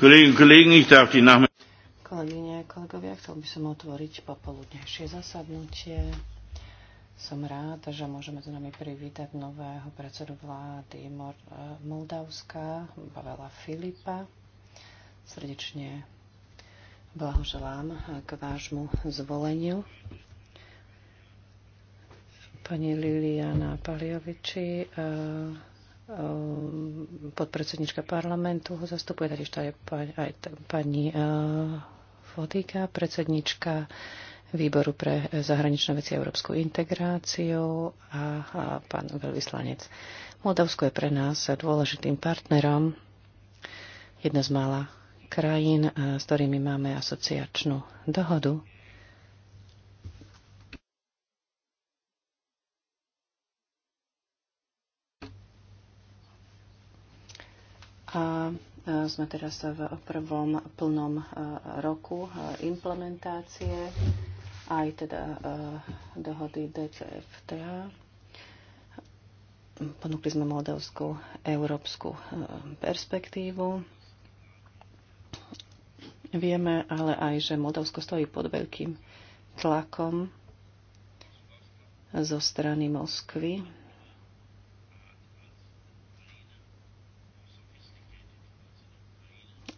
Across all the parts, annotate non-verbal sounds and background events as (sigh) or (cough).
Kolegyne, kolegovia, chcel by som otvoriť popoludnejšie zasadnutie. Som rád, že môžeme tu nami privítať nového predsedu vlády eh, Moldavska, Pavela Filipa. Srdečne blahoželám k vášmu zvoleniu. Pani Liliana Palioviči, eh, Ehm, podpredsednička parlamentu ho zastupuje, takisto aj, aj pani eh, Fodika, predsednička výboru pre zahraničné veci a európsku integráciu a, a pán veľvyslanec. Moldavsko je pre nás dôležitým partnerom, jedna z mála krajín, eh, s ktorými máme asociačnú dohodu. A sme teraz v prvom plnom roku implementácie aj teda dohody DCFTA. Ponúkli sme moldavskú európsku perspektívu. Vieme ale aj, že Moldavsko stojí pod veľkým tlakom zo strany Moskvy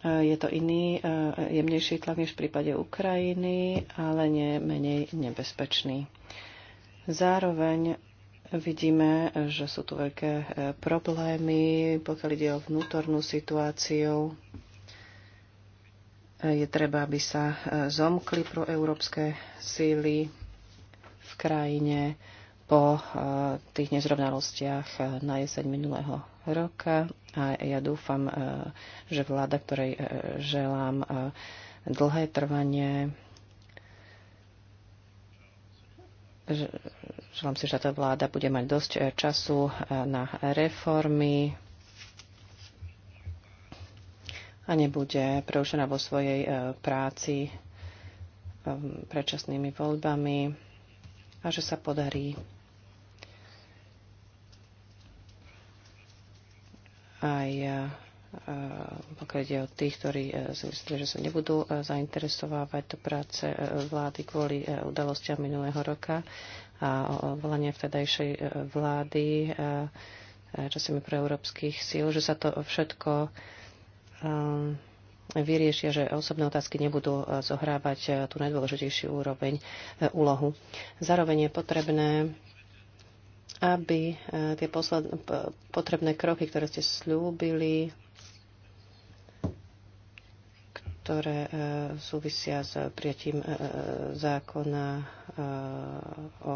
Eh, je to iný, eh, jemnejší tlak než v prípade Ukrajiny, ale nie menej nebezpečný. Zároveň vidíme, že sú tu veľké eh, problémy, pokiaľ ide o vnútornú situáciu. Je treba, aby sa zomkli pro európske síly v krajine po tých nezrovnalostiach na jeseň minulého roka a ja dúfam, e, že vláda, ktorej e, želám e, dlhé trvanie, želám si, že táto vláda bude mať dosť času na reformy a nebude preušená vo svojej práci predčasnými voľbami a že sa podarí aj eh, eh, pokiaľ ide o tých, ktorí eh, si mysleli, že sa nebudú zainteresovávať do práce vlády kvôli udalostiam minulého roka a volanie vtedajšej vlády časami pre európskych síl, že sa to všetko vyriešia, že osobné otázky nebudú zohrávať tú najdôležitejšiu úroveň, úlohu. Zároveň je potrebné aby e, tie posled, potrebné kroky, ktoré ste slúbili, ktoré e, súvisia s prijatím e, zákona o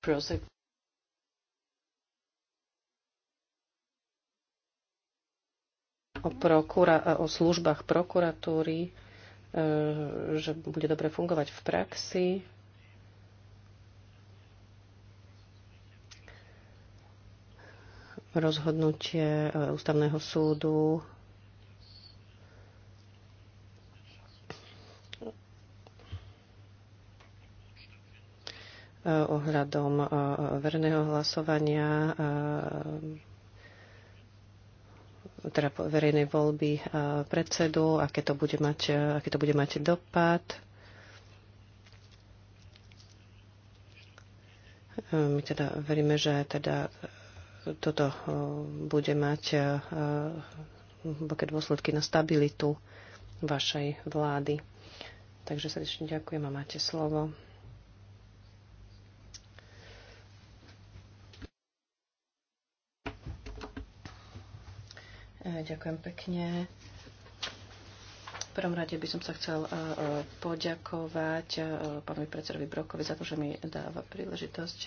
O, prokura- o službách prokuratúry, že bude dobre fungovať v praxi. rozhodnutie e, ústavného súdu e, ohľadom e, verného hlasovania, teda verejnej voľby predsedu, aké to bude mať, aké to bude mať dopad. My teda veríme, že teda toto eh, bude mať hlboké eh, dôsledky na stabilitu vašej vlády. Takže srdečne ďakujem a máte slovo. Eh, ďakujem pekne. V prvom rade by som sa chcel poďakovať pánovi predsedovi Brokovi za to, že mi dáva príležitosť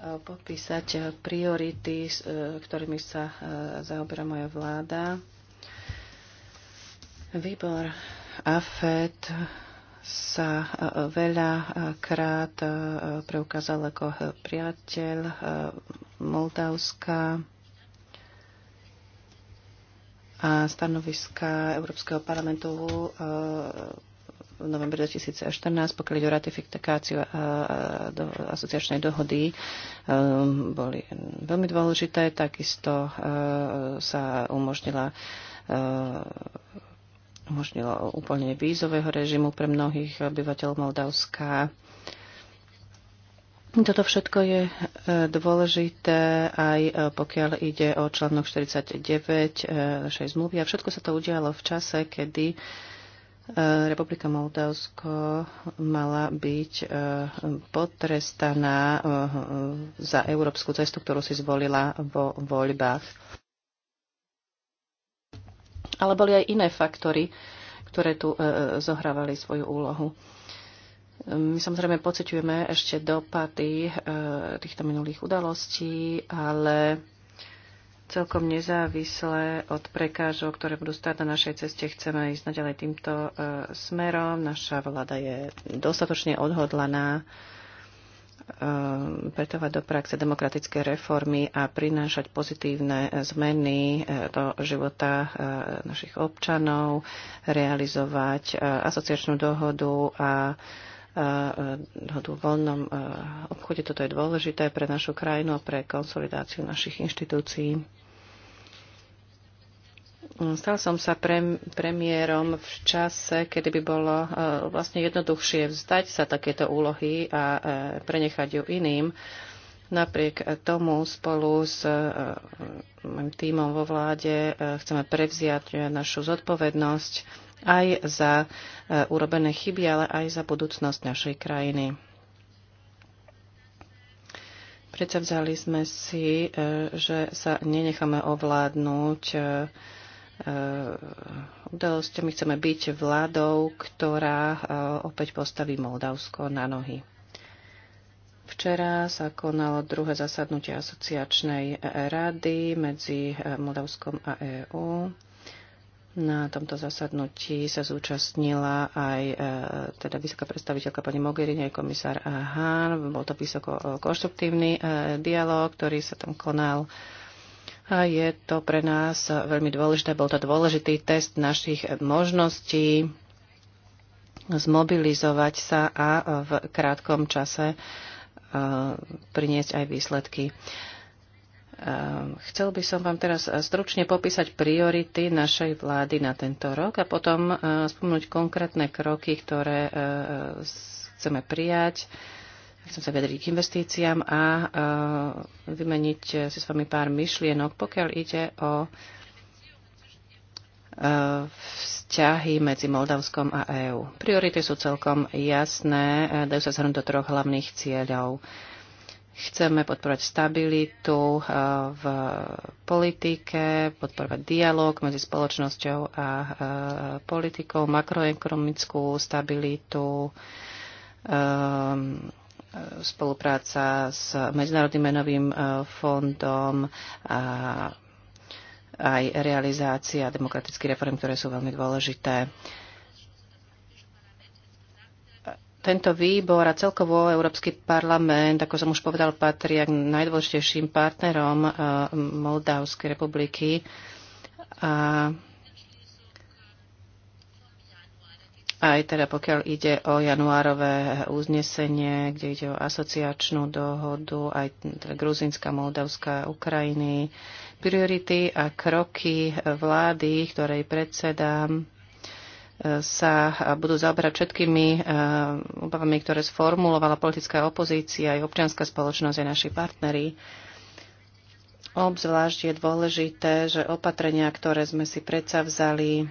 popísať eh, priority, eh, ktorými sa eh, zaoberá moja vláda. Výbor AFED sa veľa krát preukázal ako priateľ Moldavska a stanoviska Európskeho parlamentu v novembri 2014, pokiaľ ide o ratifikáciu a, a, do, asociačnej dohody, um, boli veľmi dôležité. Takisto uh, sa umožnila uh, umožnilo úplne vízového režimu pre mnohých obyvateľov Moldavska. Toto všetko je uh, dôležité aj uh, pokiaľ ide o článok 49 uh, našej zmluvy a všetko sa to udialo v čase, kedy uh, E, Republika Moldavsko mala byť e, potrestaná e, za európsku cestu, ktorú si zvolila vo voľbách. Ale boli aj iné faktory, ktoré tu zohrávali svoju úlohu. My samozrejme pociťujeme ešte dopady týchto minulých udalostí, ale celkom nezávisle od prekážok, ktoré budú stáť na našej ceste, chceme ísť naďalej týmto e, smerom. Naša vláda je dostatočne odhodlaná e, pretovať do praxe demokratické reformy a prinášať pozitívne e, zmeny do života našich občanov, realizovať asociačnú dohodu a dohodu o voľnom e, obchode. Toto je dôležité pre našu krajinu a pre konsolidáciu našich inštitúcií. Stal som sa premiérom v čase, kedy by bolo e, vlastne jednoduchšie vzdať sa takéto úlohy a e, prenechať ju iným. Napriek tomu spolu s môjim tímom vo vláde chceme prevziať našu zodpovednosť aj za e, urobené chyby, ale aj za budúcnosť našej krajiny. Predsa vzali sme si, e, že sa nenecháme ovládnuť e, udalosťami. Chceme byť vládou, ktorá opäť postaví Moldavsko na nohy. Včera sa konalo druhé zasadnutie asociačnej rady medzi Moldavskom a EÚ. Na tomto zasadnutí sa zúčastnila aj e, teda vysoká predstaviteľka pani Mogherini, aj komisár e, Hahn. Bol to vysoko e, konštruktívny dialog, ktorý sa tam konal. A je to pre nás veľmi dôležité. Bol to dôležitý test našich možností zmobilizovať sa a v krátkom čase priniesť aj výsledky. Ehm, chcel by som vám teraz eh, stručne popísať priority našej vlády na tento rok a potom eh, spomenúť konkrétne kroky, ktoré eh, chceme prijať. Chcem sa vedriť k investíciám a vymeniť si s vami pár myšlienok, pokiaľ ide o vzťahy medzi Moldavskom a EÚ. Priority sú celkom jasné, dajú sa zhrnúť do troch hlavných cieľov Chceme podporovať stabilitu eh, v politike, podporovať dialog medzi spoločnosťou a eh, politikou, makroekonomickú stabilitu, eh, spolupráca s Medzinárodným menovým fondom a aj realizácia demokratických reform, ktoré sú veľmi dôležité. Tento výbor a celkovo Európsky parlament, ako som už povedal, patria k najdôležitejším partnerom eh, Moldavskej republiky. A aj teda pokiaľ ide o januárové uznesenie, kde ide o asociačnú dohodu, aj teda Gruzinská, Moldavská, Ukrajiny, priority a kroky vlády, ktorej predsedám, sa budú zaoberať všetkými eh, obavami, ktoré sformulovala politická opozícia, aj občianská spoločnosť, aj naši partneri. Obzvlášť je dôležité, že opatrenia, ktoré sme si predsa vzali,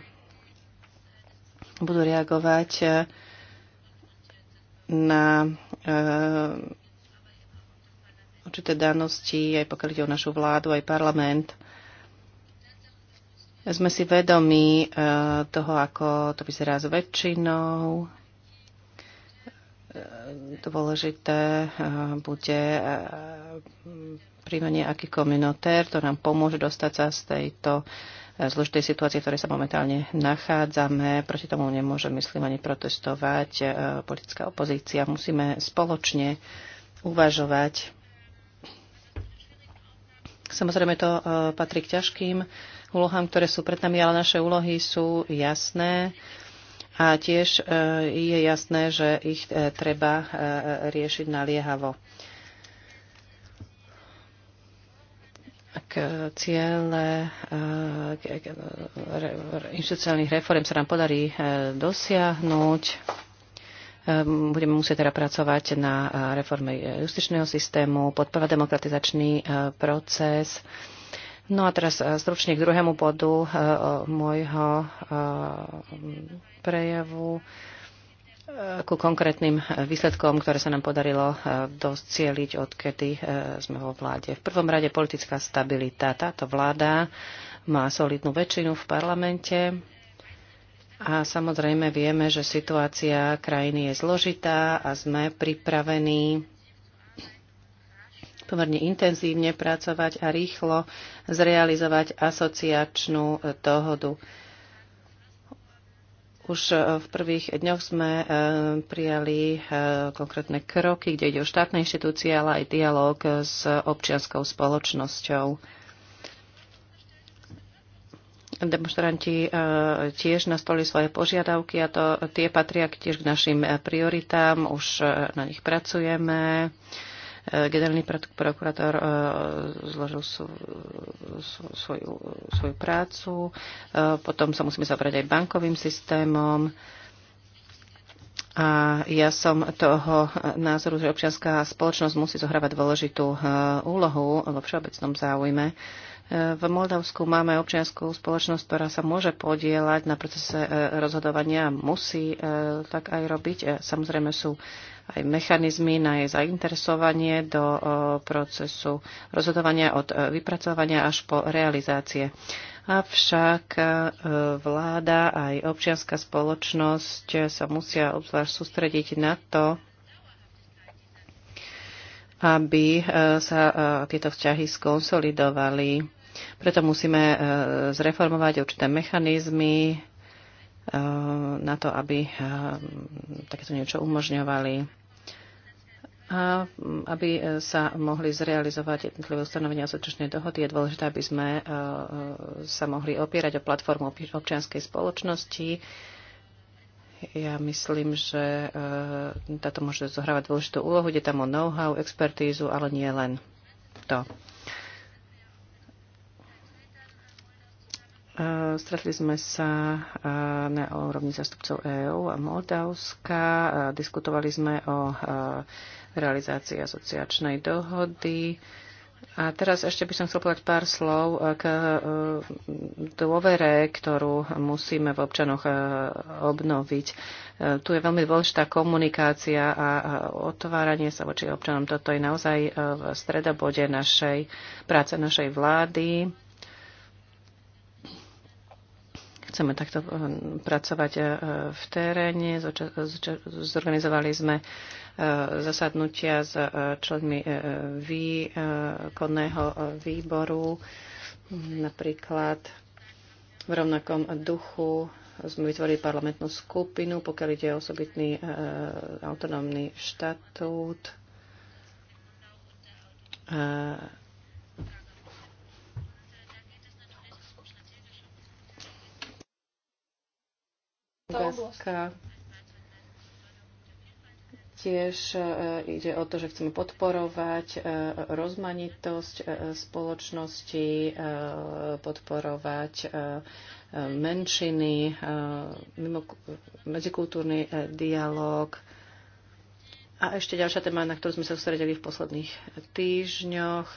budú reagovať eh, na eh, určité danosti, aj pokiaľ ide o našu vládu, aj parlament. Sme si vedomi e, toho, ako to vyzerá s väčšinou. E, dôležité e, bude príjmanie aký komunitér. To nám pomôže dostať sa z tejto zložitej situácie, v ktorej sa momentálne nachádzame. Proti tomu nemôže, myslím, ani protestovať politická opozícia. Musíme spoločne uvažovať. Samozrejme, to patrí k ťažkým úlohám, ktoré sú pred nami, ale naše úlohy sú jasné a tiež e, je jasné, že ich e, treba e, riešiť naliehavo. K ciele k inštitucionálnych reform sa nám podarí dosiahnuť. Budeme musieť teda pracovať na reforme justičného systému, podporovať demokratizačný proces No a teraz e, stručne k druhému bodu e, môjho e, prejavu ku konkrétnym výsledkom, ktoré sa nám podarilo doscieliť, odkedy sme vo vláde. V prvom rade politická stabilita. Táto vláda má solidnú väčšinu v parlamente a samozrejme vieme, že situácia krajiny je zložitá a sme pripravení pomerne intenzívne pracovať a rýchlo zrealizovať asociačnú e, dohodu. Už e, v prvých dňoch sme e, prijali konkrétne kroky, kde ide o štátne inštitúcie, ale aj dialog s občianskou spoločnosťou. Demonstranti tiež nastolili svoje požiadavky a to, tie patria tiež k našim prioritám, už na nich pracujeme. Eh, generálny prokurátor eh, zložil svoju, svoju prácu, eh, potom sa musíme zabrať aj bankovým systémom. A ja som toho názoru, že občianská spoločnosť musí zohrávať dôležitú úlohu vo všeobecnom záujme. V Moldavsku máme občianskú spoločnosť, ktorá sa môže podielať na procese rozhodovania, musí tak aj robiť. Samozrejme sú aj mechanizmy na jej zainteresovanie do e, procesu rozhodovania od e, vypracovania až po realizácie. Avšak e, vláda aj občianská spoločnosť sa musia obzvlášť sústrediť na to, aby sa tieto vzťahy skonsolidovali. Preto musíme zreformovať určité mechanizmy, na to, aby eh, takéto niečo umožňovali a aby eh, sa mohli zrealizovať jednotlivé ustanovenia asociačnej dohody, je dôležité, aby sme eh, sa mohli opierať o platformu občianskej spoločnosti. Ja myslím, že táto môže zohrávať dôležitú úlohu. Ide tam o know-how, expertízu, ale nie len to. Eh, stretli sme sa eh, na úrovni zastupcov EÚ a Moldavska. Eh, diskutovali sme o realizácii asociačnej dohody. A teraz ešte by som chcel povedať pár slov k dôvere, ktorú musíme v občanoch obnoviť. Tu je veľmi dôležitá komunikácia a otváranie sa voči občanom. Toto je naozaj v stredobode našej práce našej vlády chceme takto eh, pracovať eh, v teréne. Zorganizovali sme eh, zasadnutia s členmi výkonného výboru. Napríklad v rovnakom duchu sme vytvorili parlamentnú skupinu, pokiaľ ide o osobitný autonómny štatút Otázka. Tiež e, ide o to, že chceme podporovať e, rozmanitosť e, spoločnosti, podporovať menšiny, medzikultúrny dialog. A ešte ďalšia téma, na ktorú sme sa sústredili v posledných týždňoch,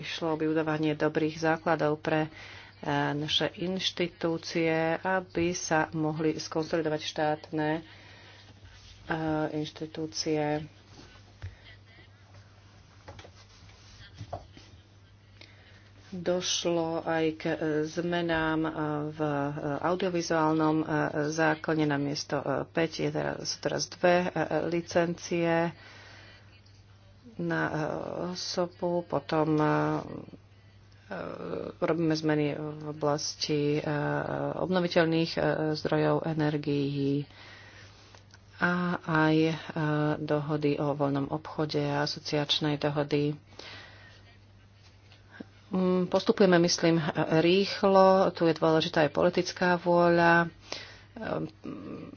išlo o budovanie dobrých základov pre naše inštitúcie, aby sa mohli skonsolidovať štátne e, inštitúcie. Došlo aj k zmenám e, v audiovizuálnom e, zákone. Na miesto 5 je teraz, sú teraz dve licencie na osobu, potom E, robíme zmeny v oblasti e, obnoviteľných e, zdrojov energií a aj dohody o voľnom obchode a asociačnej dohody. Mm, postupujeme, myslím, rýchlo. Tu je dôležitá aj politická vôľa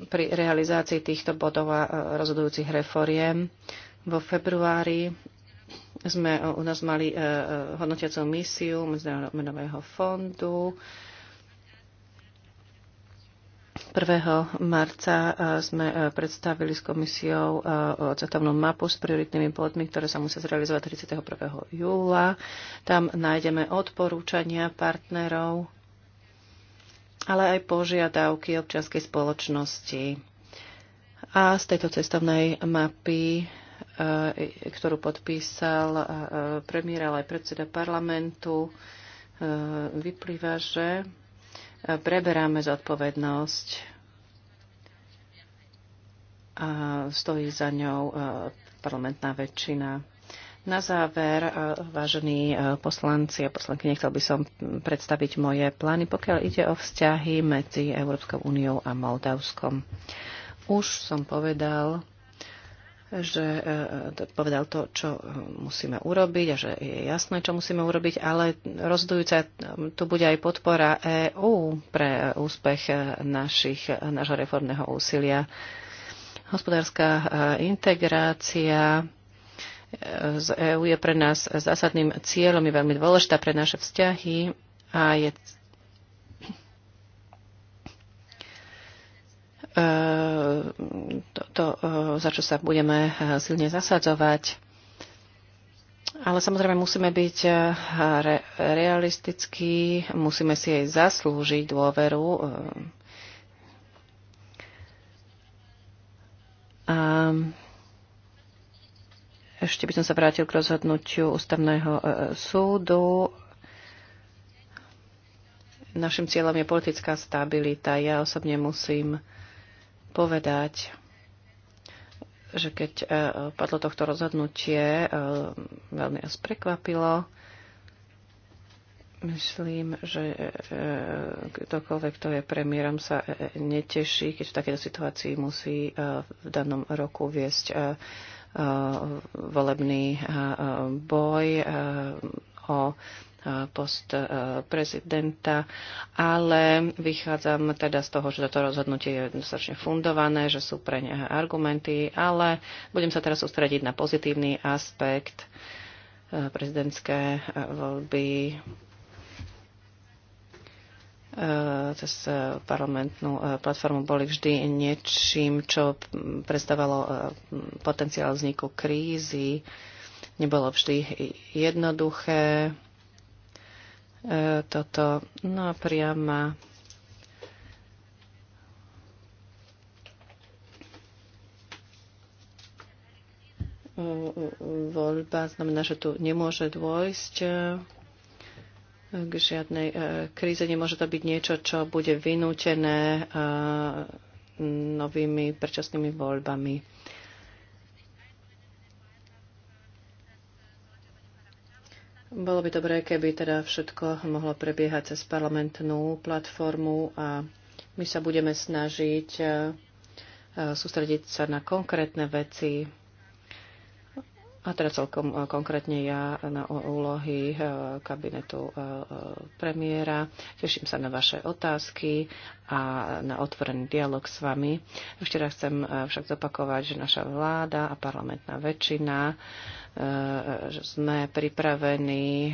pri realizácii týchto bodov a rozhodujúcich reforiem. Vo februári sme eh, u nás mali eh, eh, hodnotiacou misiu Medzinárodného fondu. 1. marca sme predstavili s komisiou cestovnú mapu s prioritnými bodmi, ktoré sa musia zrealizovať 31. júla. Tam nájdeme odporúčania partnerov, ale aj požiadavky občianskej spoločnosti. A z tejto cestovnej mapy E, ktorú podpísal e, premiér, ale aj predseda parlamentu, e, vyplýva, že preberáme zodpovednosť a stojí za ňou parlamentná väčšina. Na záver, vážení poslanci a poslanky, nechcel by som predstaviť moje plány, pokiaľ ide o vzťahy medzi Európskou úniou a Moldavskom. Už som povedal, že e, e, povedal to, čo e, musíme urobiť a že je jasné, čo musíme urobiť, ale rozhodujúca tu bude aj podpora EÚ pre úspech našich, nášho reformného úsilia. Hospodárska integrácia z EÚ je pre nás zásadným cieľom, je veľmi dôležitá pre naše vzťahy a je Eh, to, to, eh, za čo sa budeme eh, silne zasadzovať. Ale samozrejme musíme byť re, realistickí, musíme si jej zaslúžiť dôveru. A ešte by som sa vrátil k rozhodnutiu ústavného súdu našim cieľom je politická stabilita. Ja osobne musím povedať, že keď e, padlo tohto rozhodnutie, e, veľmi nás prekvapilo. Myslím, že e, ktokoľvek, kto je premiérom, sa neteší, keď v takejto situácii musí v danom roku viesť volebný boj o Eh, post eh, prezidenta, ale vychádzam teda z toho, že toto rozhodnutie je jednoznačne fundované, že sú pre ne argumenty, ale budem sa teraz sústrediť na pozitívny aspekt eh, prezidentské voľby cez parlamentnú platformu boli vždy niečím, čo mm, predstavalo potenciál vzniku krízy. Nebolo vždy jednoduché E, toto. No a priama voľba znamená, že tu nemôže dôjsť e, k žiadnej e, kríze. Nemôže to byť niečo, čo bude vynútené novými predčasnými voľbami. Bolo by dobré, keby teda všetko mohlo prebiehať cez parlamentnú platformu a my sa budeme snažiť e, sústrediť sa na konkrétne veci, a teda celkom e, konkrétne ja na úlohy e, kabinetu premiéra. Teším sa na vaše otázky a na otvorený dialog s vami. Ešte raz chcem e, však zopakovať, že naša vláda a parlamentná väčšina e, že sme pripravení e,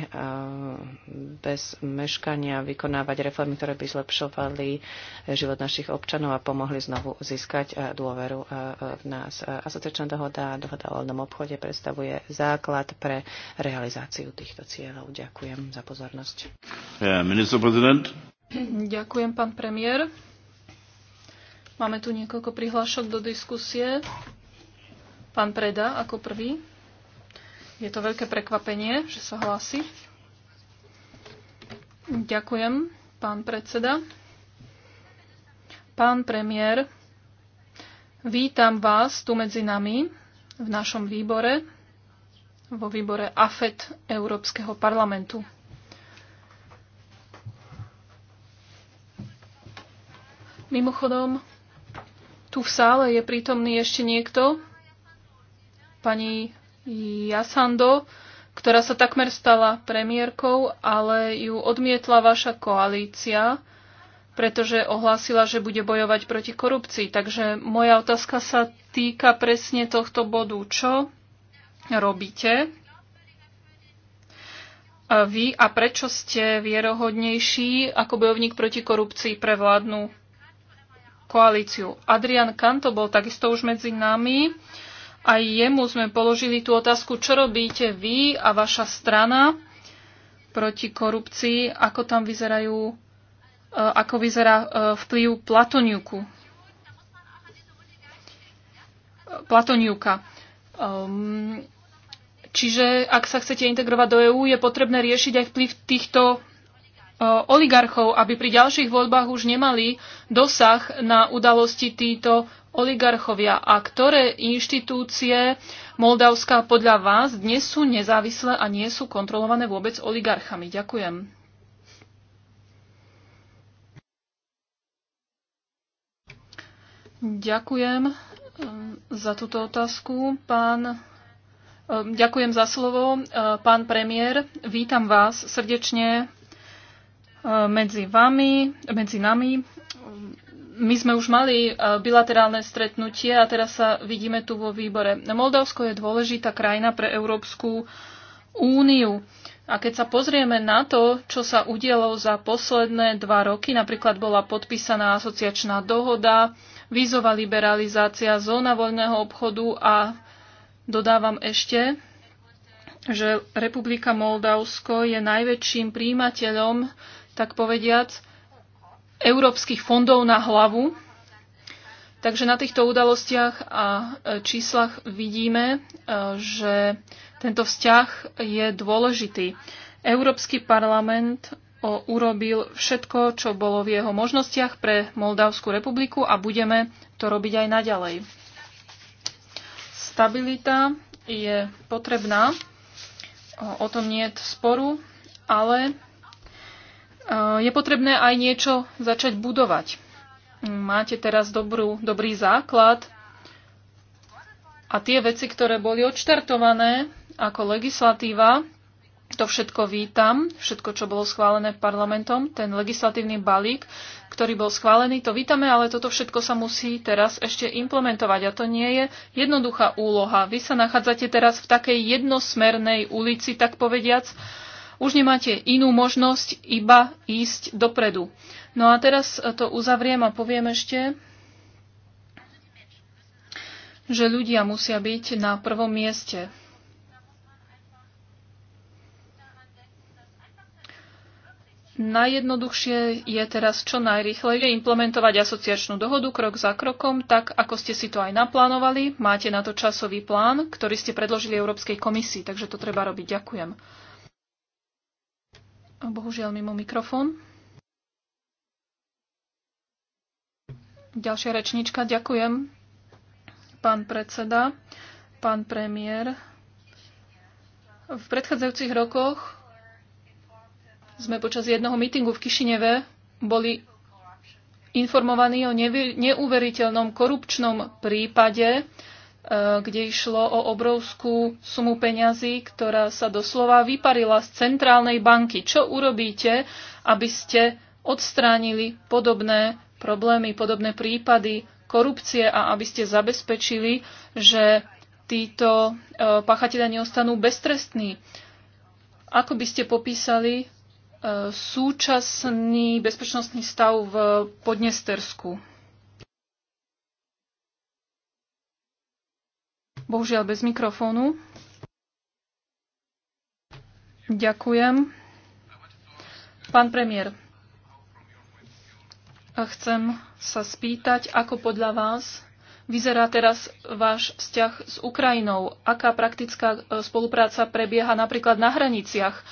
bez meškania vykonávať reformy, ktoré by zlepšovali život našich občanov a pomohli znovu získať dôveru v nás. Asociačná dohoda a dohoda o voľnom obchode predstavuje základ pre realizáciu týchto cieľov. Ďakujem za pozornosť. Yeah, (clears throat) Ďakujem, pán premiér. Máme tu niekoľko prihlášok do diskusie. Pán Preda ako prvý. Je to veľké prekvapenie, že sa hlási. Ďakujem, pán predseda. Pán premiér, vítam vás tu medzi nami v našom výbore, vo výbore AFET Európskeho parlamentu. Mimochodom, tu v sále je prítomný ešte niekto, pani Jasando, ktorá sa takmer stala premiérkou, ale ju odmietla vaša koalícia, pretože ohlásila, že bude bojovať proti korupcii. Takže moja otázka sa týka presne tohto bodu. Čo robíte? A vy a prečo ste vierohodnejší ako bojovník proti korupcii pre vládnu koalíciu. Adrian Kanto bol takisto už medzi nami. Aj jemu sme položili tú otázku, čo robíte vy a vaša strana proti korupcii, ako tam vyzerajú, e, ako vyzerá e, vplyv Platoniuku. Platoniuka. Ehm, čiže ak sa chcete integrovať do EÚ, je potrebné riešiť aj vplyv týchto Eh, oligarchov, aby pri ďalších voľbách už nemali dosah na udalosti títo oligarchovia. A ktoré inštitúcie Moldavska podľa vás dnes sú nezávislé a nie sú kontrolované vôbec oligarchami? Ďakujem. Ďakujem eh, za túto otázku. Pán, eh, ďakujem za slovo. Pán premiér, vítam vás srdečne E, medzi vami, medzi nami. My sme už mali e, bilaterálne stretnutie a teraz sa vidíme tu vo výbore. Moldavsko je dôležitá krajina pre Európsku úniu. A keď sa pozrieme na to, čo sa udialo za posledné dva roky, napríklad bola podpísaná asociačná dohoda, vízová liberalizácia, zóna voľného obchodu a dodávam ešte, že Republika Moldavsko je najväčším príjimateľom tak povediac, európskych fondov na hlavu. Takže na týchto udalostiach a e, číslach vidíme, e, že tento vzťah je dôležitý. Európsky parlament urobil všetko, čo bolo v jeho možnostiach pre Moldavskú republiku a budeme to robiť aj naďalej. Stabilita je potrebná, o tom nie je sporu, ale Eh, je potrebné aj niečo začať budovať. Máte teraz dobrú, dobrý základ a tie veci, ktoré boli odštartované ako legislatíva, to všetko vítam, všetko, čo bolo schválené parlamentom, ten legislatívny balík, ktorý bol schválený, to vítame, ale toto všetko sa musí teraz ešte implementovať a to nie je jednoduchá úloha. Vy sa nachádzate teraz v takej jednosmernej ulici, tak povediac, už nemáte inú možnosť iba ísť dopredu. No a teraz to uzavriem a poviem ešte, že ľudia musia byť na prvom mieste. Najjednoduchšie je teraz čo najrychlejšie implementovať asociačnú dohodu krok za krokom, tak ako ste si to aj naplánovali. Máte na to časový plán, ktorý ste predložili Európskej komisii, takže to treba robiť. Ďakujem. Bohužiaľ mimo mikrofón. Ďalšia rečnička. Ďakujem, pán predseda, pán premiér. V predchádzajúcich rokoch sme počas jednoho mítingu v Kišineve boli informovaní o neuveriteľnom korupčnom prípade, Eh, kde išlo o obrovskú sumu peňazí, ktorá sa doslova vyparila z centrálnej banky. Čo urobíte, aby ste odstránili podobné problémy, podobné prípady korupcie a aby ste zabezpečili, že títo eh, pachatelia neostanú beztrestní? Ako by ste popísali eh, súčasný bezpečnostný stav v Podnestersku? bohužiaľ bez mikrofónu. Ďakujem. Pán premiér, chcem sa spýtať, ako podľa vás vyzerá teraz váš vzťah s Ukrajinou? Aká praktická e, spolupráca prebieha napríklad na hraniciach?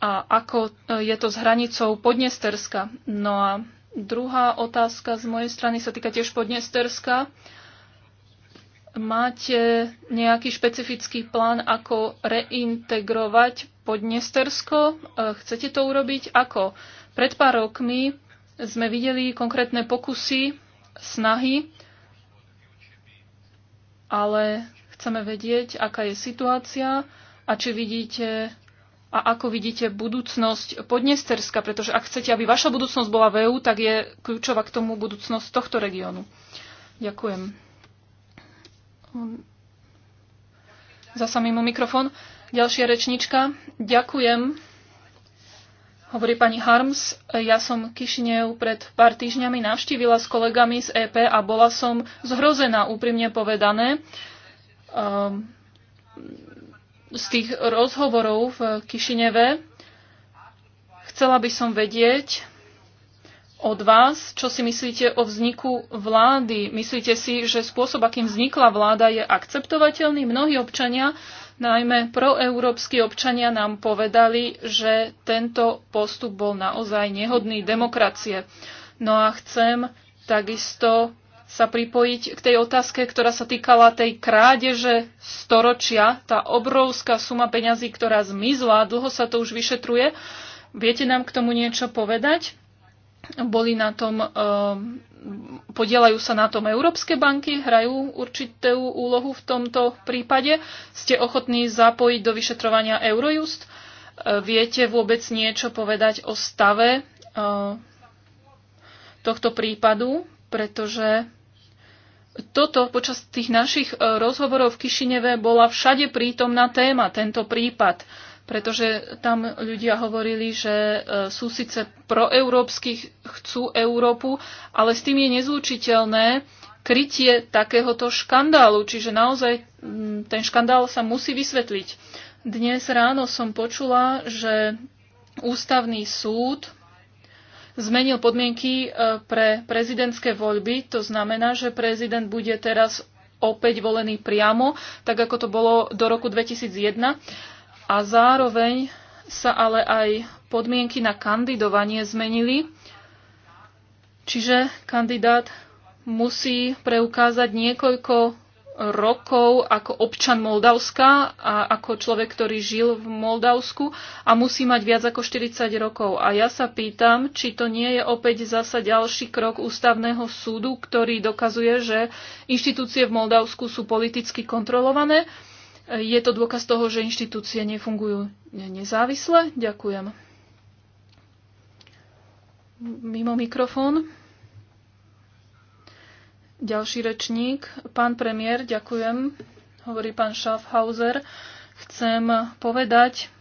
A ako e, je to s hranicou Podnesterska? No a druhá otázka z mojej strany sa týka tiež Podnesterska. Máte nejaký špecifický plán, ako reintegrovať Podnestersko? E, chcete to urobiť? Ako? Pred pár rokmi sme videli konkrétne pokusy, snahy, ale chceme vedieť, aká je situácia a či vidíte a ako vidíte budúcnosť Podnesterska, pretože ak chcete, aby vaša budúcnosť bola v EU, tak je kľúčová k tomu budúcnosť tohto regiónu. Ďakujem. Hm. Zasa mimo mikrofón. Ďalšia rečnička. Ďakujem. Hovorí pani Harms, ja som Kišinev pred pár týždňami navštívila s kolegami z EP a bola som zhrozená, úprimne povedané, ehm, z tých rozhovorov v Kišineve. Chcela by som vedieť, od vás, čo si myslíte o vzniku vlády. Myslíte si, že spôsob, akým vznikla vláda, je akceptovateľný? Mnohí občania, najmä proeurópsky občania, nám povedali, že tento postup bol naozaj nehodný demokracie. No a chcem takisto sa pripojiť k tej otázke, ktorá sa týkala tej krádeže storočia, tá obrovská suma peňazí, ktorá zmizla, dlho sa to už vyšetruje. Viete nám k tomu niečo povedať? boli na tom, eh, podielajú sa na tom európske banky, hrajú určitú úlohu v tomto prípade. Ste ochotní zapojiť do vyšetrovania Eurojust? Eh, viete vôbec niečo povedať o stave eh, tohto prípadu? Pretože toto počas tých našich rozhovorov v Kišineve bola všade prítomná téma, tento prípad pretože tam ľudia hovorili, že e, sú síce proeurópskych, chcú Európu, ale s tým je nezlučiteľné krytie takéhoto škandálu. Čiže naozaj ten škandál sa musí vysvetliť. Dnes ráno som počula, že ústavný súd zmenil podmienky e, pre prezidentské voľby. To znamená, že prezident bude teraz opäť volený priamo, tak ako to bolo do roku 2001 a zároveň sa ale aj podmienky na kandidovanie zmenili. Čiže kandidát musí preukázať niekoľko rokov ako občan Moldavska a ako človek, ktorý žil v Moldavsku a musí mať viac ako 40 rokov. A ja sa pýtam, či to nie je opäť zasa ďalší krok ústavného súdu, ktorý dokazuje, že inštitúcie v Moldavsku sú politicky kontrolované je to dôkaz toho, že inštitúcie nefungujú nezávisle. Ďakujem. Mimo mikrofón. Ďalší rečník. Pán premiér, ďakujem, hovorí pán Schaffhauser. Chcem povedať,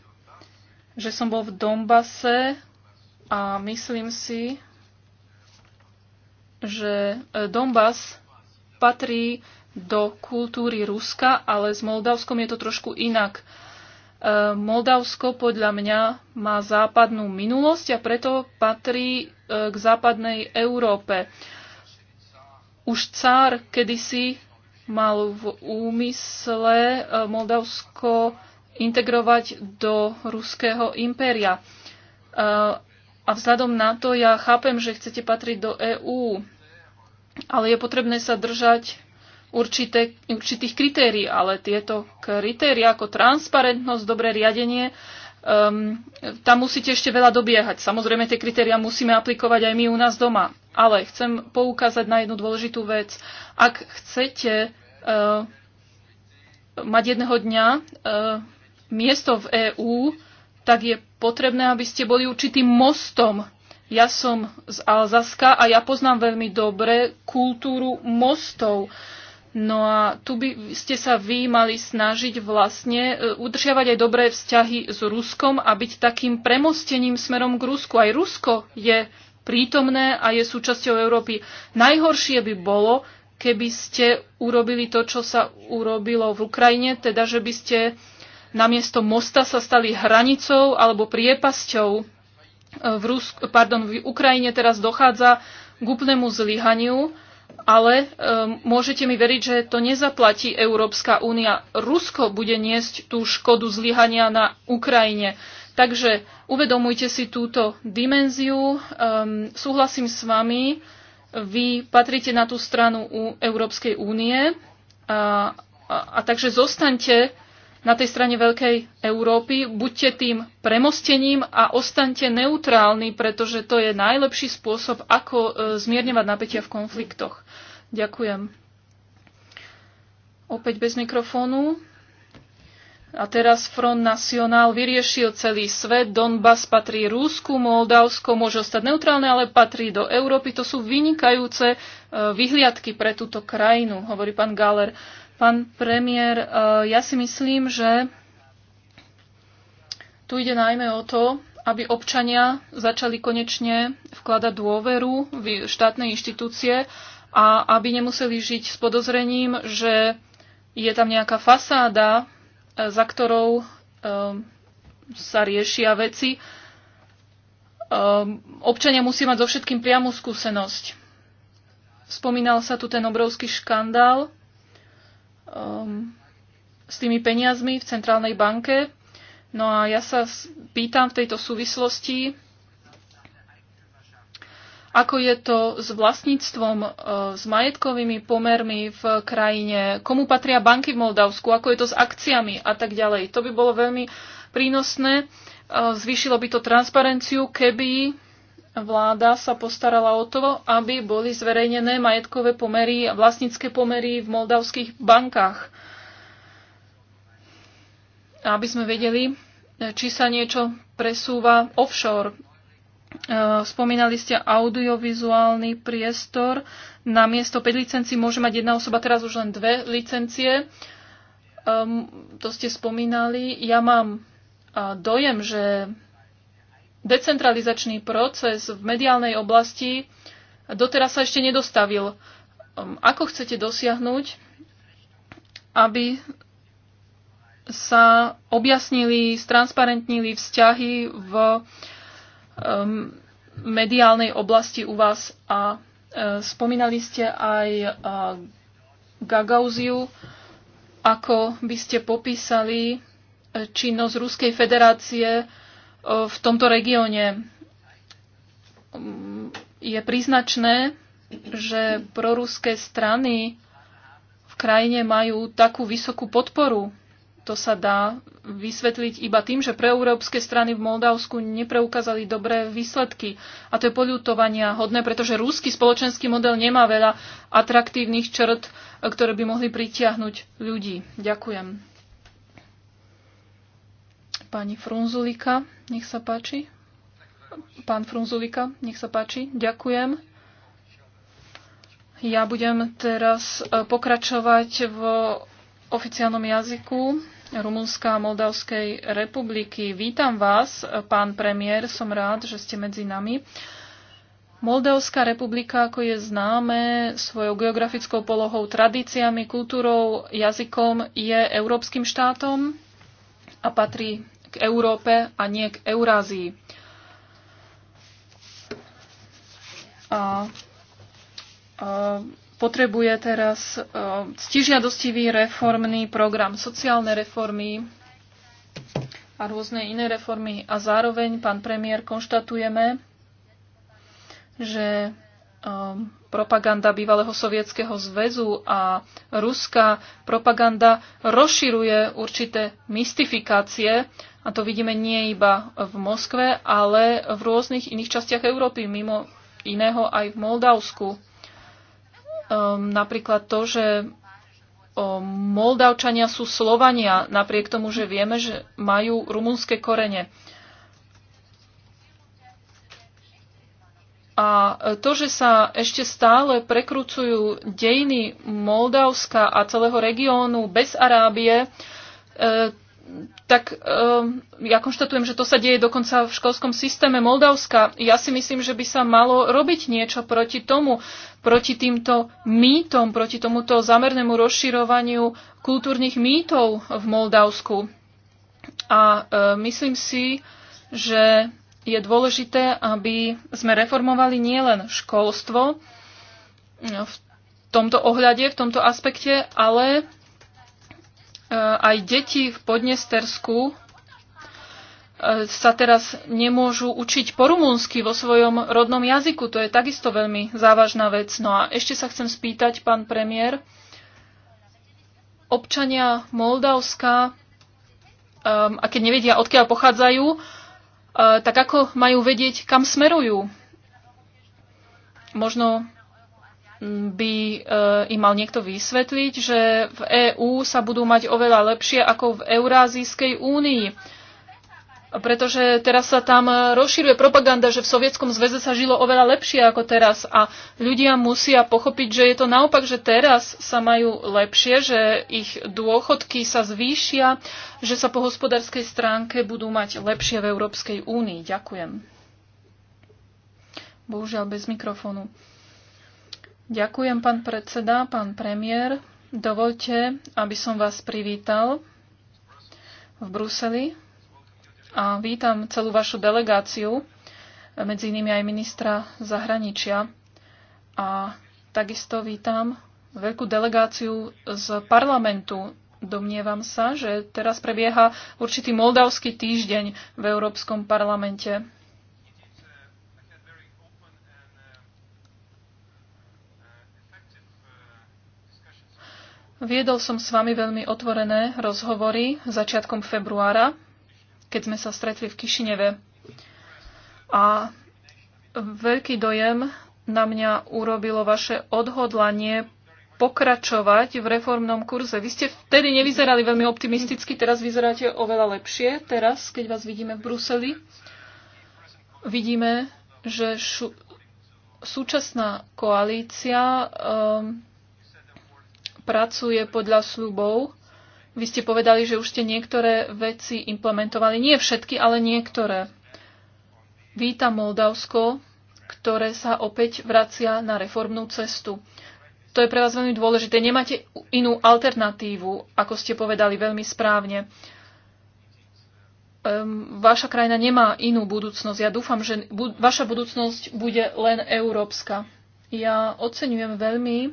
že som bol v Dombase a myslím si, že Donbass patrí do kultúry Ruska, ale s Moldavskom je to trošku inak. E, Moldavsko podľa mňa má západnú minulosť a preto patrí e, k západnej Európe. Už cár kedysi mal v úmysle e, Moldavsko integrovať do ruského impéria. A vzhľadom na to ja chápem, že chcete patriť do EÚ, ale je potrebné sa držať určité, určitých kritérií, ale tieto kritéria ako transparentnosť, dobré riadenie, um, tam musíte ešte veľa dobiehať. Samozrejme, tie kritéria musíme aplikovať aj my u nás doma. Ale chcem poukázať na jednu dôležitú vec. Ak chcete uh, mať jedného dňa uh, miesto v EÚ, tak je potrebné, aby ste boli určitým mostom ja som z Alzaska a ja poznám veľmi dobre kultúru mostov. No a tu by ste sa vy mali snažiť vlastne e, udržiavať aj dobré vzťahy s Ruskom a byť takým premostením smerom k Rusku. Aj Rusko je prítomné a je súčasťou Európy. Najhoršie by bolo, keby ste urobili to, čo sa urobilo v Ukrajine, teda že by ste namiesto mosta sa stali hranicou alebo priepasťou. E, v, Rusk- pardon, v Ukrajine teraz dochádza k úplnému zlyhaniu ale um, môžete mi veriť, že to nezaplatí Európska únia. Rusko bude niesť tú škodu zlyhania na Ukrajine. Takže uvedomujte si túto dimenziu. Um, súhlasím s vami, vy patrite na tú stranu u Európskej únie a, a, a takže zostaňte na tej strane Veľkej Európy. Buďte tým premostením a ostaňte neutrálni, pretože to je najlepší spôsob, ako e, zmierňovať napätia v konfliktoch. Ďakujem. Opäť bez mikrofónu. A teraz Front National vyriešil celý svet. Donbass patrí Rusku, Moldavsko môže ostať neutrálne, ale patrí do Európy. To sú vynikajúce e, vyhliadky pre túto krajinu, hovorí pán Galer. Pán premiér, e, ja si myslím, že tu ide najmä o to, aby občania začali konečne vkladať dôveru v štátne inštitúcie a aby nemuseli žiť s podozrením, že je tam nejaká fasáda, e, za ktorou e, sa riešia veci. Občania musí mať so všetkým priamu skúsenosť. Spomínal sa tu ten obrovský škandál, um, s tými peniazmi v centrálnej banke. No a ja sa pýtam v tejto súvislosti, ako je to s vlastníctvom, uh, s majetkovými pomermi v krajine, komu patria banky v Moldavsku, ako je to s akciami a tak ďalej. To by bolo veľmi prínosné. Uh, zvýšilo by to transparenciu, keby vláda sa postarala o to, aby boli zverejnené majetkové pomery a vlastnícke pomery v moldavských bankách. Aby sme vedeli, či sa niečo presúva offshore. Eh, spomínali ste audiovizuálny priestor. Na miesto 5 licencií môže mať jedna osoba, teraz už len dve licencie. Ehm, to ste spomínali. Ja mám eh, dojem, že decentralizačný proces v mediálnej oblasti doteraz sa ešte nedostavil. Um, ako chcete dosiahnuť, aby sa objasnili, stransparentnili vzťahy v um, mediálnej oblasti u vás a uh, spomínali ste aj uh, Gagauziu, ako by ste popísali uh, činnosť Ruskej federácie v tomto regióne. Mm, je príznačné, že proruské strany v krajine majú takú vysokú podporu. To sa dá vysvetliť iba tým, že preeurópske strany v Moldavsku nepreukázali dobré výsledky. A to je poľutovania hodné, pretože rúsky spoločenský model nemá veľa atraktívnych črt, ktoré by mohli pritiahnuť ľudí. Ďakujem. Pani Frunzulika, nech sa páči. Pán Frunzulika, nech sa páči. Ďakujem. Ja budem teraz e, pokračovať v oficiálnom jazyku Rumunska a Moldavskej republiky. Vítam vás, e, pán premiér, som rád, že ste medzi nami. Moldavská republika, ako je známe, svojou geografickou polohou, tradíciami, kultúrou, jazykom je európskym štátom a patrí Európe a nie k Eurázii. A, a potrebuje teraz stižiadostivý reformný program, sociálne reformy a rôzne iné reformy. A zároveň, pán premiér, konštatujeme, že um, propaganda bývalého sovietskeho zväzu a ruská propaganda rozširuje určité mystifikácie, a to vidíme nie iba v Moskve, ale v rôznych iných častiach Európy, mimo iného aj v Moldavsku. Um, napríklad to, že um, Moldavčania sú Slovania, napriek tomu, že vieme, že majú rumunské korene. A to, že sa ešte stále prekrucujú dejiny Moldavska a celého regiónu bez Arábie, e, tak e, ja konštatujem, že to sa deje dokonca v školskom systéme Moldavska. Ja si myslím, že by sa malo robiť niečo proti tomu, proti týmto mýtom, proti tomuto zamernému rozširovaniu kultúrnych mýtov v Moldavsku. A e, myslím si, že je dôležité, aby sme reformovali nielen školstvo v tomto ohľade, v tomto aspekte, ale e, aj deti v Podnestersku e, sa teraz nemôžu učiť po rumúnsky vo svojom rodnom jazyku. To je takisto veľmi závažná vec. No a ešte sa chcem spýtať, pán premiér, občania Moldavska, e, a keď nevedia, odkiaľ pochádzajú, E, tak ako majú vedieť, kam smerujú? Možno by e, im mal niekto vysvetliť, že v EÚ sa budú mať oveľa lepšie ako v Eurázijskej únii pretože teraz sa tam rozšíruje propaganda, že v Sovietskom zväze sa žilo oveľa lepšie ako teraz a ľudia musia pochopiť, že je to naopak, že teraz sa majú lepšie, že ich dôchodky sa zvýšia, že sa po hospodárskej stránke budú mať lepšie v Európskej únii. Ďakujem. Bohužiaľ bez mikrofónu. Ďakujem, pán predseda, pán premiér. Dovolte, aby som vás privítal v Bruseli a vítam celú vašu delegáciu, medzi inými aj ministra zahraničia. A takisto vítam veľkú delegáciu z parlamentu. Domnievam sa, že teraz prebieha určitý moldavský týždeň v Európskom parlamente. Viedol som s vami veľmi otvorené rozhovory začiatkom februára keď sme sa stretli v Kišineve. A veľký dojem na mňa urobilo vaše odhodlanie pokračovať v reformnom kurze. Vy ste vtedy nevyzerali veľmi optimisticky, teraz vyzeráte oveľa lepšie, teraz, keď vás vidíme v Bruseli. Vidíme, že súčasná koalícia um, pracuje podľa slubov, vy ste povedali, že už ste niektoré veci implementovali. Nie všetky, ale niektoré. Vítam Moldavsko, ktoré sa opäť vracia na reformnú cestu. To je pre vás veľmi dôležité. Nemáte inú alternatívu, ako ste povedali veľmi správne. Ehm, vaša krajina nemá inú budúcnosť. Ja dúfam, že vaša budúcnosť bude len európska. Ja oceňujem veľmi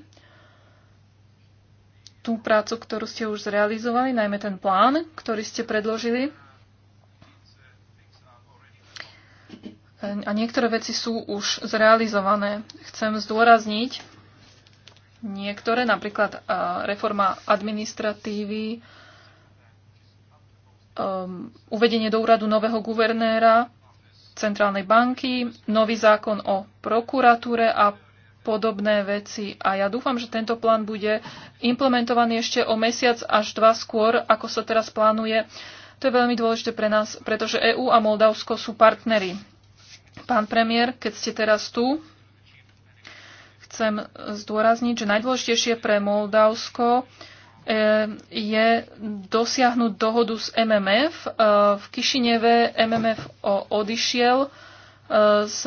tú prácu, ktorú ste už zrealizovali, najmä ten plán, ktorý ste predložili. A niektoré veci sú už zrealizované. Chcem zdôrazniť niektoré, napríklad eh, reforma administratívy, eh, uvedenie do úradu nového guvernéra Centrálnej banky, nový zákon o prokuratúre a podobné veci. A ja dúfam, že tento plán bude implementovaný ešte o mesiac až dva skôr, ako sa teraz plánuje. To je veľmi dôležité pre nás, pretože EÚ a Moldavsko sú partnery. Pán premiér, keď ste teraz tu, chcem zdôrazniť, že najdôležitejšie pre Moldavsko e, je dosiahnuť dohodu s MMF. E, v Kišineve MMF odišiel e, z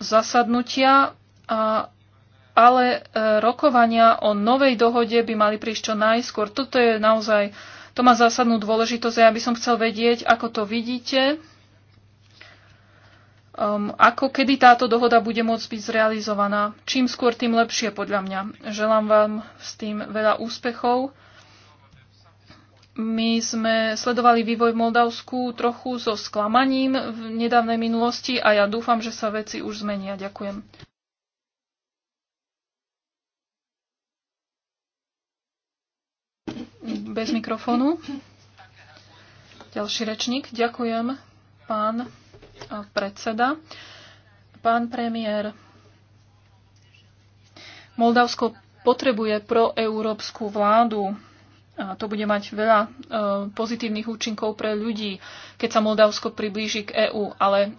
zasadnutia a ale e, rokovania o novej dohode by mali prísť čo najskôr. Toto je naozaj, to má zásadnú dôležitosť a ja by som chcel vedieť, ako to vidíte, um, ako kedy táto dohoda bude môcť byť zrealizovaná. Čím skôr, tým lepšie podľa mňa. Želám vám s tým veľa úspechov. My sme sledovali vývoj v Moldavsku trochu so sklamaním v nedávnej minulosti a ja dúfam, že sa veci už zmenia. Ďakujem. bez mikrofónu. Ďalší rečník. Ďakujem, pán predseda. Pán premiér, Moldavsko potrebuje proeurópsku vládu. A to bude mať veľa e, pozitívnych účinkov pre ľudí, keď sa Moldavsko priblíži k EÚ. Ale e,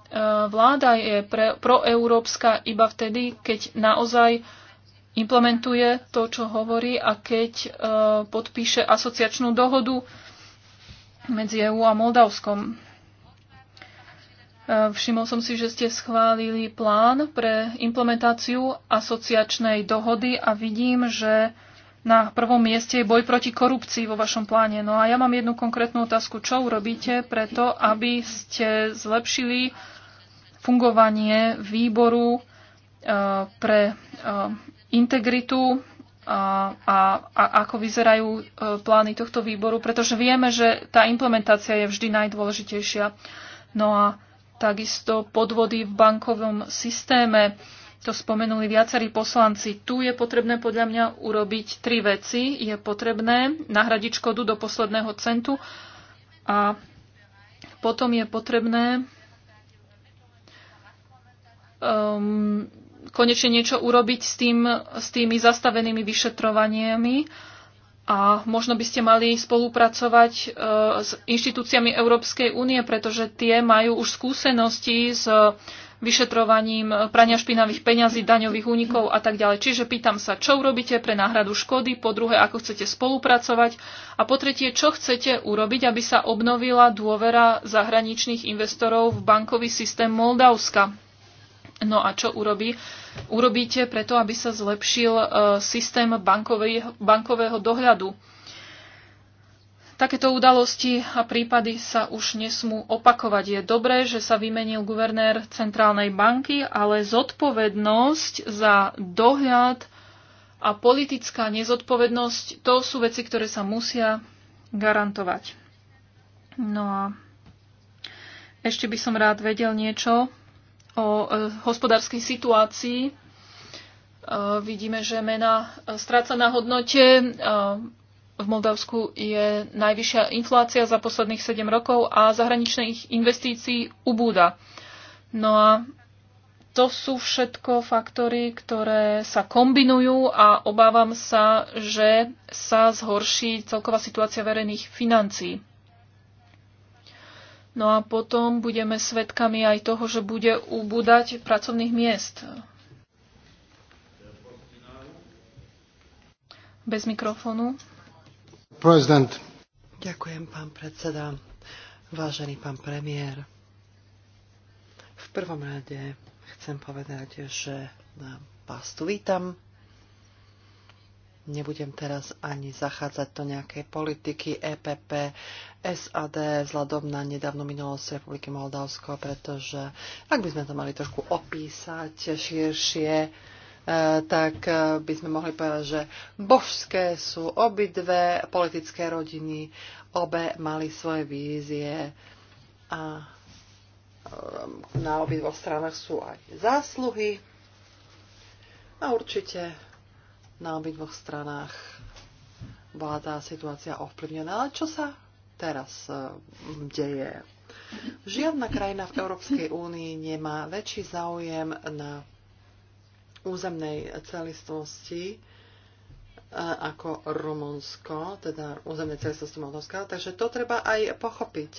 vláda je pre, proeurópska iba vtedy, keď naozaj e, implementuje to, čo hovorí a keď e, podpíše asociačnú dohodu medzi EU a Moldavskom. E, všimol som si, že ste schválili plán pre implementáciu asociačnej dohody a vidím, že na prvom mieste je boj proti korupcii vo vašom pláne. No a ja mám jednu konkrétnu otázku. Čo urobíte preto, aby ste zlepšili fungovanie výboru e, pre integritu a, a, a ako vyzerajú e, plány tohto výboru, pretože vieme, že tá implementácia je vždy najdôležitejšia. No a takisto podvody v bankovom systéme, to spomenuli viacerí poslanci. Tu je potrebné podľa mňa urobiť tri veci. Je potrebné nahradiť škodu do posledného centu a potom je potrebné um, konečne niečo urobiť s, tým, s tými zastavenými vyšetrovaniami a možno by ste mali spolupracovať e, s inštitúciami Európskej únie, pretože tie majú už skúsenosti s vyšetrovaním prania špinavých peňazí, daňových únikov a tak ďalej. Čiže pýtam sa, čo urobíte pre náhradu škody, po druhé, ako chcete spolupracovať a po tretie, čo chcete urobiť, aby sa obnovila dôvera zahraničných investorov v bankový systém Moldavska. No a čo urobí urobíte preto, aby sa zlepšil e, systém bankovej, bankového dohľadu. Takéto udalosti a prípady sa už nesmú opakovať. Je dobré, že sa vymenil guvernér Centrálnej banky, ale zodpovednosť za dohľad a politická nezodpovednosť, to sú veci, ktoré sa musia garantovať. No a ešte by som rád vedel niečo o e, hospodárskej situácii. E, vidíme, že mena e, stráca na hodnote. V Moldavsku je najvyššia inflácia za posledných 7 rokov a zahraničných investícií ubúda. No a to sú všetko faktory, ktoré sa kombinujú a obávam sa, že sa zhorší celková situácia verejných financií. No a potom budeme svedkami aj toho, že bude ubúdať pracovných miest. Bez mikrofónu. President. Ďakujem, pán predseda. Vážený pán premiér. V prvom rade chcem povedať, že vás tu vítam. Nebudem teraz ani zachádzať do nejakej politiky EPP SAD vzhľadom na nedávnu minulosť Republiky Moldavsko, pretože ak by sme to mali trošku opísať širšie, eh, tak eh, by sme mohli povedať, že božské sú obidve politické rodiny, obe mali svoje vízie a eh, na obidvoch stranách sú aj zásluhy a určite na obidvoch stranách bola tá situácia ovplyvnená. Ale čo sa teraz e, deje. Žiadna krajina v Európskej únii nemá väčší záujem na územnej celistvosti e, ako Rumunsko, teda územnej celistvosti Moldavska. Takže to treba aj pochopiť,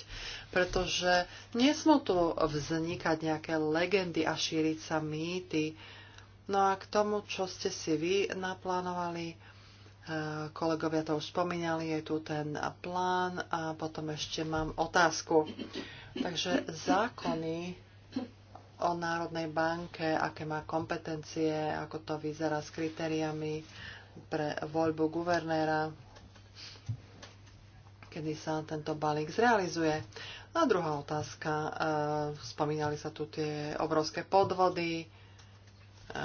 pretože nesmú tu vznikať nejaké legendy a šíriť sa mýty. No a k tomu, čo ste si vy naplánovali, Kolegovia to už spomínali, je tu ten plán a potom ešte mám otázku. Takže zákony o Národnej banke, aké má kompetencie, ako to vyzerá s kritériami pre voľbu guvernéra, kedy sa tento balík zrealizuje. A druhá otázka, eh, spomínali sa tu tie obrovské podvody, eh,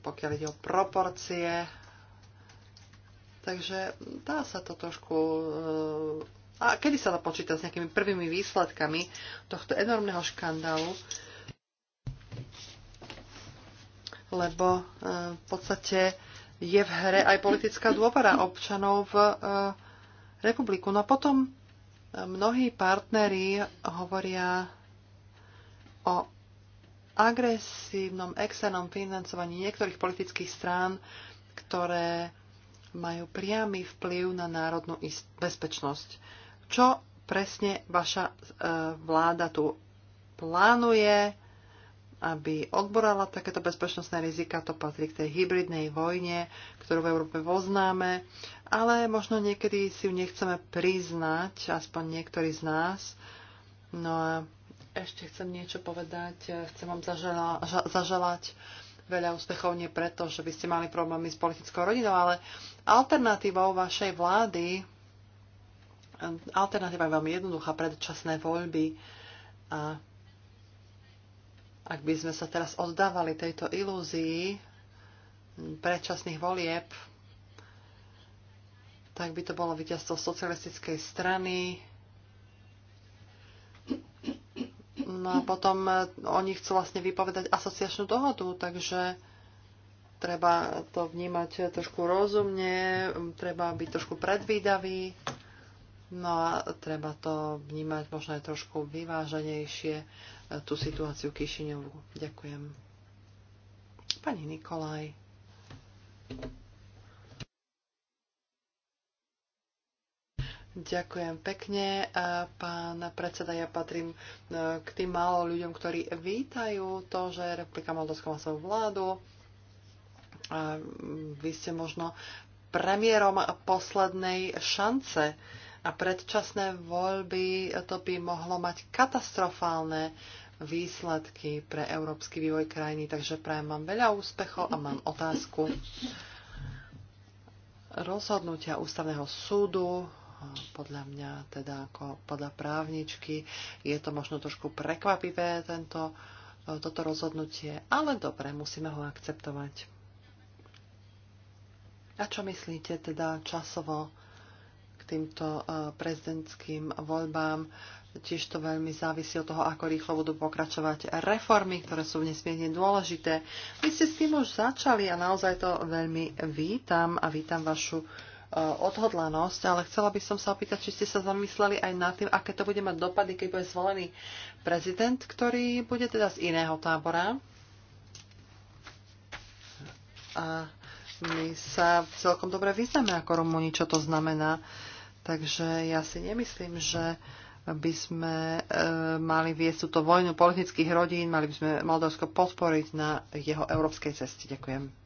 pokiaľ ide o proporcie Takže dá sa to trošku... Eh, a kedy sa to počíta s nejakými prvými výsledkami tohto enormného škandálu? Lebo eh, v podstate je v hre aj politická dôvera občanov v eh, republiku. No a potom mnohí partneri hovoria o agresívnom externom financovaní niektorých politických strán, ktoré majú priamy vplyv na národnú bezpečnosť. Čo presne vaša e, vláda tu plánuje, aby odborala takéto bezpečnostné rizika, to patrí k tej hybridnej vojne, ktorú v Európe poznáme, ale možno niekedy si ju nechceme priznať, aspoň niektorí z nás. No a ešte chcem niečo povedať, chcem vám zažela, ža, zaželať veľa úspechov nie preto, že by ste mali problémy s politickou rodinou, ale alternatívou vašej vlády, alternatíva je veľmi jednoduchá, predčasné voľby a ak by sme sa teraz oddávali tejto ilúzii predčasných volieb, tak by to bolo víťazstvo socialistickej strany, No a potom e, oni chcú vlastne vypovedať asociačnú dohodu, takže treba to vnímať trošku rozumne, treba byť trošku predvídavý, no a treba to vnímať možno aj trošku vyváženejšie e, tú situáciu Kišiňovu. Ďakujem. Pani Nikolaj. Ďakujem pekne. Pán predseda, ja patrím e, k tým málo ľuďom, ktorí vítajú to, že Republika mal má svoju vládu. A vy ste možno premiérom poslednej šance a predčasné voľby to by mohlo mať katastrofálne výsledky pre európsky vývoj krajiny, takže prajem vám veľa úspechov a mám otázku. Rozhodnutia ústavného súdu podľa mňa, teda ako podľa právničky, je to možno trošku prekvapivé tento, e, toto rozhodnutie, ale dobre, musíme ho akceptovať. A čo myslíte teda časovo k týmto e, prezidentským voľbám? Tiež to veľmi závisí od toho, ako rýchlo budú pokračovať reformy, ktoré sú nesmierne dôležité. Vy ste s tým už začali a naozaj to veľmi vítam a vítam vašu Eh, odhodlanosť, ale chcela by som sa opýtať, či ste sa zamysleli aj nad tým, aké to bude mať dopady, keď bude zvolený prezident, ktorý bude teda z iného tábora. A my sa celkom dobre vyznáme ako Rumúni, čo to znamená. Takže ja si nemyslím, že by sme e, mali viesť túto vojnu politických rodín, mali by sme Moldavsko podporiť na jeho európskej ceste. Ďakujem.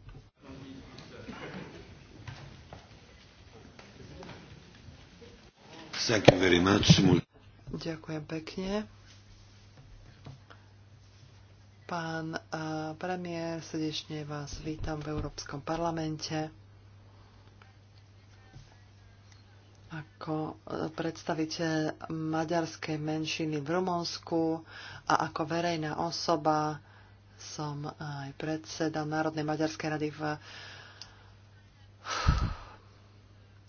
Thank you very much. Ďakujem pekne. Pán premiér, srdečne vás vítam v Európskom parlamente. Ako e, predstaviteľ maďarskej menšiny v Rumunsku a ako verejná osoba som aj predseda Národnej maďarskej rady v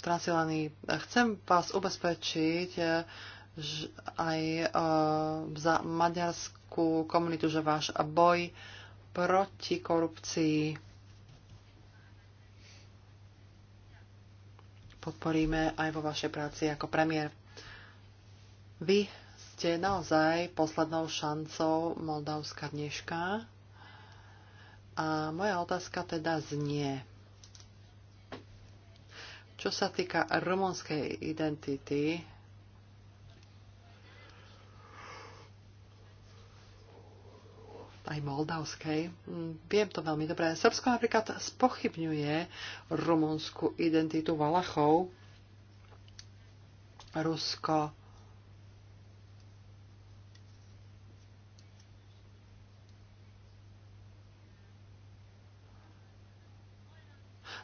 Transilánii. Chcem vás ubezpečiť eh, aj eh, za maďarskú komunitu, že váš boj proti korupcii podporíme aj vo vašej práci ako premiér. Vy ste naozaj poslednou šancou Moldavská dneška. A moja otázka teda znie. Čo sa týka rumunskej identity, aj moldavskej. Mm, viem to veľmi dobre. Srbsko napríklad spochybňuje rumunskú identitu Valachov. Rusko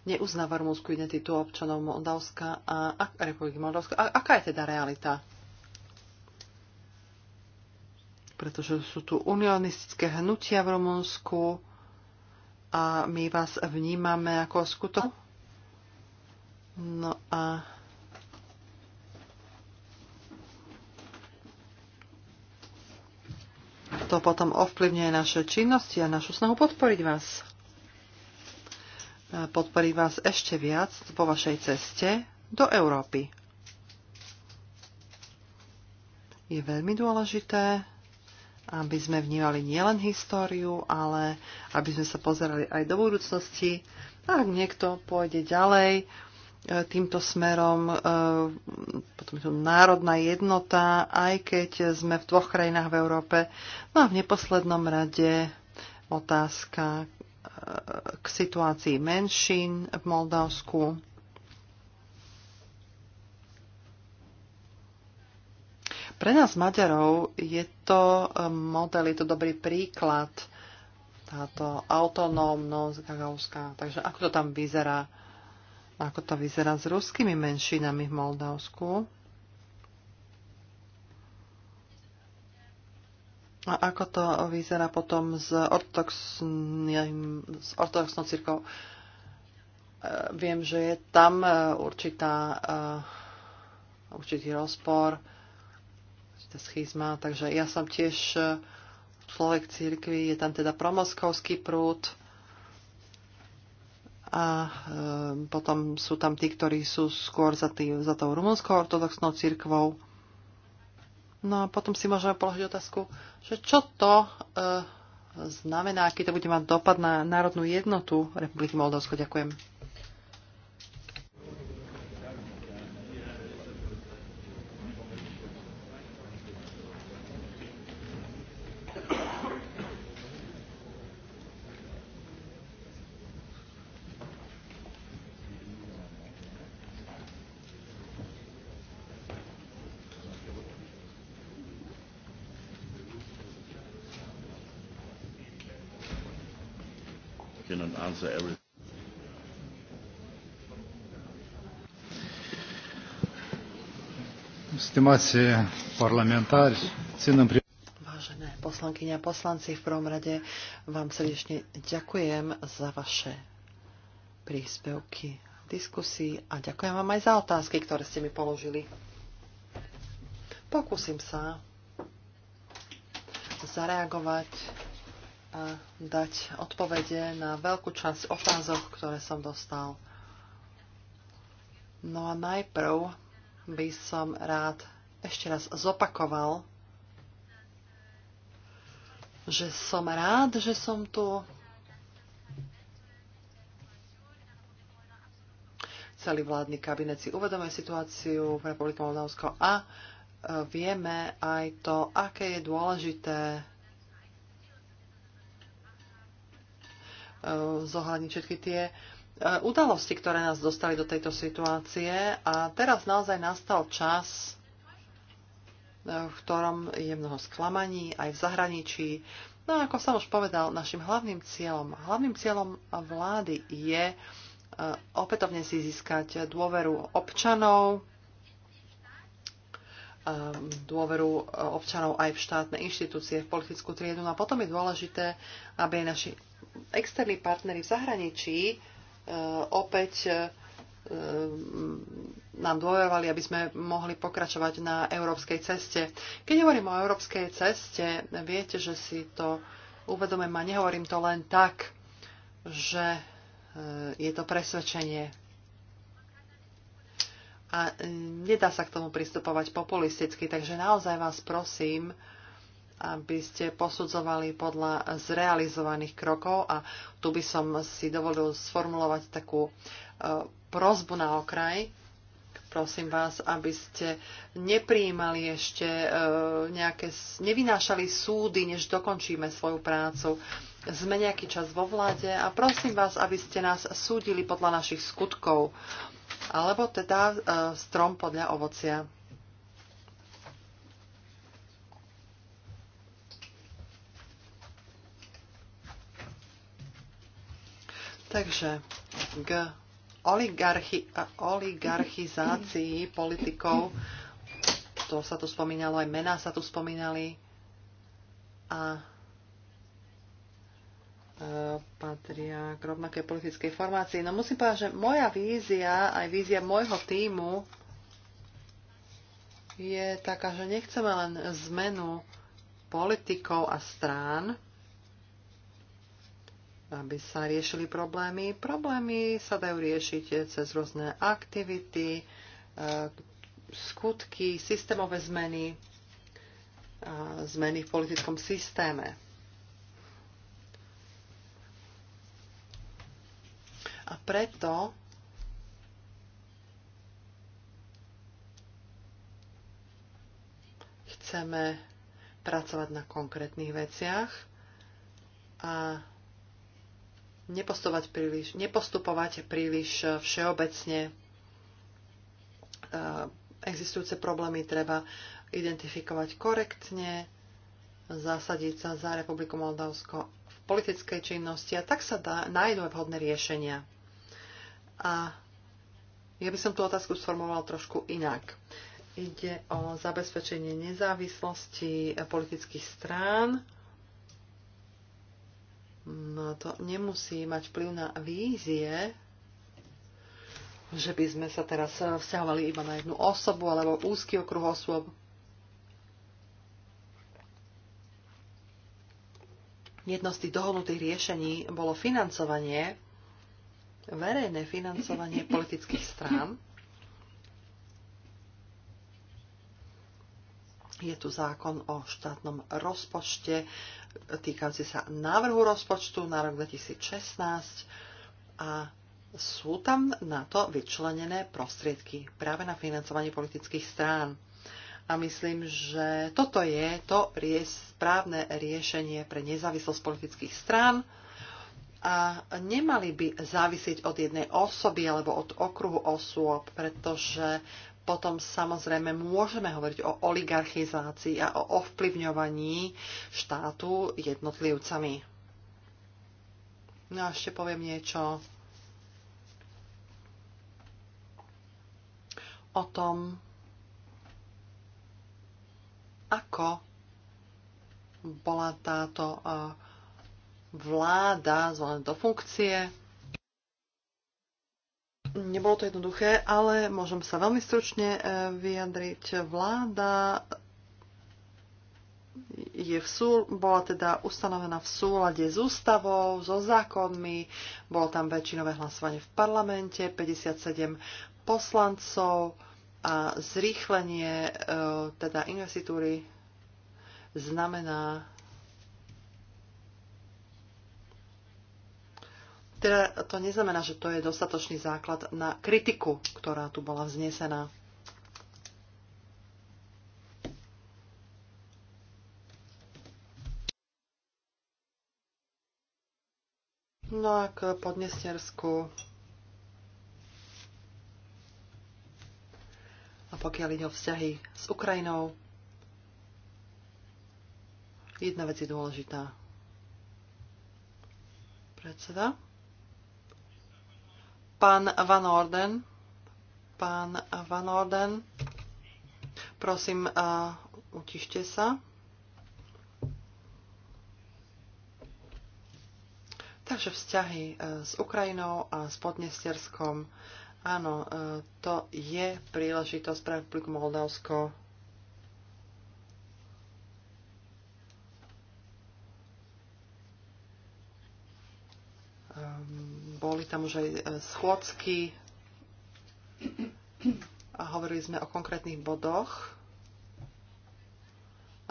neuznáva rumúnsku identitu občanov Moldavska a, a Republiky Moldavska. A, aká je teda realita? Pretože sú tu unionistické hnutia v Rumunsku a my vás vnímame ako skutok. No a to potom ovplyvňuje naše činnosti a našu snahu podporiť vás podporí vás ešte viac po vašej ceste do Európy. Je veľmi dôležité, aby sme vnímali nielen históriu, ale aby sme sa pozerali aj do budúcnosti. Ak niekto pôjde ďalej e, týmto smerom, e, potom je tu národná jednota, aj keď sme v dvoch krajinách v Európe. No a v neposlednom rade otázka k situácii menšín v Moldavsku. Pre nás Maďarov je to eh, model, je to dobrý príklad, táto autonómnosť gagauská. Takže ako to tam vyzerá? Ako to vyzerá s ruskými menšinami v Moldavsku? A ako to vyzerá potom s, s ortodoxnou církou? E, viem, že je tam e, určitá, e, určitý rozpor, určitá schizma, takže ja som tiež človek církvy, je tam teda promoskovský prúd a potom sú tam tí, ktorí sú skôr za, tý, za tou rumunskou ortodoxnou církvou. No a potom si môžeme položiť otázku, že čo to e, znamená, aký to bude mať dopad na národnú jednotu Republiky Moldavsko. Ďakujem. answer everything. Stimați parlamentári, ținem pri... Vážené poslankyne a poslanci, v prvom rade vám srdečne ďakujem za vaše príspevky diskusii a ďakujem vám aj za otázky, ktoré ste mi položili. Pokúsim sa zareagovať dať odpovede na veľkú časť otázok, ktoré som dostal. No a najprv by som rád ešte raz zopakoval, že som rád, že som tu. Celý vládny kabinet si uvedomuje situáciu v Republike Moldavsko a e, vieme aj to, aké je dôležité E, zohľadniť všetky tie e, udalosti, ktoré nás dostali do tejto situácie a teraz naozaj nastal čas, e, v ktorom je mnoho sklamaní aj v zahraničí. No a ako som už povedal, našim hlavným cieľom, hlavným cieľom vlády je opätovne si získať dôveru občanov, dôveru občanov aj v štátne inštitúcie, v politickú triedu. No a potom je dôležité, aby aj naši externí partnery v zahraničí e, opäť e, nám dôverovali, aby sme mohli pokračovať na európskej ceste. Keď hovorím o európskej ceste, viete, že si to uvedomujem a nehovorím to len tak, že e, je to presvedčenie. A nedá sa k tomu pristupovať populisticky, takže naozaj vás prosím, aby ste posudzovali podľa zrealizovaných krokov a tu by som si dovolil sformulovať takú e, prozbu na okraj. Prosím vás, aby ste nepríjmali ešte e, nejaké, nevynášali súdy, než dokončíme svoju prácu. Sme nejaký čas vo vláde a prosím vás, aby ste nás súdili podľa našich skutkov, alebo teda e, strom podľa ovocia. Takže k oligarchi, oligarchizácii politikov, to sa tu spomínalo, aj mená sa tu spomínali a e, patria k rovnakej politickej formácii. No musím povedať, že moja vízia, aj vízia môjho týmu je taká, že nechceme len zmenu politikov a strán, aby sa riešili problémy. Problémy sa dajú riešiť cez rôzne aktivity, e, skutky, systémové zmeny, a zmeny v politickom systéme. A preto chceme pracovať na konkrétnych veciach a nepostupovať príliš, nepostupovať príliš e, všeobecne. E, existujúce problémy treba identifikovať korektne, zasadiť sa za Republiku Moldavsko v politickej činnosti a tak sa dá, nájdú aj vhodné riešenia. A ja by som tú otázku sformoval trošku inak. Ide o zabezpečenie nezávislosti politických strán No to nemusí mať vplyv na vízie, že by sme sa teraz eh, vzťahovali iba na jednu osobu alebo úzky okruh osôb. Jedno z tých dohodnutých riešení bolo financovanie, verejné financovanie politických strán. Je tu zákon o štátnom rozpočte týkajúci sa návrhu rozpočtu na rok 2016 a sú tam na to vyčlenené prostriedky práve na financovanie politických strán. A myslím, že toto je to správne riešenie pre nezávislosť politických strán a nemali by závisiť od jednej osoby alebo od okruhu osôb, pretože potom samozrejme môžeme hovoriť o oligarchizácii a o ovplyvňovaní štátu jednotlivcami. No a ešte poviem niečo o tom, ako bola táto vláda zvolená do funkcie Nebolo to jednoduché, ale môžem sa veľmi stručne e, vyjadriť. Vláda je v sú, bola teda ustanovená v súlade s ústavou, so zákonmi, bolo tam väčšinové hlasovanie v parlamente, 57 poslancov a zrýchlenie e, teda investitúry znamená teda to neznamená, že to je dostatočný základ na kritiku, ktorá tu bola vznesená. No a k Podnestersku. A pokiaľ ide o vzťahy s Ukrajinou, jedna vec je dôležitá. Predseda? Pán Van Orden. Pán Van Orden. Prosím, uh, utište sa. Takže vzťahy eh, s Ukrajinou a s Podnesterskom. Áno, eh, to je príležitosť pre Republiku Moldavsko boli tam už aj e, schôdzky a hovorili sme o konkrétnych bodoch.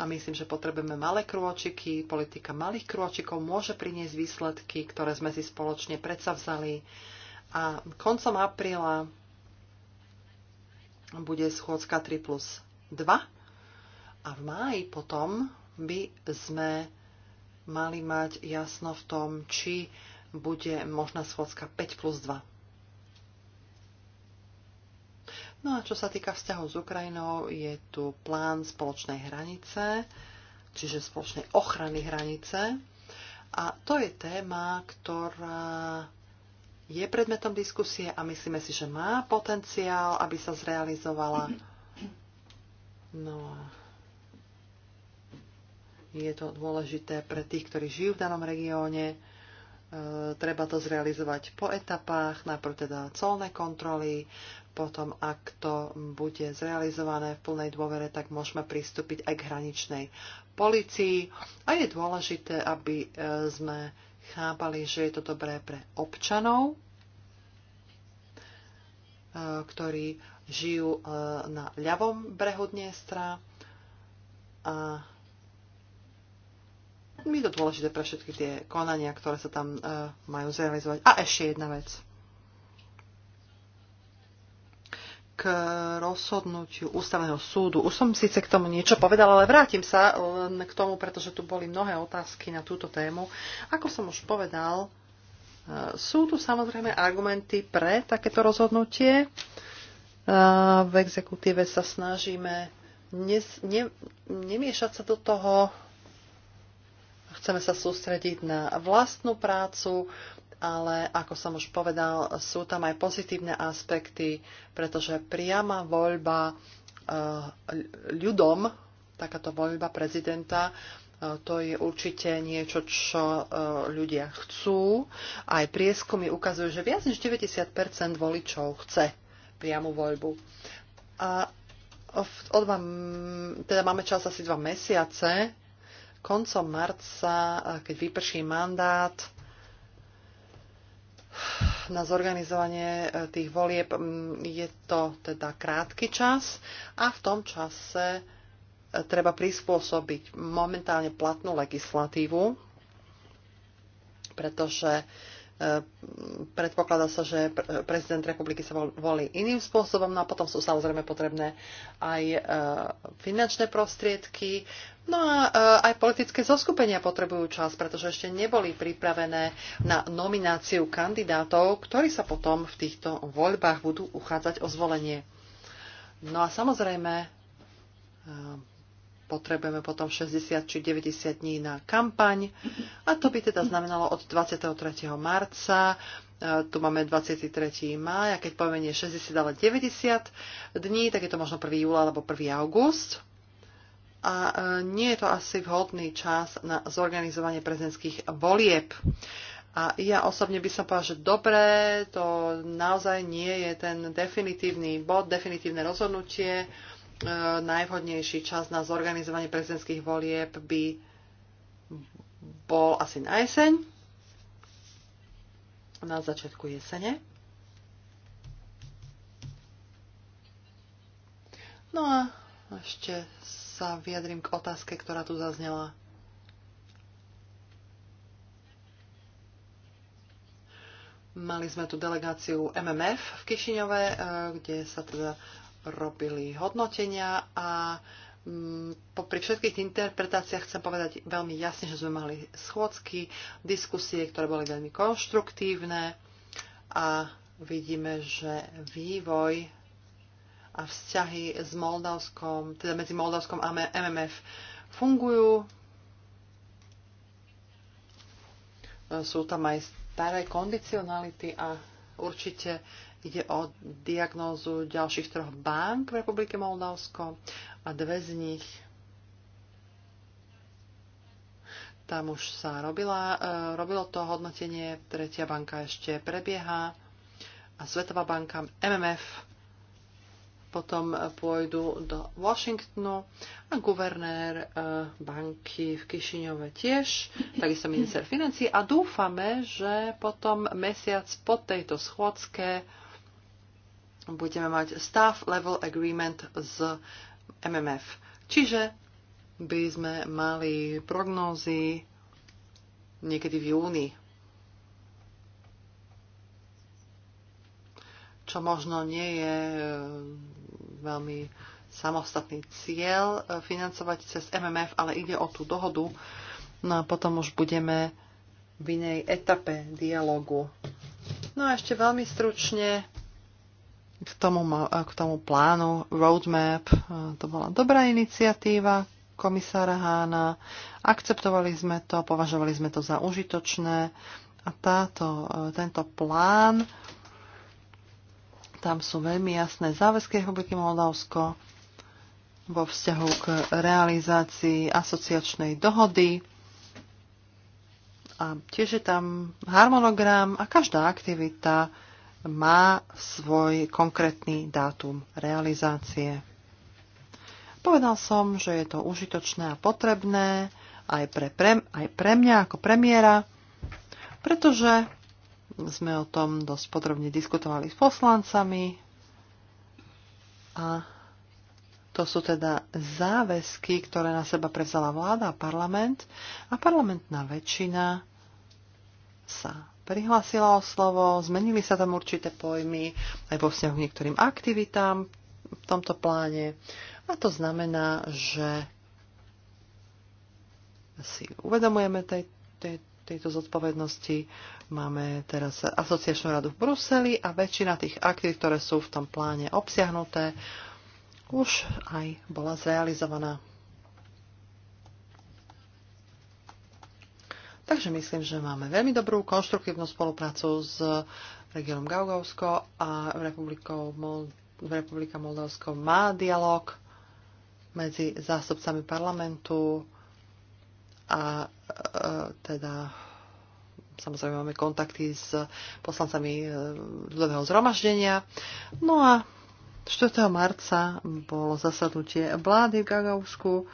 A myslím, že potrebujeme malé krôčiky. Politika malých krôčikov môže priniesť výsledky, ktoré sme si spoločne predsavzali. A koncom apríla bude schôdzka 3 plus 2. A v máji potom by sme mali mať jasno v tom, či bude možná schôdzka 5 plus 2. No a čo sa týka vzťahov s Ukrajinou, je tu plán spoločnej hranice, čiže spoločnej ochrany hranice. A to je téma, ktorá je predmetom diskusie a myslíme si, že má potenciál, aby sa zrealizovala. No a je to dôležité pre tých, ktorí žijú v danom regióne E, treba to zrealizovať po etapách, najprv teda colné kontroly, potom ak to bude zrealizované v plnej dôvere, tak môžeme pristúpiť aj k hraničnej policii. A je dôležité, aby e, sme chápali, že je to dobré pre občanov, e, ktorí žijú na ľavom brehu Dniestra a my to dôležité pre všetky tie konania, ktoré sa tam uh, majú zrealizovať. A ešte jedna vec. K rozhodnutiu ústavného súdu. Už som síce k tomu niečo povedala, ale vrátim sa len k tomu, pretože tu boli mnohé otázky na túto tému. Ako som už povedal, uh, sú tu samozrejme argumenty pre takéto rozhodnutie. Uh, v exekutíve sa snažíme ne, ne, nemiešať sa do toho Chceme sa sústrediť na vlastnú prácu, ale ako som už povedal, sú tam aj pozitívne aspekty, pretože priama voľba eh, ľudom, takáto voľba prezidenta, eh, to je určite niečo, čo eh, ľudia chcú. Aj prieskumy ukazujú, že viac než 90 voličov chce priamu voľbu. A teda máme čas asi dva mesiace koncom marca, keď vyprší mandát na zorganizovanie e, tých volieb, je to teda krátky čas a v tom čase e, treba prispôsobiť momentálne platnú legislatívu, pretože Predpokladá sa, že prezident republiky sa volí iným spôsobom, no a potom sú samozrejme potrebné aj e, finančné prostriedky, no a e, aj politické zoskupenia potrebujú čas, pretože ešte neboli pripravené na nomináciu kandidátov, ktorí sa potom v týchto voľbách budú uchádzať o zvolenie. No a samozrejme e, potrebujeme potom 60 či 90 dní na kampaň a to by teda znamenalo od 23. marca, e, tu máme 23. mája, keď povieme nie 60, ale 90 dní, tak je to možno 1. júla alebo 1. august. A e, nie je to asi vhodný čas na zorganizovanie prezidentských volieb. A ja osobne by som povedala, že dobré, to naozaj nie je ten definitívny bod, definitívne rozhodnutie. Uh, najvhodnejší čas na zorganizovanie prezidentských volieb by bol asi na jeseň, na začiatku jesene. No a ešte sa vyjadrím k otázke, ktorá tu zaznela. Mali sme tu delegáciu MMF v Kišiňove, eh, kde sa teda robili hodnotenia a mm, pri všetkých interpretáciách chcem povedať veľmi jasne, že sme mali schôdzky, diskusie, ktoré boli veľmi konštruktívne a vidíme, že vývoj a vzťahy s Moldavskom, teda medzi Moldavskom a MMF fungujú. Sú tam aj staré kondicionality a určite Ide o diagnózu ďalších troch bank v Republike Moldavsko a dve z nich tam už sa robila, e, robilo to hodnotenie, tretia banka ešte prebieha a Svetová banka MMF potom pôjdu do Washingtonu a guvernér e, banky v Kišiňove tiež, takisto minister financí a dúfame, že potom mesiac po tejto schôdzke budeme mať staff level agreement z MMF. Čiže by sme mali prognózy niekedy v júni. Čo možno nie je e, veľmi samostatný cieľ e, financovať cez MMF, ale ide o tú dohodu. No a potom už budeme v inej etape dialogu. No a ešte veľmi stručne k tomu, k tomu plánu roadmap. E, to bola dobrá iniciatíva komisára Hána. Akceptovali sme to, považovali sme to za užitočné a táto, e, tento plán, tam sú veľmi jasné záväzky Republiky Moldavsko vo vzťahu k realizácii asociačnej dohody a tiež je tam harmonogram a každá aktivita má svoj konkrétny dátum realizácie. Povedal som, že je to užitočné a potrebné aj pre, pre, aj pre mňa ako premiéra, pretože sme o tom dosť podrobne diskutovali s poslancami a to sú teda záväzky, ktoré na seba prevzala vláda a parlament a parlamentná väčšina sa prihlasila o slovo, zmenili sa tam určité pojmy aj vo vzťahu k niektorým aktivitám v tomto pláne. A to znamená, že si uvedomujeme tej, tej, tejto zodpovednosti. Máme teraz asociačnú radu v Bruseli a väčšina tých aktivít, ktoré sú v tom pláne obsiahnuté, už aj bola zrealizovaná. Takže myslím, že máme veľmi dobrú konštruktívnu spoluprácu s regiónom Gaugovsko a Republikou Mold- Republika Moldavsko má dialog medzi zástupcami parlamentu a e, teda samozrejme máme kontakty s poslancami e, ľudového zhromaždenia. No a 4. marca bolo zasadnutie vlády v Gagausku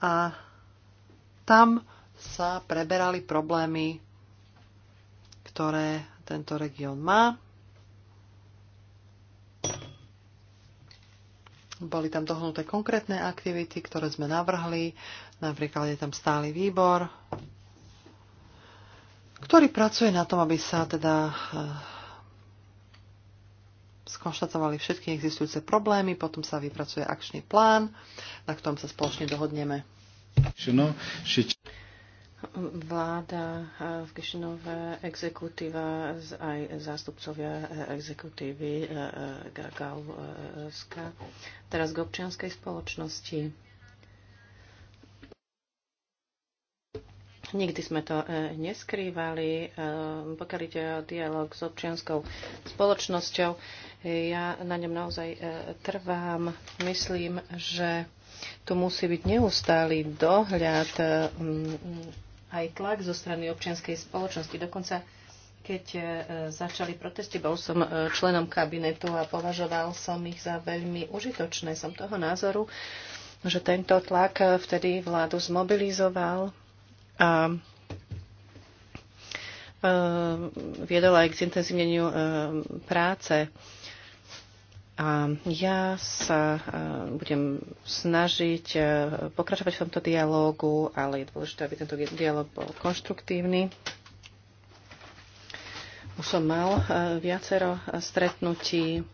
a tam sa preberali problémy, ktoré tento región má. Boli tam dohnuté konkrétne aktivity, ktoré sme navrhli. Napríklad je tam stály výbor, ktorý pracuje na tom, aby sa teda eh, skonštatovali všetky existujúce problémy, potom sa vypracuje akčný plán, na ktorom sa spoločne dohodneme. No, Vláda v eh, Kišinove, exekutíva, aj zástupcovia eh, exekutívy eh, Gagauska. Teraz k občianskej spoločnosti. Nikdy sme to neskrývali. Pokiaľ ide o dialog s občianskou spoločnosťou, ja na ňom naozaj trvám. Myslím, že tu musí byť neustály dohľad aj tlak zo strany občianskej spoločnosti. Dokonca keď e, začali protesty, bol som e, členom kabinetu a považoval som ich za veľmi užitočné. Som toho názoru, že tento tlak e, vtedy vládu zmobilizoval a viedol aj k zintenzívneniu práce a ja sa e, budem snažiť e, pokračovať v tomto dialógu, ale je dôležité, aby tento dialóg bol konštruktívny. Už som mal e, viacero stretnutí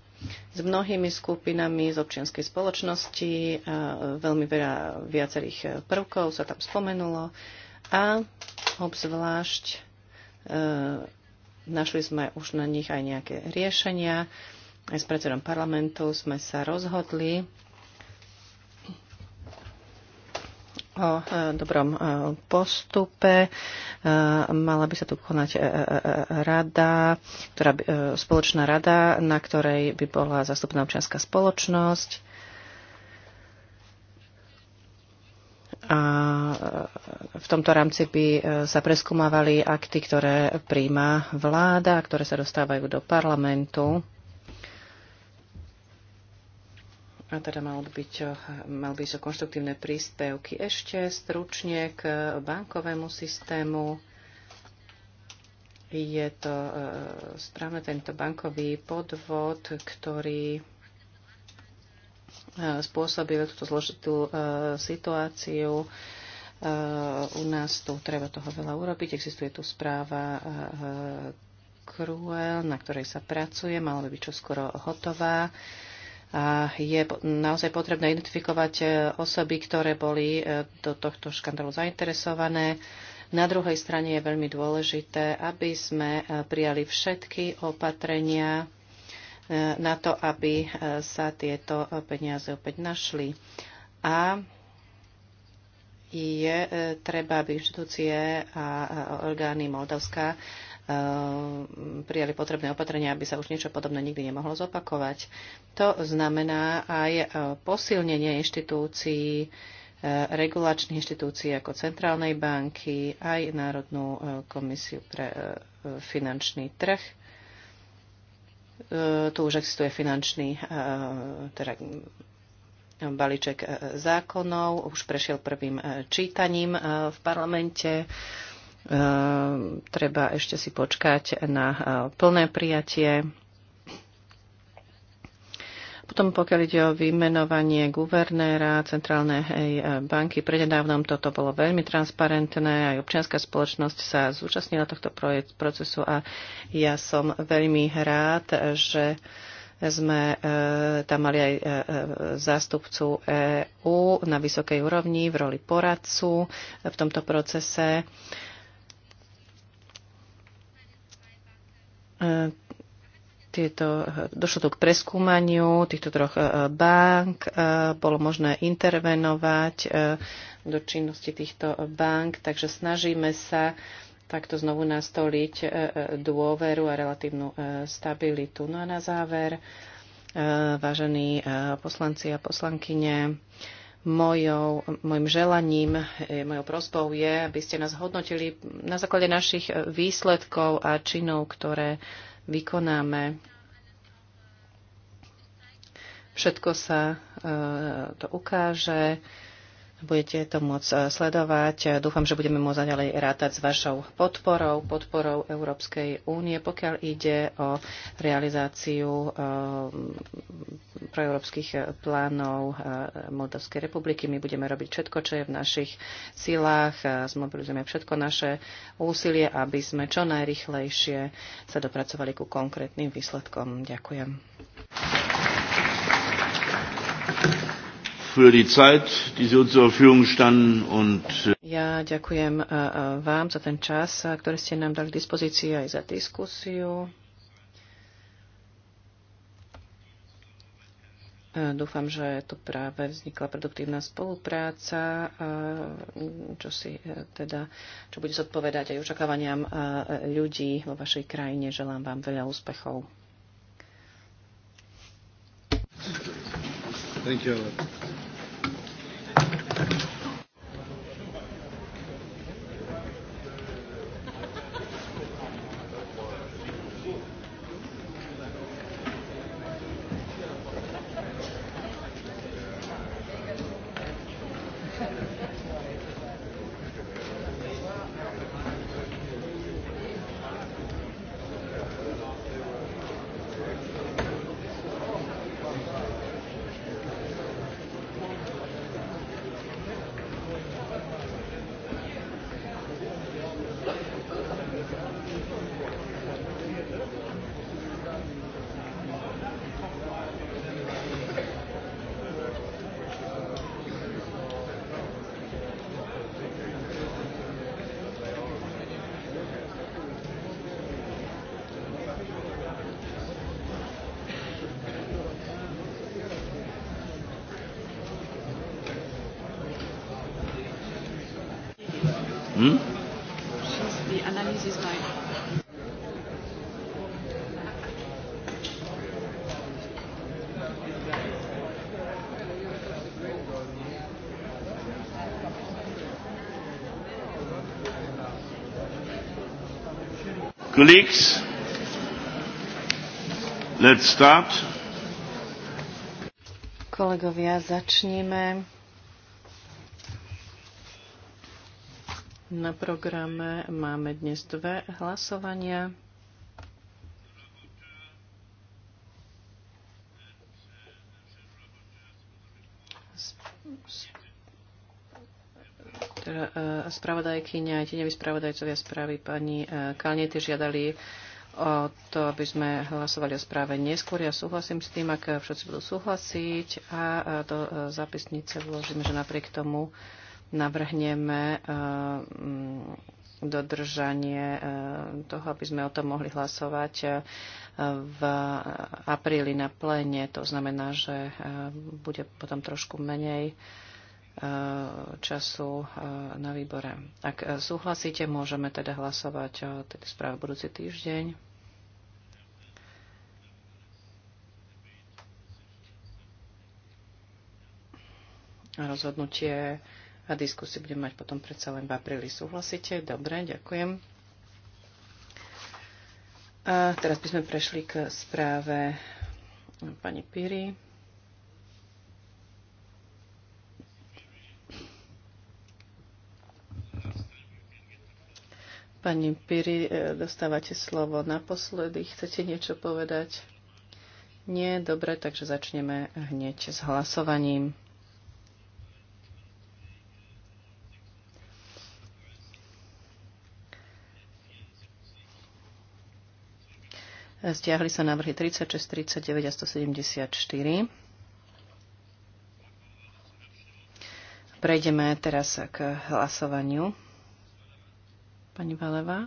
s mnohými skupinami z občianskej spoločnosti. Veľmi veľa viacerých prvkov sa tam spomenulo. A obzvlášť našli sme už na nich aj nejaké riešenia aj s predsedom parlamentu sme sa rozhodli o e, dobrom e, postupe. E, mala by sa tu konať rada, ktorá, by, spoločná rada, na ktorej by bola zastupná občianská spoločnosť. a v tomto rámci by sa preskúmavali akty, ktoré príjma vláda, ktoré sa dostávajú do parlamentu. A teda mal, byť, eh, mal byť so konštruktívne príspevky ešte stručne k bankovému systému. Je to eh, správne tento bankový podvod, ktorý eh, spôsobil túto zložitú situáciu. U nás tu treba toho veľa urobiť. Existuje tu správa Cruel, na ktorej sa pracuje. Mala by byť čoskoro hotová a je naozaj potrebné identifikovať e, osoby, ktoré boli e, do tohto škandálu zainteresované. Na druhej strane je veľmi dôležité, aby sme e, prijali všetky opatrenia na to, aby sa tieto peniaze opäť našli. A je treba, aby inštitúcie a orgány Moldavska Eh, prijali potrebné opatrenia, aby sa už niečo podobné nikdy nemohlo zopakovať. To znamená aj eh, posilnenie inštitúcií, eh, regulačných inštitúcií ako Centrálnej banky, aj Národnú komisiu pre finančný trh. Tu už existuje finančný, teda balíček zákonov, už prešiel prvým čítaním v parlamente. Ehm, treba ešte si počkať na e, plné prijatie. Potom pokiaľ ide o vymenovanie guvernéra Centrálnej e, banky, prededávnom toto bolo veľmi transparentné, aj občianská spoločnosť sa zúčastnila tohto procesu a ja som veľmi rád, že sme e, tam mali aj zástupcu EÚ na vysokej úrovni v roli poradcu v tomto procese. E, tieto, e, došlo tu k preskúmaniu týchto troch e, bank, bolo možné intervenovať do činnosti týchto bank, takže snažíme sa takto znovu nastoliť dôveru a relatívnu stabilitu. No a na záver, vážení poslanci a poslankyne, mojou, mojim želaním, e, mojou prosbou je, aby ste nás hodnotili na základe našich e, výsledkov a činov, ktoré vykonáme. Všetko sa e, to ukáže budete to môcť eh, sledovať. Eh, dúfam, že budeme môcť ďalej rátať s vašou podporou, podporou Európskej únie, pokiaľ ide o realizáciu eh, proeurópskych plánov Moldavskej republiky. My budeme robiť všetko, čo je v našich silách, zmobilizujeme všetko naše úsilie, aby sme čo najrychlejšie sa dopracovali ku konkrétnym výsledkom. Ďakujem für die Zeit, die Sie uns zur Verfügung standen. Und äh, ja ďakujem vám za ten čas, ktorý ste nám dali k dispozícii aj za diskusiu. Dúfam, že tu práve vznikla produktívna spolupráca, čo, si, e, teda, čo bude zodpovedať aj očakávaniam ľudí vo vašej krajine. Želám vám veľa úspechov. Thank you. colleagues, let's start. Kolegovia, začneme. Na programe máme dnes dve hlasovania. spravodajkyňa, tieňoví spravodajcovia správy pani e, Kalniety žiadali o to, aby sme hlasovali o správe neskôr. Ja súhlasím s tým, ak všetci budú súhlasiť a e, do e, zápisnice vložíme, že napriek tomu navrhneme dodržanie toho, aby sme o tom mohli hlasovať v apríli na plene. To znamená, že bude potom trošku menej času e, na výbore. Ak e, súhlasíte, môžeme teda hlasovať o tej správe budúci týždeň. A rozhodnutie a diskusiu budeme mať potom predsa len v apríli. Súhlasíte? Dobre, ďakujem. A teraz by sme prešli k správe pani Piri. Pani Piri, e, dostávate slovo naposledy. Chcete niečo povedať? Nie, dobre, takže začneme hneď s hlasovaním. Stiahli sa návrhy 36, 39 a 174. Prejdeme teraz k hlasovaniu. Pani Valeva.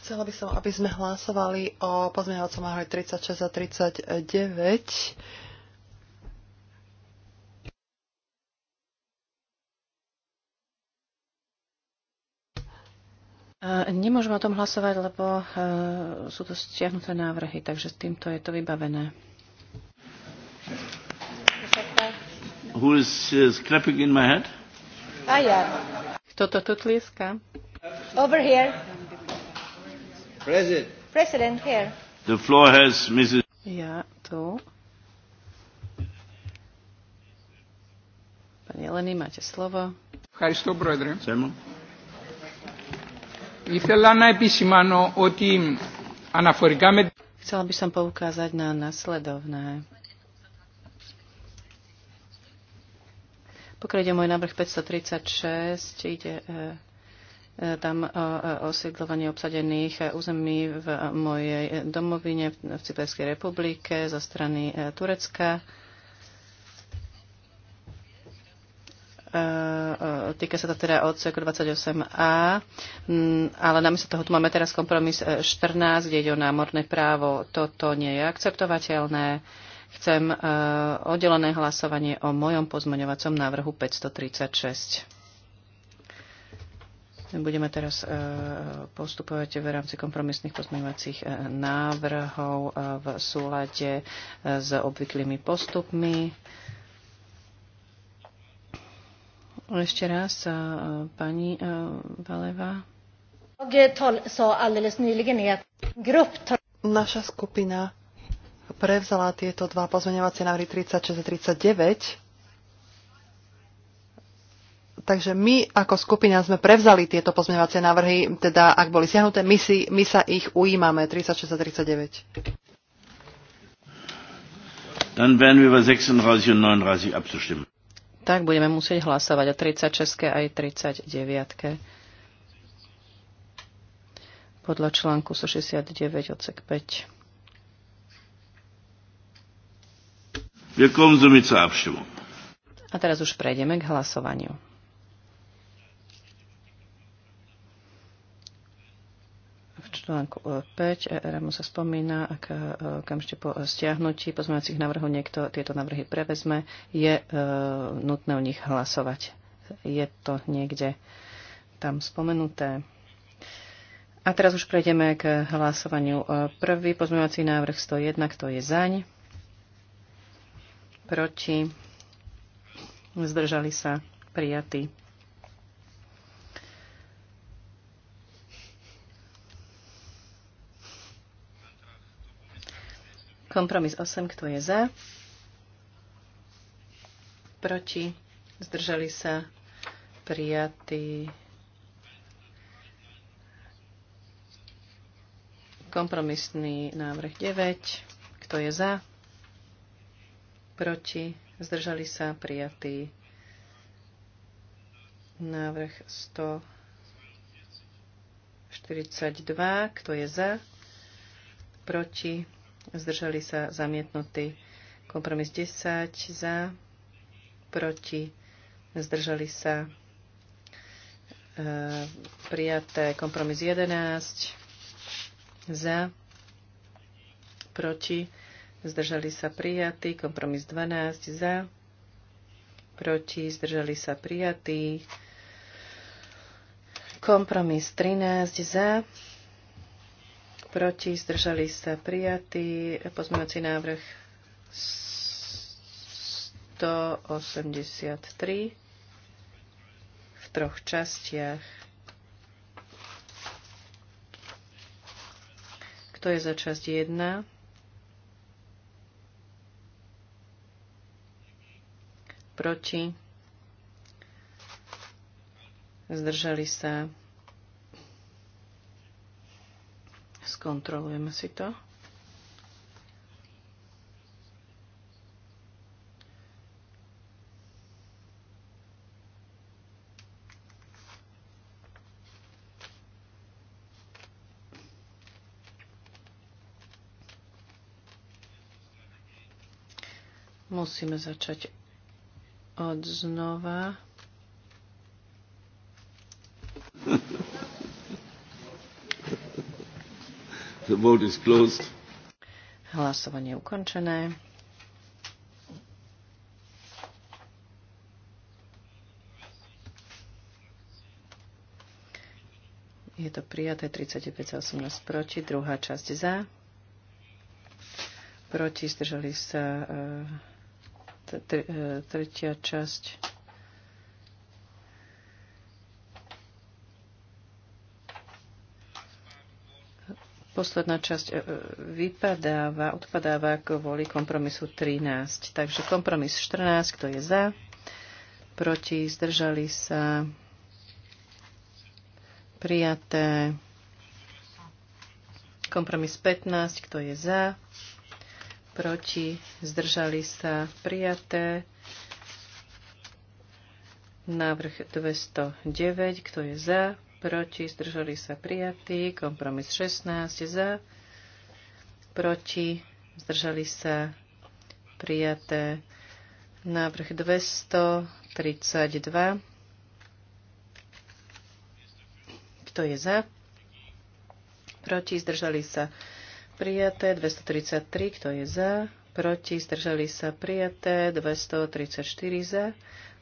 Chcela by som, aby sme hlasovali o pozmeňovacom návrhu 36 a 39. E, nemôžeme o tom hlasovať, lebo e, sú to stiahnuté návrhy, takže s týmto je to vybavené. Who is, is clapping in my head? Hiya. Ah, Kto to tu tlieska? Over here. President. President here. The floor has Mrs. Ja tu. Pani Eleni, máte slovo. Ευχαριστώ, Πρόεδρε. Σέμα. Ήθελα να επισημάνω ότι αναφορικά με... Chcela by som poukázať na nasledovné. Pokiaľ ide môj návrh 536, ide e, e, tam o e, osiedlovanie obsadených území v mojej domovine v Cyperskej republike zo strany Turecka. Týka sa to teda odsek 28a, mm, ale namiesto toho tu máme teraz kompromis 14, kde ide o námorné právo. Toto nie je akceptovateľné Chcem e, oddelené hlasovanie o mojom pozmeňovacom návrhu 536. Budeme teraz e, postupovať v rámci kompromisných pozmeňovacích e, návrhov v súlade s obvyklými postupmi. Ešte raz, pani Valeva. Naša skupina prevzala tieto dva pozmeňovacie návrhy 36 a 39. Takže my ako skupina sme prevzali tieto pozmeňovacie návrhy, teda ak boli siahnuté, my, si, my sa ich ujímame 36 a 39. Dann werden wir über 36 und 39 abzustimmen. Tak budeme musieť hlasovať o 36 aj 39. Podľa článku 169 odsek 5. A teraz už prejdeme k hlasovaniu. V článku 5 e, ERM sa spomína, ak e, okamžite po stiahnutí pozmeňovacích návrhov niekto tieto návrhy prevezme, je e, nutné o nich hlasovať. Je to niekde tam spomenuté. A teraz už prejdeme k hlasovaniu. E, prvý pozmeňovací návrh 101, kto je zaň? proti, zdržali sa prijatí. Kompromis 8, kto je za, proti, zdržali sa prijatí. Kompromisný návrh 9, kto je za, proti, zdržali sa prijatý, Návrh 142, kto je za, proti, zdržali sa zamietnutý, Kompromis 10 za, proti, zdržali sa e, prijaté. Kompromis 11 za, proti, zdržali sa prijatí, kompromis 12 za, proti, zdržali sa prijatí, kompromis 13 za, proti, zdržali sa prijatí, pozmeňovací návrh 183 v troch častiach. Kto je za časť 1? proti, zdržali sa. Skontrolujeme si to. musíme začať od znova. The vote is closed. Hlasovanie je ukončené. Je to prijaté 35 za 18 proti, druhá časť za. Proti zdržali sa e, E, tretia časť. Posledná časť e, vypadáva, odpadáva kvôli kompromisu 13. Takže kompromis 14, kto je za, proti, zdržali sa, prijaté. Kompromis 15, kto je za, proti, zdržali sa prijaté. Návrh 209, kto je za, proti, zdržali sa prijatí. Kompromis 16 za, proti, zdržali sa prijaté. Návrh 232. Kto je za? Proti, zdržali sa prijaté prijaté, 233, kto je za, proti, zdržali sa prijaté, 234 za,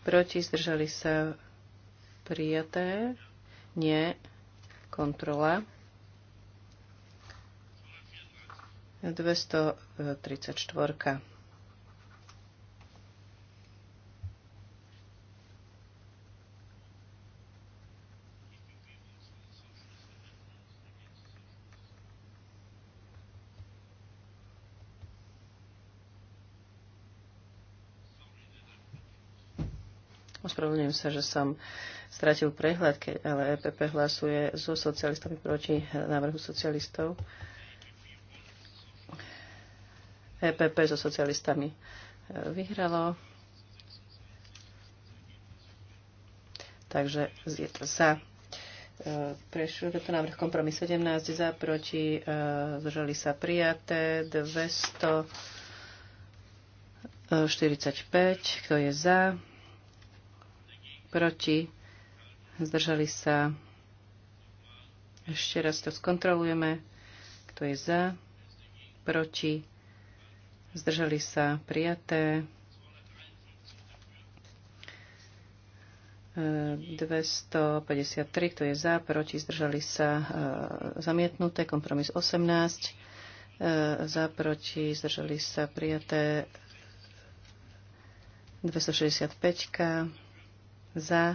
proti, zdržali sa prijaté, nie, kontrola. 234. Ospravedlňujem sa, že som stratil prehľad, keď ale EPP hlasuje so socialistami proti e, návrhu socialistov. EPP so socialistami e, vyhralo. Takže je to za. E, Prešiel tento návrh kompromis 17 za, proti, zdržali sa prijaté, 245, kto je za, proti, zdržali sa. Ešte raz to skontrolujeme. Kto je za, proti, zdržali sa, prijaté. 253, e, kto je za, proti, zdržali sa e, zamietnuté, kompromis 18, e, za, proti, zdržali sa prijaté 265, za,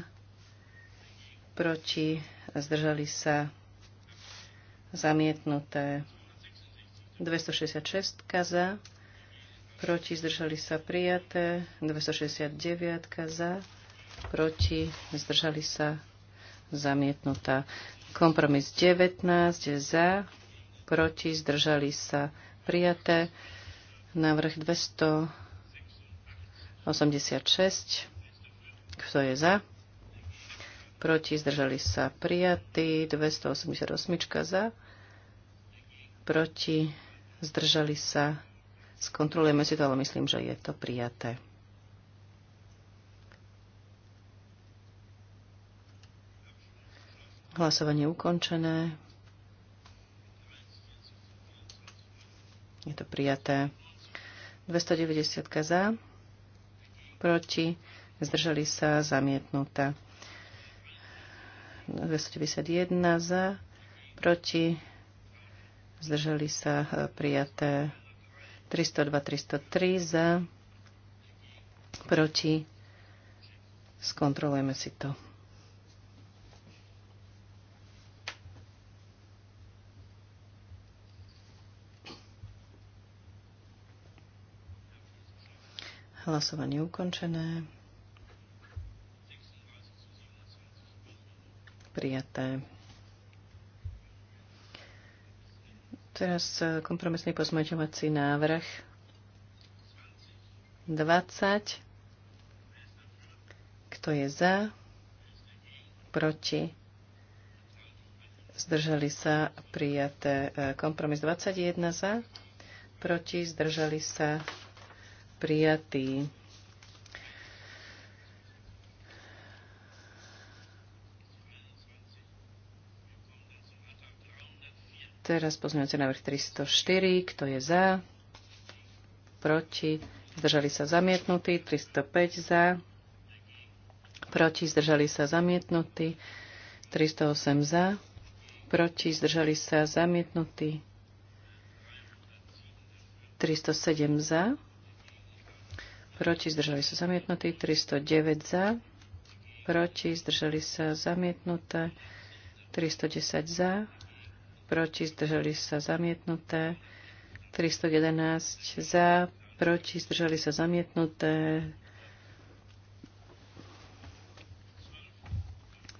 proti, zdržali sa zamietnuté 266 za, proti, zdržali sa prijaté 269 za, proti, zdržali sa zamietnutá. Kompromis 19 za, proti, zdržali sa prijaté. Návrh 286 kto je za? Proti zdržali sa prijatí. 288 za. Proti zdržali sa. Skontrolujeme si to, ale myslím, že je to prijaté. Hlasovanie ukončené. Je to prijaté. 290 za. Proti zdržali sa, zamietnutá. 291 za, proti, zdržali sa, prijaté. 302, 303 za, proti, skontrolujeme si to. Hlasovanie ukončené. prijaté. Teraz eh, kompromisný pozmaďovací návrh 20. Kto je za? Proti? Zdržali sa prijaté eh, kompromis 21 za, proti zdržali sa prijatý Teraz pozmeňujúci návrh 304. Kto je za? Proti? Zdržali sa zamietnutí. 305 za. Proti? Zdržali sa zamietnutí. 308 za. Proti? Zdržali sa zamietnutí. 307 za. Proti? Zdržali sa zamietnutí. 309 za. Proti? Zdržali sa zamietnuté. 310 za proti, zdržali sa zamietnuté. 311 za, proti, zdržali sa zamietnuté.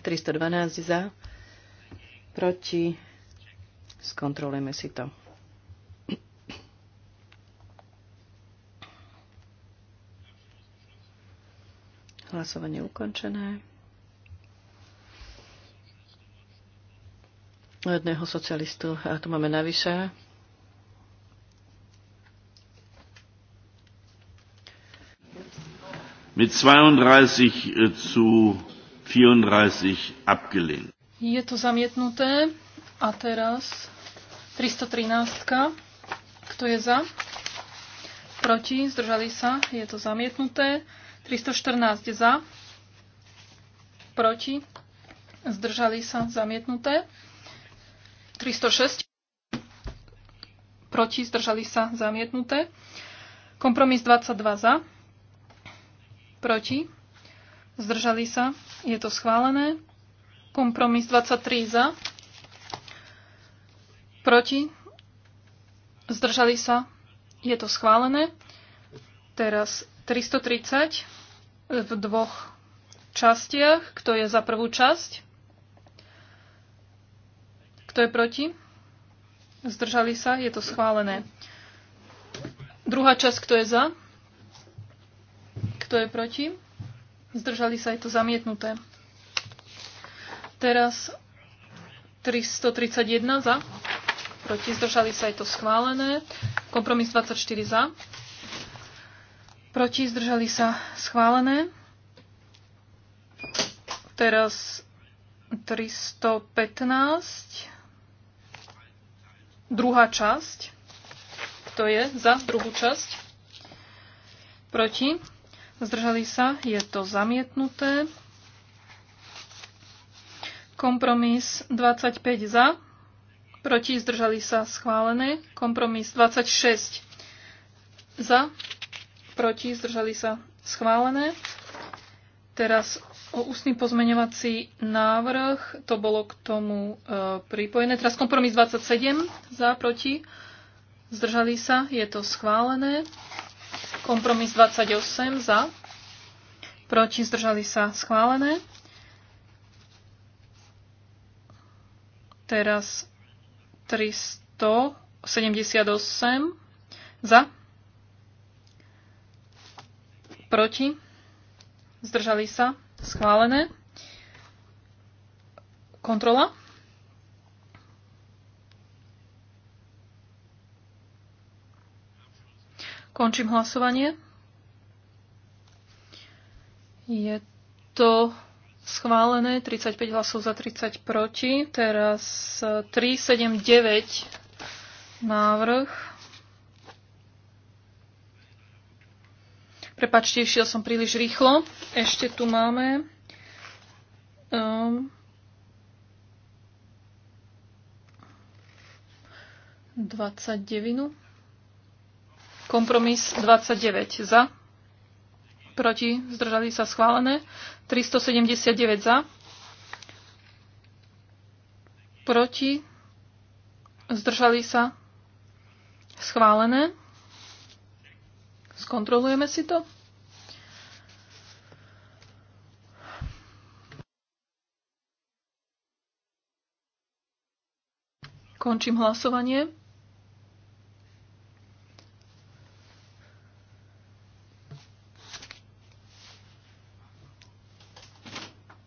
312 za, proti. Skontrolujeme si to. Hlasovanie ukončené. jedného socialistu a tu máme navyše. Mit 32 äh, zu 34 abgelehnt. Je to zamietnuté. A teraz 313. Kto je za? Proti? Zdržali sa? Je to zamietnuté. 314 za. Proti? Zdržali sa? Zamietnuté. 306 proti, zdržali sa zamietnuté. Kompromis 22 za, proti, zdržali sa, je to schválené. Kompromis 23 za, proti, zdržali sa, je to schválené. Teraz 330 v dvoch častiach. Kto je za prvú časť? Kto je proti? Zdržali sa? Je to schválené. Druhá časť, kto je za? Kto je proti? Zdržali sa? Je to zamietnuté. Teraz 331 za. Proti zdržali sa, je to schválené. Kompromis 24 za. Proti zdržali sa, schválené. Teraz 315. Druhá časť. Kto je za druhú časť? Proti? Zdržali sa? Je to zamietnuté. Kompromis 25 za. Proti? Zdržali sa? Schválené. Kompromis 26 za. Proti? Zdržali sa? Schválené. Teraz ústny pozmeňovací návrh, to bolo k tomu e, pripojené. Teraz kompromis 27 za, proti, zdržali sa, je to schválené. Kompromis 28 za, proti, zdržali sa, schválené. Teraz 378 za, proti, zdržali sa, Schválené. Kontrola. Končím hlasovanie. Je to schválené 35 hlasov za 30 proti. Teraz 379 eh, návrh. Prepačte, išiel som príliš rýchlo. Ešte tu máme. Um, Kompromis 29 za. Proti zdržali sa schválené. 379 za. Proti zdržali sa schválené. Skontrolujeme si to? Končím hlasovanie.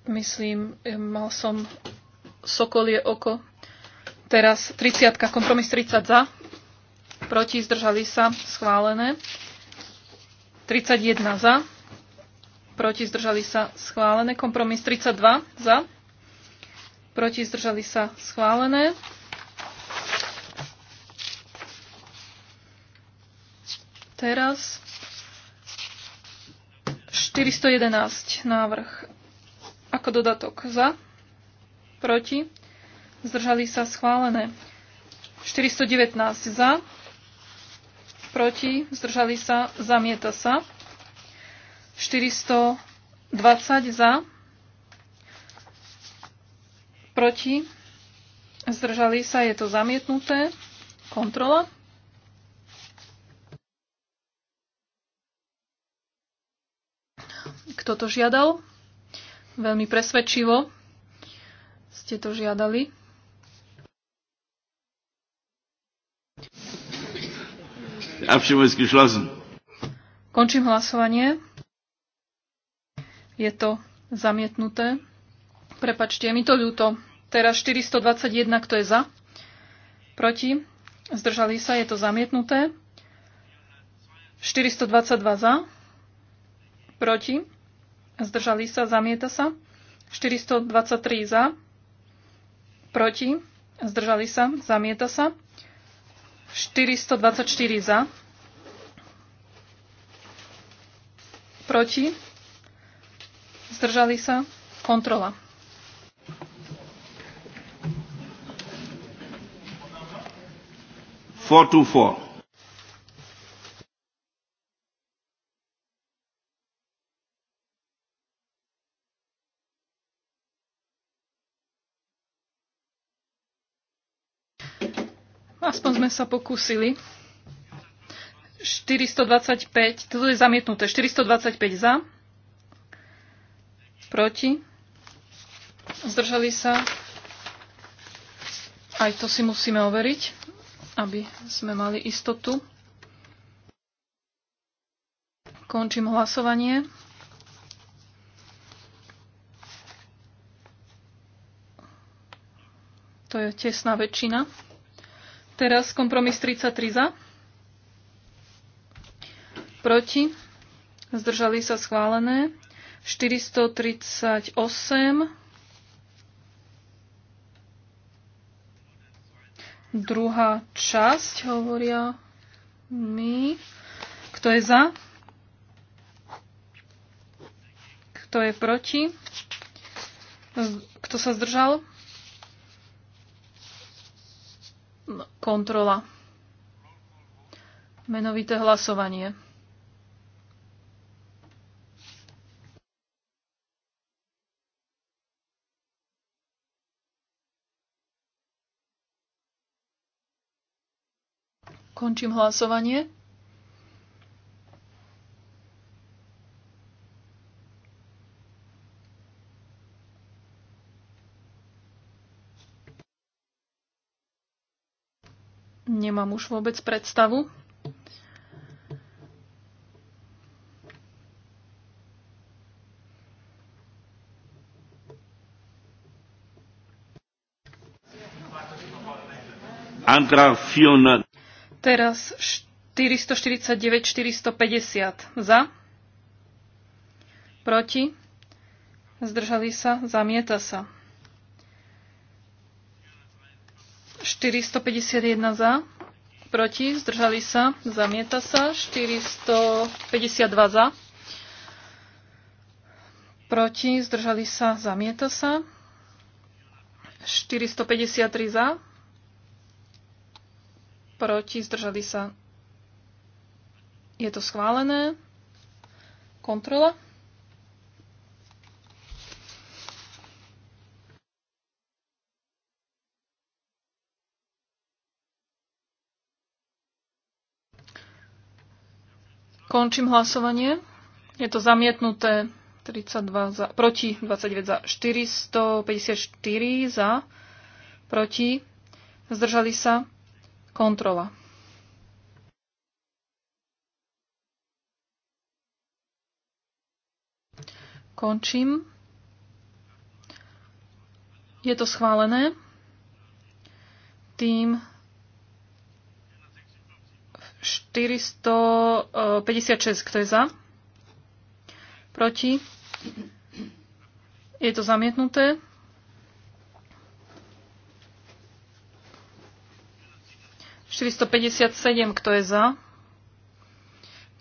Myslím, mal som sokolie oko. Teraz 30, kompromis 30 za. Proti, zdržali sa, schválené. 31 za, proti zdržali sa schválené. Kompromis 32 za, proti zdržali sa schválené. Teraz 411 návrh ako dodatok za, proti, zdržali sa schválené. 419 za, proti, zdržali sa, zamieta sa. 420 za, proti, zdržali sa, je to zamietnuté. Kontrola. Kto to žiadal? Veľmi presvedčivo ste to žiadali. Abstimmung ist geschlossen. Končím hlasovanie. Je to zamietnuté. Prepačte, mi to ľúto. Teraz 421, kto je za? Proti? Zdržali sa, je to zamietnuté. 422 za. Proti? Zdržali sa, zamieta sa. 423 za. Proti? Zdržali sa, zamieta sa. 424 za. Proti. Zdržali sa. Kontrola. Four to four. aspoň sme sa pokúsili. 425, toto je zamietnuté, 425 za, proti, zdržali sa, aj to si musíme overiť, aby sme mali istotu. Končím hlasovanie. To je tesná väčšina. Teraz kompromis 33 za. Proti. Zdržali sa schválené. 438. Druhá časť, hovoria my. Kto je za? Kto je proti? Kto sa zdržal? kontrola. Menovité hlasovanie. Končím hlasovanie. nemám už vôbec predstavu. Antrag 400. Teraz 449, 450 za, proti, zdržali sa, zamieta sa. 451 za, proti, zdržali sa, zamieta sa, 452 za, proti, zdržali sa, zamieta sa, 453 za, proti, zdržali sa, je to schválené, kontrola. Končím hlasovanie. Je to zamietnuté 32 za, proti 29 za 454 za proti zdržali sa kontrola. Končím. Je to schválené. Tým 456, eh, kto je za? Proti? Je to zamietnuté. Štyristo päťdesiat kto je za?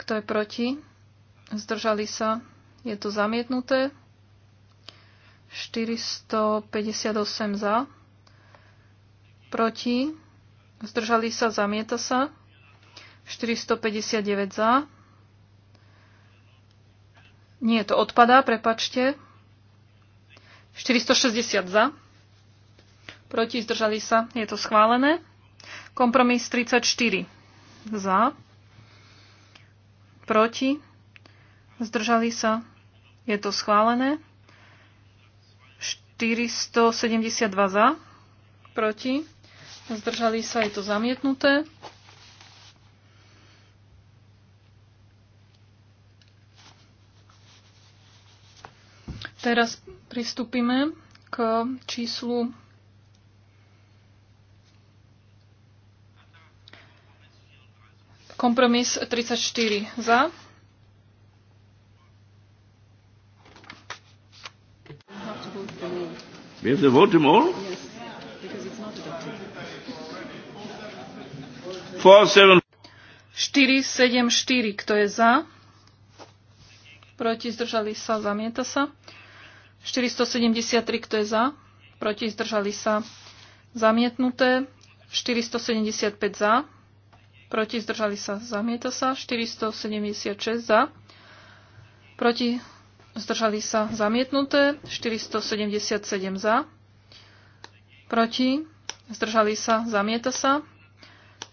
Kto je proti? Zdržali sa. Je to zamietnuté. 458 za. Proti. Zdržali sa. Zamieta sa. 459 za. Nie, to odpadá, prepačte. 460 za. Proti zdržali sa. Je to schválené. Kompromis 34 za. Proti zdržali sa. Je to schválené. 472 za. Proti zdržali sa. Je to zamietnuté. Teraz pristúpime k číslu kompromis 34 za. We have to vote them all? Yes, because it's not adopted. 474, kto je za? Proti zdržali sa, zamieta sa. 473, kto je za, proti, zdržali sa, zamietnuté. 475 za, proti, zdržali sa, zamieta sa. 476 za, proti, zdržali sa, zamietnuté. 477 za, proti, zdržali sa, zamieta sa.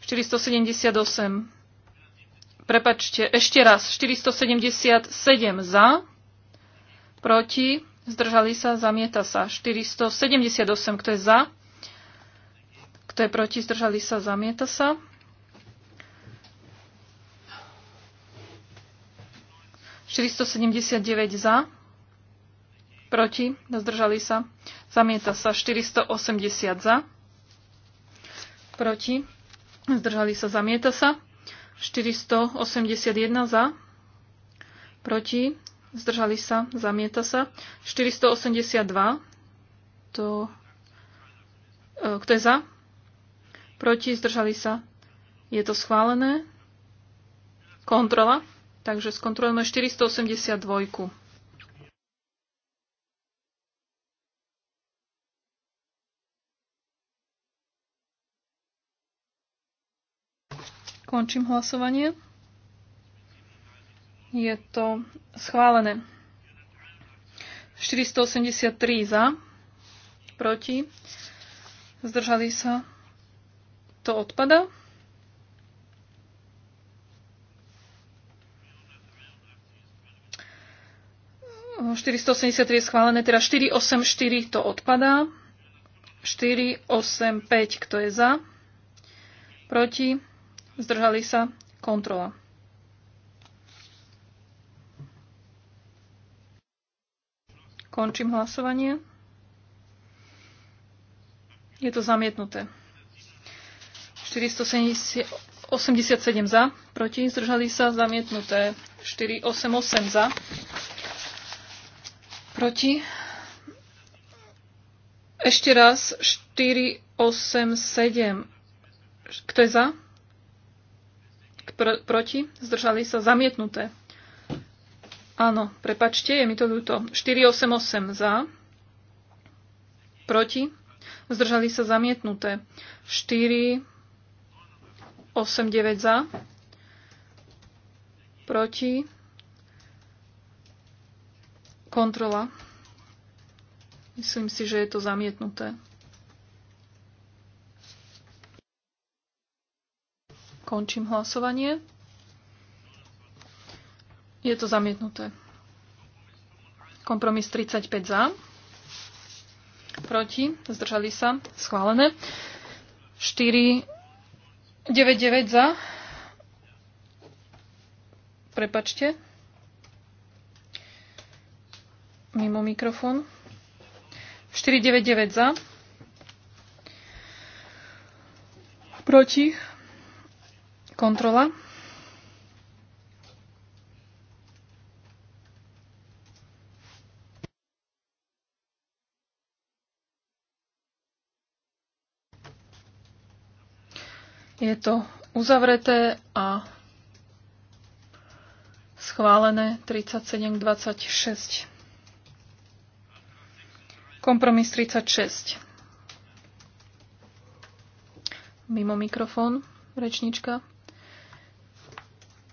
478 prepačte, ešte raz, 477 za, proti, zdržali sa, zamieta sa. 478, kto je za, kto je proti, zdržali sa, zamieta sa. 479 za, proti, zdržali sa, zamieta sa 480 za, proti, zdržali sa, zamieta sa, 481 za, proti, zdržali sa, zamieta sa. 482, to, e, kto je za, proti, zdržali sa, je to schválené. Kontrola, takže skontrolujeme 482. Končím hlasovanie. Je to schválené. 483 za, proti, zdržali sa, to odpada. O 483 je schválené, teda 484 to odpadá. 485, kto je za, proti, zdržali sa, kontrola. Končím hlasovanie. Je to zamietnuté. 487 za, proti, zdržali sa, zamietnuté. 488 za, proti. Ešte raz 487. Kto je za? proti? Zdržali sa, zamietnuté. Áno, prepačte, je mi to ľúto. 488 za, proti, zdržali sa zamietnuté. 489 za, proti, kontrola. Myslím si, že je to zamietnuté. Končím hlasovanie. Je to zamietnuté. Kompromis 35 za. Proti. Zdržali sa. Schválené. 4. 9 za. Prepačte. Mimo mikrofón. 9 za. Proti. Kontrola. Je to uzavreté a schválené 37 26. Kompromis 36. Mimo mikrofón rečnička.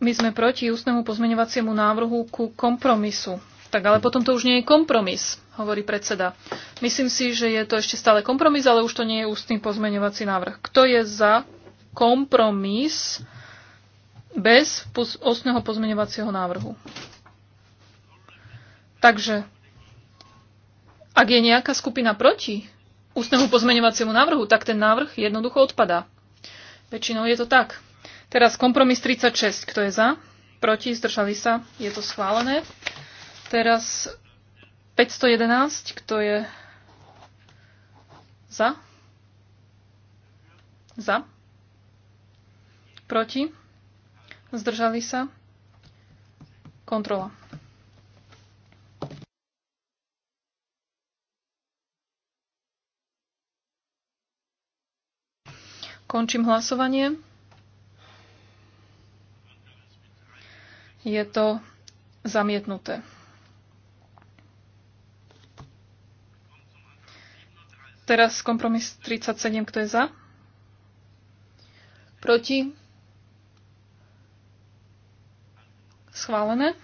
My sme proti ústnemu pozmeňovaciemu návrhu ku kompromisu. Tak ale potom to už nie je kompromis, hovorí predseda. Myslím si, že je to ešte stále kompromis, ale už to nie je ústny pozmeňovací návrh. Kto je za kompromis bez osného pozmeňovacieho návrhu. Takže, ak je nejaká skupina proti ústnemu pozmeňovaciemu návrhu, tak ten návrh jednoducho odpadá. Väčšinou je to tak. Teraz kompromis 36. Kto je za? Proti? Zdržali sa? Je to schválené. Teraz 511. Kto je za? Za? Proti? Zdržali sa? Kontrola. Končím hlasovanie. Je to zamietnuté. Teraz kompromis 37, kto je za? Proti? Schválené.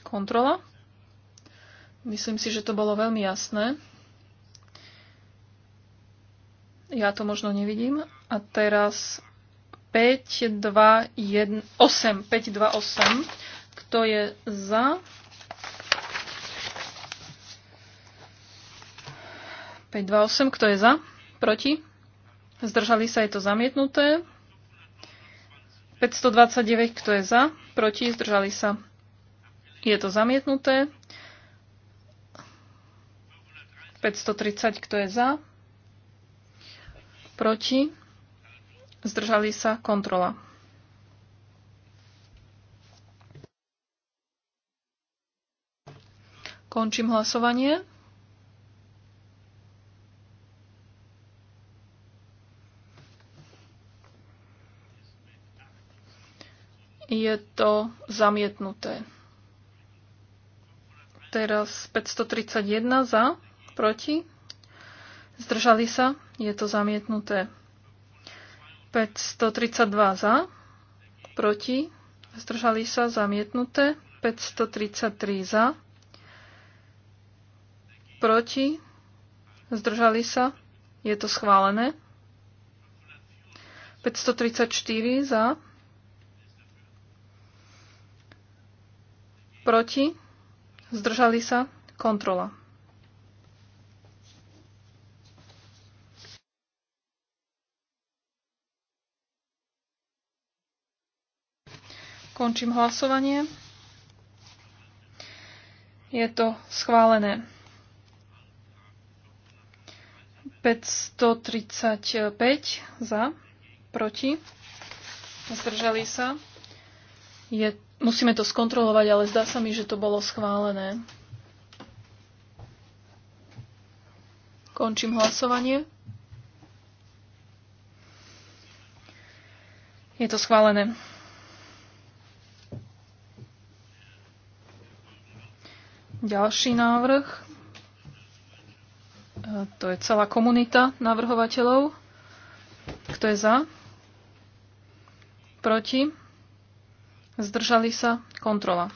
Kontrola. Myslím si, že to bolo veľmi jasné. Ja to možno nevidím. A teraz 5, 2, 1, 8, 5, 2, 8. Kto je za? 5, Kto je za? Proti? Zdržali sa, je to zamietnuté. 529, kto je za, proti, zdržali sa. Je to zamietnuté. 530, kto je za, proti, zdržali sa, kontrola. Končím hlasovanie. je to zamietnuté. Teraz 531 za, proti. Zdržali sa, je to zamietnuté. 532 za, proti. Zdržali sa, zamietnuté. 533 za, proti. Zdržali sa, je to schválené. 534 za, proti, zdržali sa, kontrola. Končím hlasovanie. Je to schválené. 535 za, proti, zdržali sa. Je Musíme to skontrolovať, ale zdá sa mi, že to bolo schválené. Končím hlasovanie. Je to schválené. Ďalší návrh. E, to je celá komunita navrhovateľov. Kto je za? Proti? Zdržali sa? Kontrola.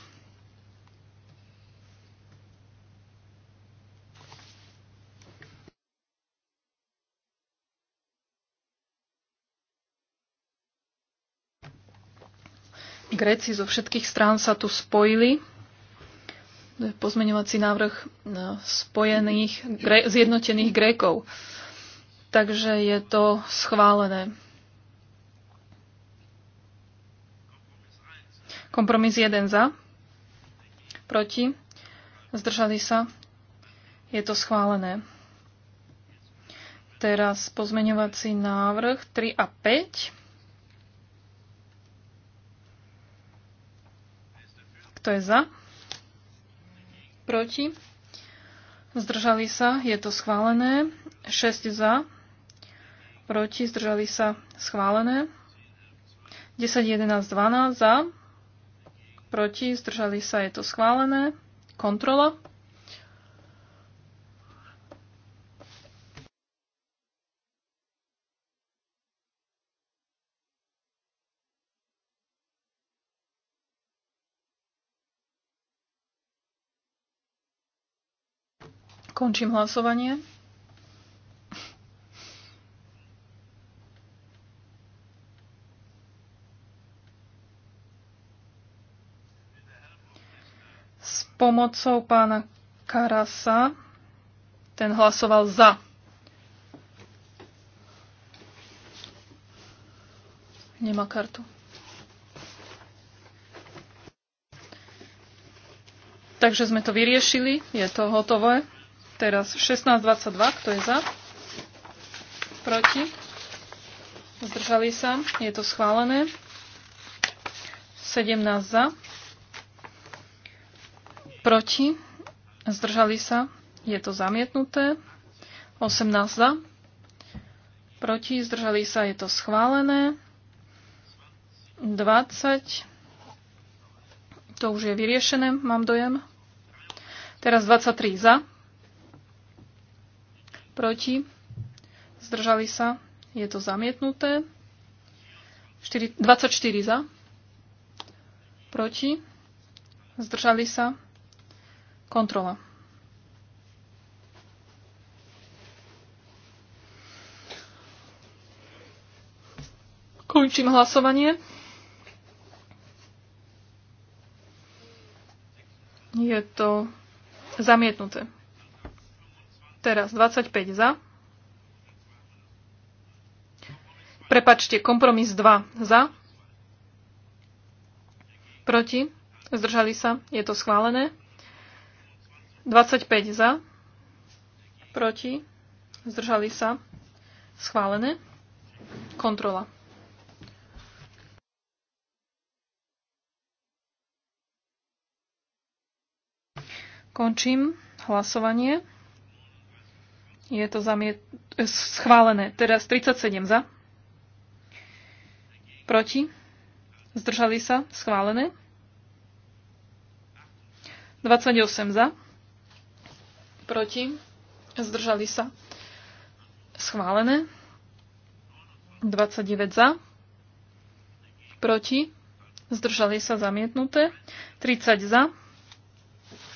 Gréci zo všetkých strán sa tu spojili. Pozmeňovací návrh e, spojených, zjednotených Grékov. Takže je to schválené. Kompromis 1 za, proti, zdržali sa, je to schválené. Teraz pozmeňovací návrh 3 a 5. Kto je za? Proti? Zdržali sa? Je to schválené. 6 za. Proti? Zdržali sa? Schválené. 10, 11, 12 za proti, zdržali sa, je to schválené. Kontrola. Končím hlasovanie. pomocou pána Karasa. Ten hlasoval za. Nemá kartu. Takže sme to vyriešili, je to hotové. Teraz 16.22, kto je za? Proti? Zdržali sa, je to schválené. 17 za, Proti? Zdržali sa? Je to zamietnuté. 18 za. Proti? Zdržali sa? Je to schválené. 20. To už je vyriešené, mám dojem. Teraz 23 za. Proti? Zdržali sa? Je to zamietnuté. 24 za. Proti? Zdržali sa? Kontrola. Končím hlasovanie. Je to zamietnuté. Teraz 25 za. Prepačte, kompromis 2 za. Proti. Zdržali sa. Je to schválené. 25 za, proti, zdržali sa, schválené, kontrola. Končím hlasovanie. Je to zamiet... E, schválené. Teraz 37 za. Proti. Zdržali sa. Schválené. 28 za proti, zdržali sa, schválené. 29 za, proti, zdržali sa, zamietnuté. 30 za,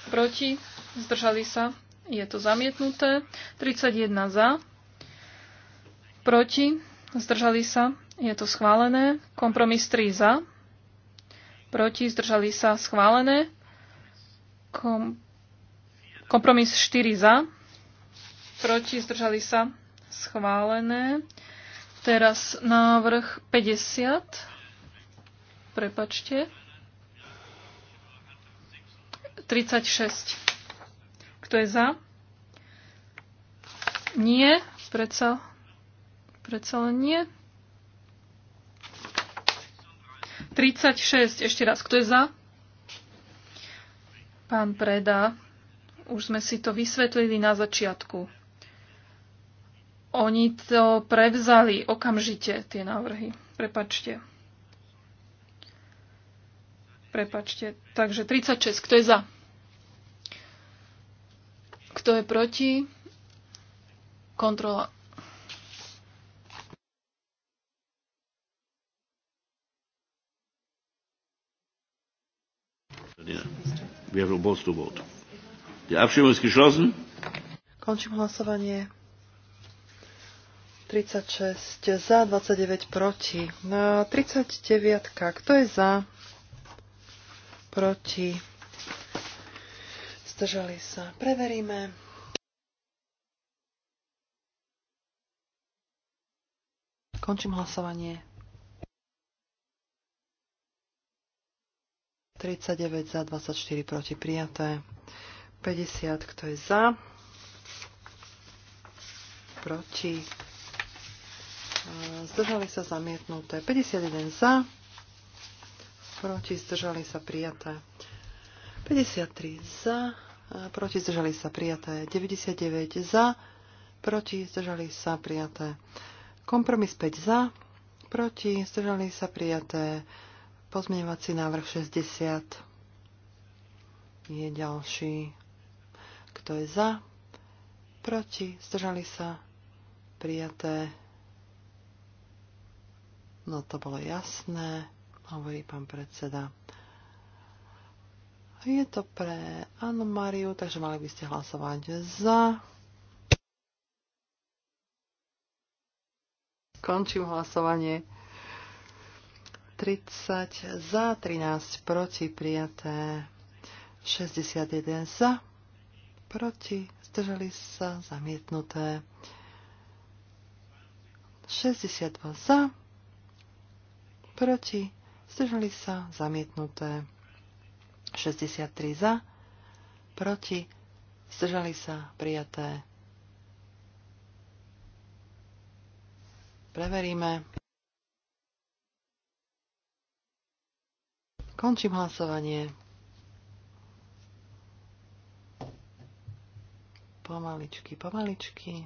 proti, zdržali sa, je to zamietnuté. 31 za, proti, zdržali sa, je to schválené. Kompromis 3 za, proti, zdržali sa, schválené. Kom- Kompromis 4 za, proti, zdržali sa, schválené. Teraz návrh 50. Prepačte. 36. Kto je za? Nie, predsa, predsa len nie. 36, ešte raz, kto je za? Pán Preda, už sme si to vysvetlili na začiatku. Oni to prevzali okamžite, tie návrhy. Prepačte. Prepačte. Takže 36. Kto je za? Kto je proti? Kontrola. We have both to vote. Die Abstimmung ist geschlossen. Končím hlasovanie. 36 za, 29 proti. Na 39. Kto je za? Proti. Zdržali sa. Preveríme. Končím hlasovanie. 39 za, 24 proti prijaté. 50, kto je za, proti, e, zdržali sa zamietnuté, 51 za, proti, zdržali sa prijaté, 53 za, e, proti, zdržali sa prijaté, 99 za, proti, zdržali sa prijaté, kompromis 5 za, proti, zdržali sa prijaté, pozmeňovací návrh 60 je ďalší kto je za? Proti? Zdržali sa? Prijaté? No to bolo jasné, hovorí pán predseda. Je to pre Anu Mariu, takže mali by ste hlasovať za. Končím hlasovanie. 30 za, 13 proti, prijaté 61 za proti, zdržali sa, zamietnuté. 62 za, proti, zdržali sa, zamietnuté. 63 za, proti, zdržali sa, prijaté. Preveríme. Končím hlasovanie. Pomaličky, pomaličky.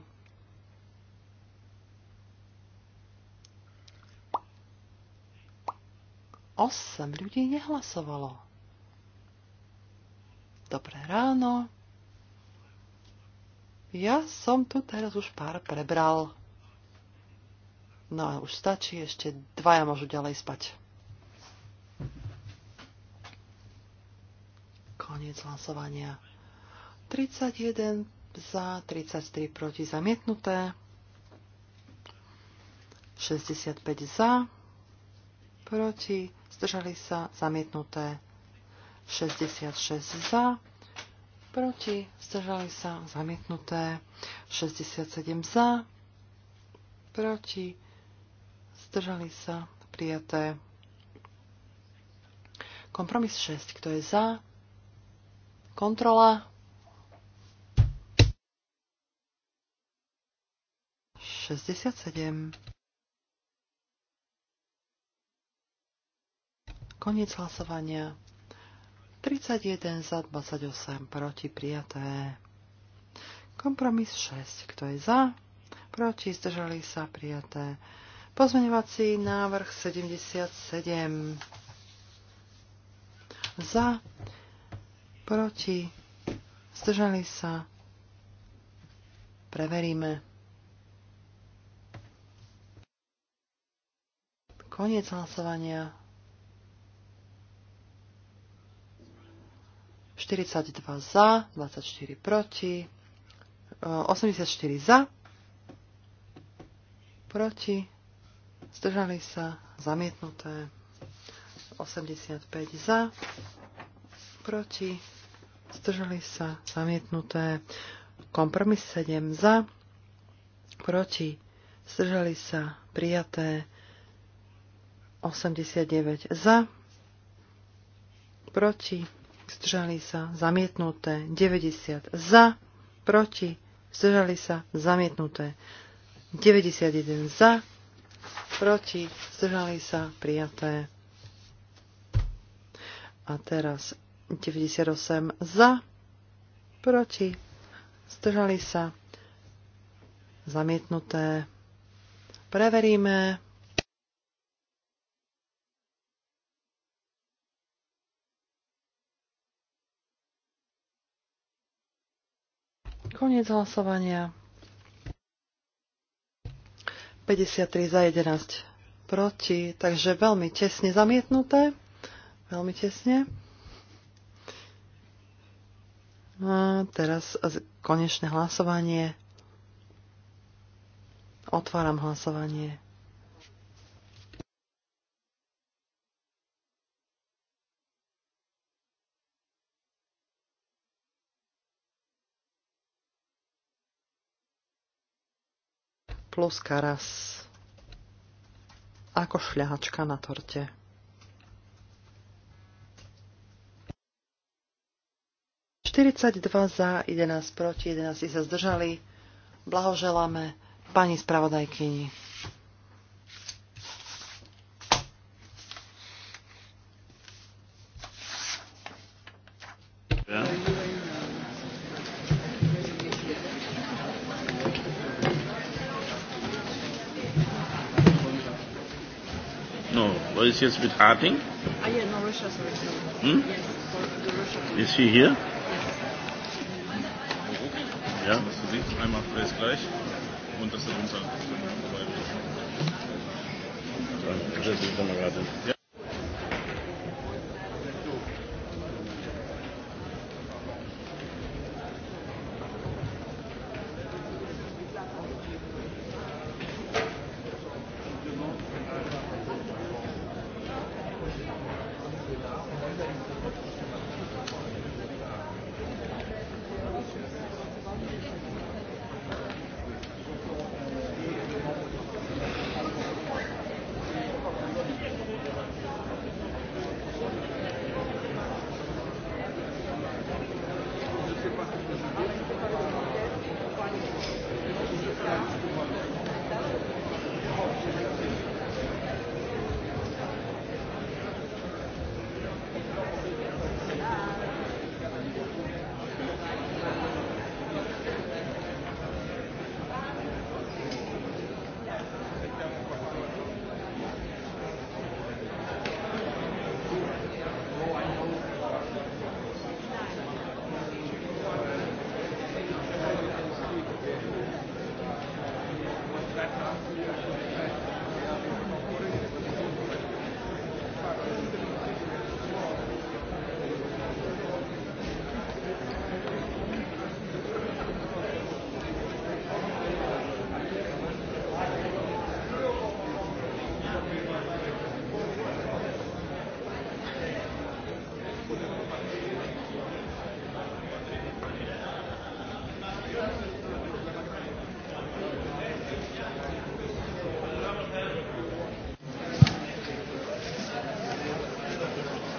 Osem ľudí nehlasovalo. Dobré ráno. Ja som tu teraz už pár prebral. No a už stačí, ešte dvaja môžu ďalej spať. Koniec hlasovania. 31 za, 33 proti zamietnuté, 65 za, proti, zdržali sa zamietnuté, 66 za, proti, zdržali sa zamietnuté, 67 za, proti, zdržali sa prijaté. Kompromis 6, kto je za, kontrola, 67. Koniec hlasovania. 31 za 28 proti prijaté. Kompromis 6. Kto je za? Proti zdržali sa prijaté. Pozmeňovací návrh 77. Za, proti, zdržali sa. Preveríme. Koniec hlasovania. 42 za, 24 proti, 84 za, proti, zdržali sa, zamietnuté, 85 za, proti, zdržali sa, zamietnuté, kompromis 7 za, proti, zdržali sa, prijaté, 89 za, proti, zdržali sa, zamietnuté, 90 za, proti, zdržali sa, zamietnuté, 91 za, proti, zdržali sa, prijaté. A teraz 98 za, proti, zdržali sa, zamietnuté. Preveríme. Koniec hlasovania. 53 za 11 proti, takže veľmi tesne zamietnuté. Veľmi tesne. A teraz konečné hlasovanie. Otváram hlasovanie. Carlos Caras ako šľahačka na torte. 42 za, 11 proti, 11 sa zdržali. Blahoželáme pani spravodajkyni. ist jetzt mit Harting. Ah, yeah, no, Russia, sorry. Hm? Yes, Russia Is she here? Yes. Ja. du siehst, einmal alles gleich und das darunter. ist er Ja.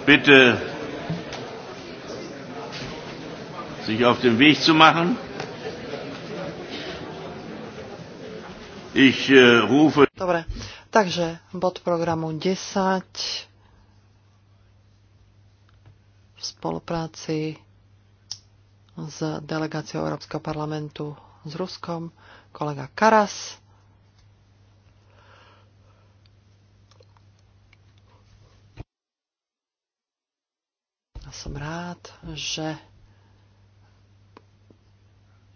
bitte sich auf den Weg zu machen. Ich äh, rufe. Dobre, takže bod programu 10 v spolupráci s delegáciou Európskeho parlamentu s Ruskom kolega Karas. som rád, že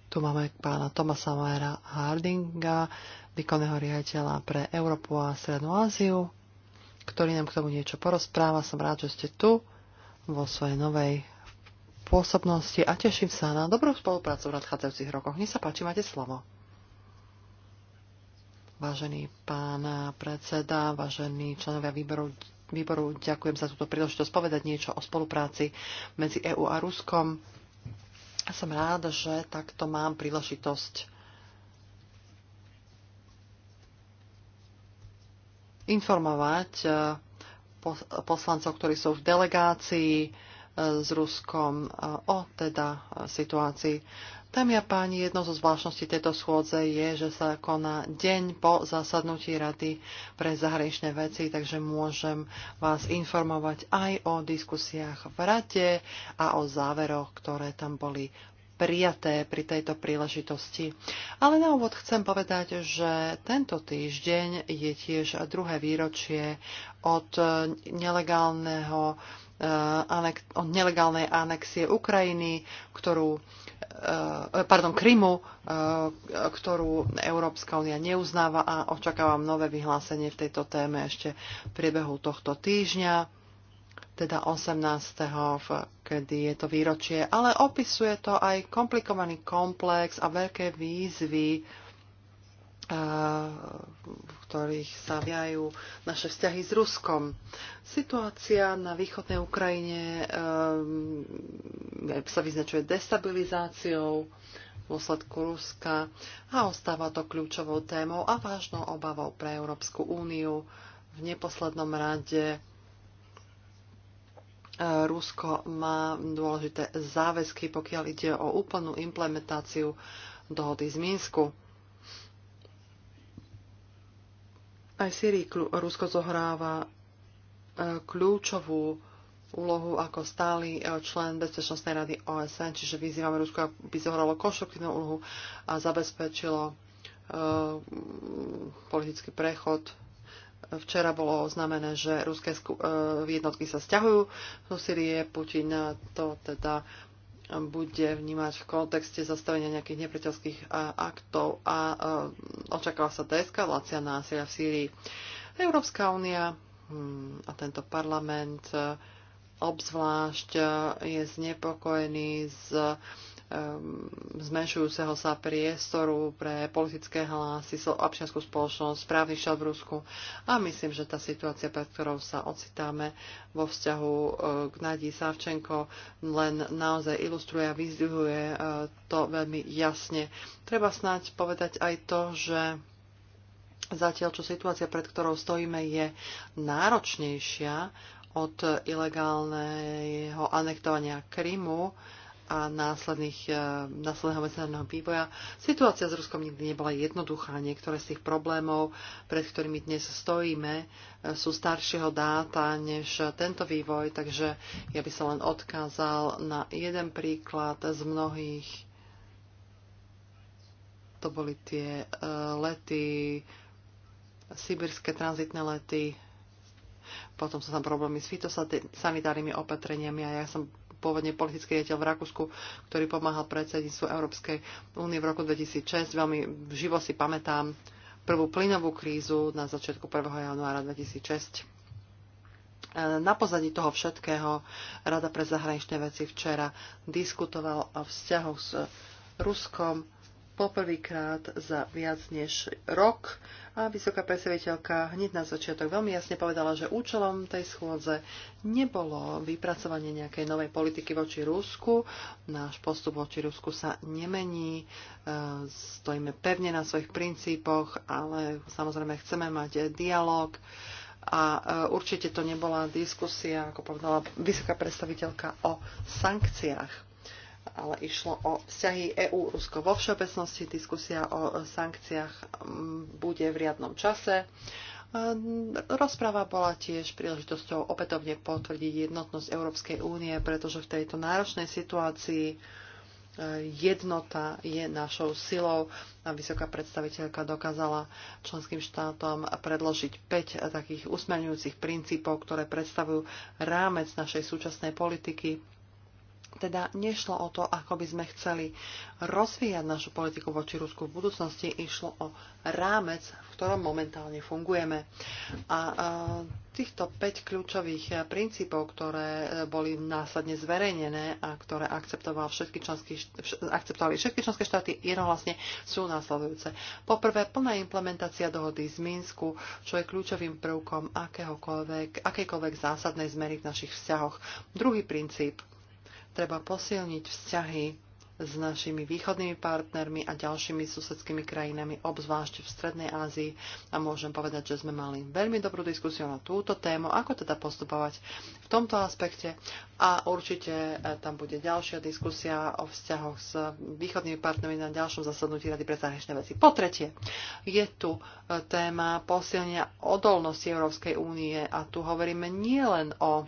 tu máme pána Tomasa Mayera Hardinga, výkonného riaditeľa pre Európu a Strednú Áziu, ktorý nám k tomu niečo porozpráva. Som rád, že ste tu vo svojej novej pôsobnosti a teším sa na dobrú spoluprácu v nadchádzajúcich rokoch. Nech sa páči, máte slovo. Vážený pán predseda, vážení členovia výboru, výboru ďakujem za túto príležitosť povedať niečo o spolupráci medzi EÚ a Ruskom. Som ráda, že takto mám príležitosť informovať eh, poslancov, ktorí sú v delegácii eh, s Ruskom eh, o teda situácii. Dámy a páni, jednou zo zvláštností tejto schôdze je, že sa koná deň po zasadnutí Rady pre zahraničné veci, takže môžem vás informovať aj o diskusiách v Rade a o záveroch, ktoré tam boli prijaté pri tejto príležitosti. Ale na úvod chcem povedať, že tento týždeň je tiež druhé výročie od nelegálneho eh, od nelegálnej anexie Ukrajiny, ktorú E, pardon, Krymu, e, ktorú Európska únia neuznáva a očakávam nové vyhlásenie v tejto téme ešte v priebehu tohto týždňa, teda 18., kedy je to výročie, ale opisuje to aj komplikovaný komplex a veľké výzvy, v ktorých sa viajú naše vzťahy s Ruskom. Situácia na východnej Ukrajine ehm, sa vyznačuje destabilizáciou v dôsledku Ruska a ostáva to kľúčovou témou a vážnou obavou pre Európsku úniu. V neposlednom rade e, Rusko má dôležité záväzky, pokiaľ ide o úplnú implementáciu dohody z Minsku. Aj v Syrii Rusko zohráva e, kľúčovú úlohu ako stály e, člen Bezpečnostnej rady OSN, čiže vyzývame Rusko, aby zohralo konštruktívnu úlohu a zabezpečilo e, politický prechod. Včera bolo oznámené, že ruské jednotky sa stiahujú do Syrie. Putin to teda bude vnímať v kontexte zastavenia nejakých nepriateľských aktov a e, očakáva sa deeskalácia násilia v Sýrii. Európska únia hm, a tento parlament e, obzvlášť e, je znepokojený z zmenšujúceho sa priestoru pre politické hlasy, občianskú spoločnosť, správny štát v Rusku. A myslím, že tá situácia, pred ktorou sa ocitáme vo vzťahu e, k Nadí Savčenko, len naozaj ilustruje a vyzdvihuje e, to veľmi jasne. Treba snáď povedať aj to, že zatiaľ, čo situácia, pred ktorou stojíme, je náročnejšia od ilegálneho anektovania Krymu, a následných, e, následného medzinárodného vývoja. Situácia s Ruskom nikdy nebola jednoduchá. Niektoré z tých problémov, pred ktorými dnes stojíme, e, sú staršieho dáta než tento vývoj, takže ja by sa len odkázal na jeden príklad z mnohých. To boli tie e, lety, sibirské tranzitné lety, potom sú tam problémy s fitosanitárnymi opatreniami a ja som pôvodne politický riaditeľ v Rakúsku, ktorý pomáhal predsedníctvu Európskej únie v roku 2006. Veľmi živo si pamätám prvú plynovú krízu na začiatku 1. januára 2006. E, na pozadí toho všetkého Rada pre zahraničné veci včera diskutovala o vzťahoch s Ruskom poprvýkrát za viac než rok a vysoká predstaviteľka hneď na začiatok veľmi jasne povedala, že účelom tej schôdze nebolo vypracovanie nejakej novej politiky voči Rusku. Náš postup voči Rusku sa nemení, e, stojíme pevne na svojich princípoch, ale samozrejme chceme mať dialog a e, určite to nebola diskusia, ako povedala vysoká predstaviteľka, o sankciách ale išlo o vzťahy EU-Rusko. Vo všeobecnosti diskusia o sankciách mm, bude v riadnom čase. Ehm, rozpráva bola tiež príležitosťou opätovne potvrdiť jednotnosť Európskej únie, pretože v tejto náročnej situácii ehm, jednota je našou silou a vysoká predstaviteľka dokázala členským štátom predložiť 5 takých usmerňujúcich princípov, ktoré predstavujú rámec našej súčasnej politiky teda nešlo o to, ako by sme chceli rozvíjať našu politiku voči Rusku v budúcnosti, išlo o rámec, v ktorom momentálne fungujeme. A týchto 5 kľúčových princípov, ktoré boli následne zverejnené a ktoré akceptoval všetky členské, akceptovali všetky členské štáty, jednohlasne sú následujúce. Poprvé, plná implementácia dohody z Minsku, čo je kľúčovým prvkom akéhokoľvek, akejkoľvek zásadnej zmery v našich vzťahoch. Druhý princíp, Treba posilniť vzťahy s našimi východnými partnermi a ďalšími susedskými krajinami, obzvlášť v Strednej Ázii. A môžem povedať, že sme mali veľmi dobrú diskusiu na túto tému, ako teda postupovať v tomto aspekte. A určite e, tam bude ďalšia diskusia o vzťahoch s východnými partnermi na ďalšom zasadnutí Rady pre zahraničné veci. Po tretie, je tu e, téma posilnenia odolnosti Európskej únie a tu hovoríme nielen o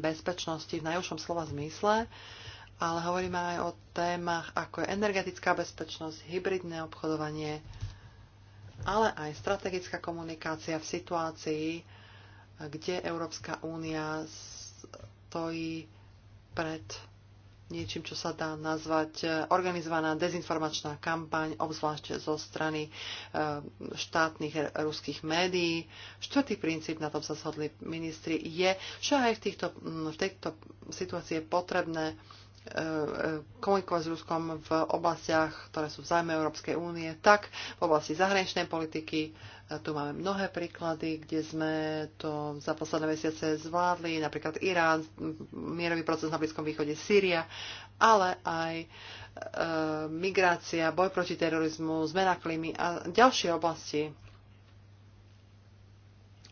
bezpečnosti v najúžšom slova zmysle, ale hovoríme aj o témach ako je energetická bezpečnosť, hybridné obchodovanie, ale aj strategická komunikácia v situácii, kde Európska únia stojí pred niečím, čo sa dá nazvať e, organizovaná dezinformačná kampaň, obzvlášť zo strany e, štátnych ruských médií. Štvrtý princíp, na tom sa shodli ministri, je, že aj v, týchto, v tejto situácii je potrebné E, e, komunikovať s Ruskom v oblastiach, ktoré sú v zájme Európskej únie, tak v oblasti zahraničnej politiky. E, tu máme mnohé príklady, kde sme to za posledné mesiace zvládli, napríklad Irán, mierový proces na Blízkom východe, Sýria, ale aj e, migrácia, boj proti terorizmu, zmena klímy a ďalšie oblasti,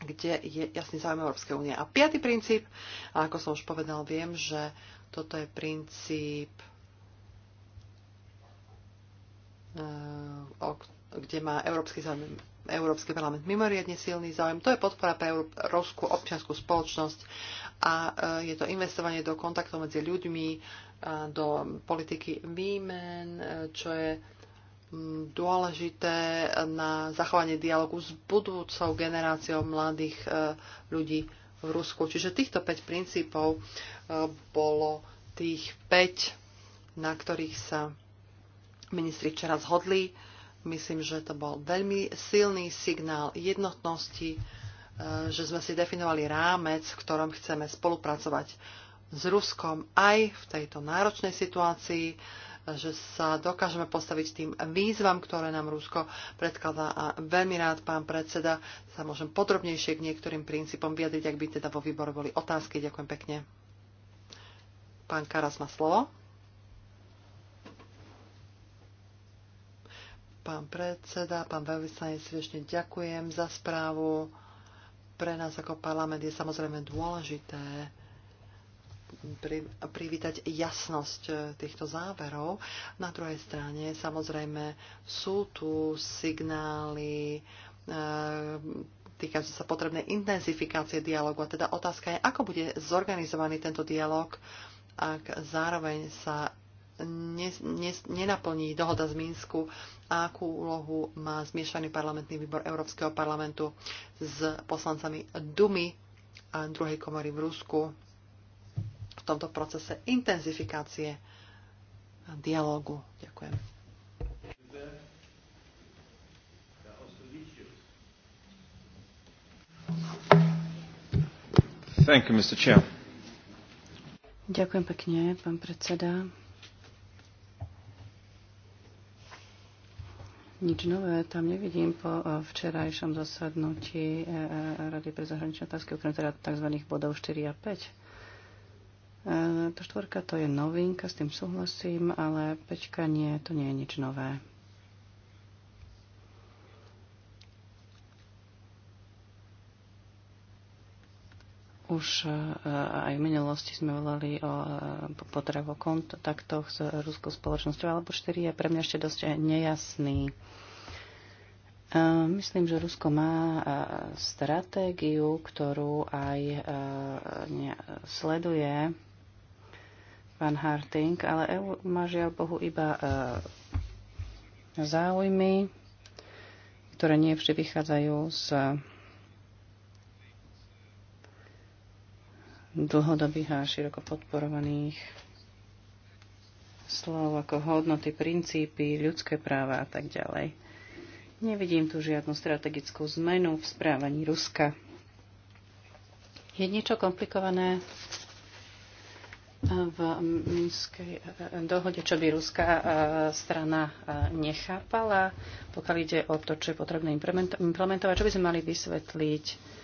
kde je jasný záujem Európskej únie. A piaty princíp, a ako som už povedal, viem, že toto je princíp, e, kde má Európsky, záujem, Európsky parlament mimoriadne silný záujem. To je podpora pre európsku občianskú spoločnosť a e, je to investovanie do kontaktov medzi ľuďmi, do politiky výmen, e, čo je dôležité na zachovanie dialogu s budúcou generáciou mladých ľudí v Rusku. Čiže týchto 5 princípov e, bolo tých 5, na ktorých sa ministri včera zhodli. Myslím, že to bol veľmi silný signál jednotnosti, e, že sme si definovali rámec, v ktorom chceme spolupracovať s Ruskom aj v tejto náročnej situácii že sa dokážeme postaviť tým výzvam, ktoré nám Rusko predkladá a veľmi rád, pán predseda, sa môžem podrobnejšie k niektorým princípom vyjadriť, ak by teda vo výbore boli otázky. Ďakujem pekne. Pán Karas má slovo. Pán predseda, pán veľvyslanec, srdečne ďakujem za správu. Pre nás ako parlament je samozrejme dôležité, pri, privítať jasnosť e, týchto záverov. Na druhej strane samozrejme sú tu signály e, týkajúce sa potrebnej intenzifikácie dialogu. A teda otázka je, ako bude zorganizovaný tento dialog, ak zároveň sa ne, ne, nenaplní dohoda z Minsku a akú úlohu má zmiešaný parlamentný výbor Európskeho parlamentu s poslancami Dumy a druhej komory v Rusku v tomto procese intenzifikácie dialógu. Ďakujem. Thank you, Mr. Chair. Ďakujem pekne, pán predseda. Nič nové tam nevidím po včerajšom zasadnutí eh, eh, Rady pre zahraničné otázky, okrem teda tzv. bodov 4 a 5. E, to štvorka to je novinka, s tým súhlasím, ale peťka nie, to nie je nič nové. Už e, aj v minulosti sme volali o e, potrebe kontaktoch s ruskou spoločnosťou, alebo 4 je pre mňa ešte dosť nejasný. Myslím, že Rusko má stratégiu, ktorú aj sleduje pán Harting, ale EU má žiaľ Bohu iba e, záujmy, ktoré nie vždy vychádzajú z dlhodobých a široko podporovaných slov ako hodnoty, princípy, ľudské práva a tak ďalej. Nevidím tu žiadnu strategickú zmenu v správaní Ruska. Je niečo komplikované v Minskej eh, eh, dohode, čo by ruská eh, strana nechápala, pokiaľ ide o to, čo je potrebné implementovať, čo by sme mali vysvetliť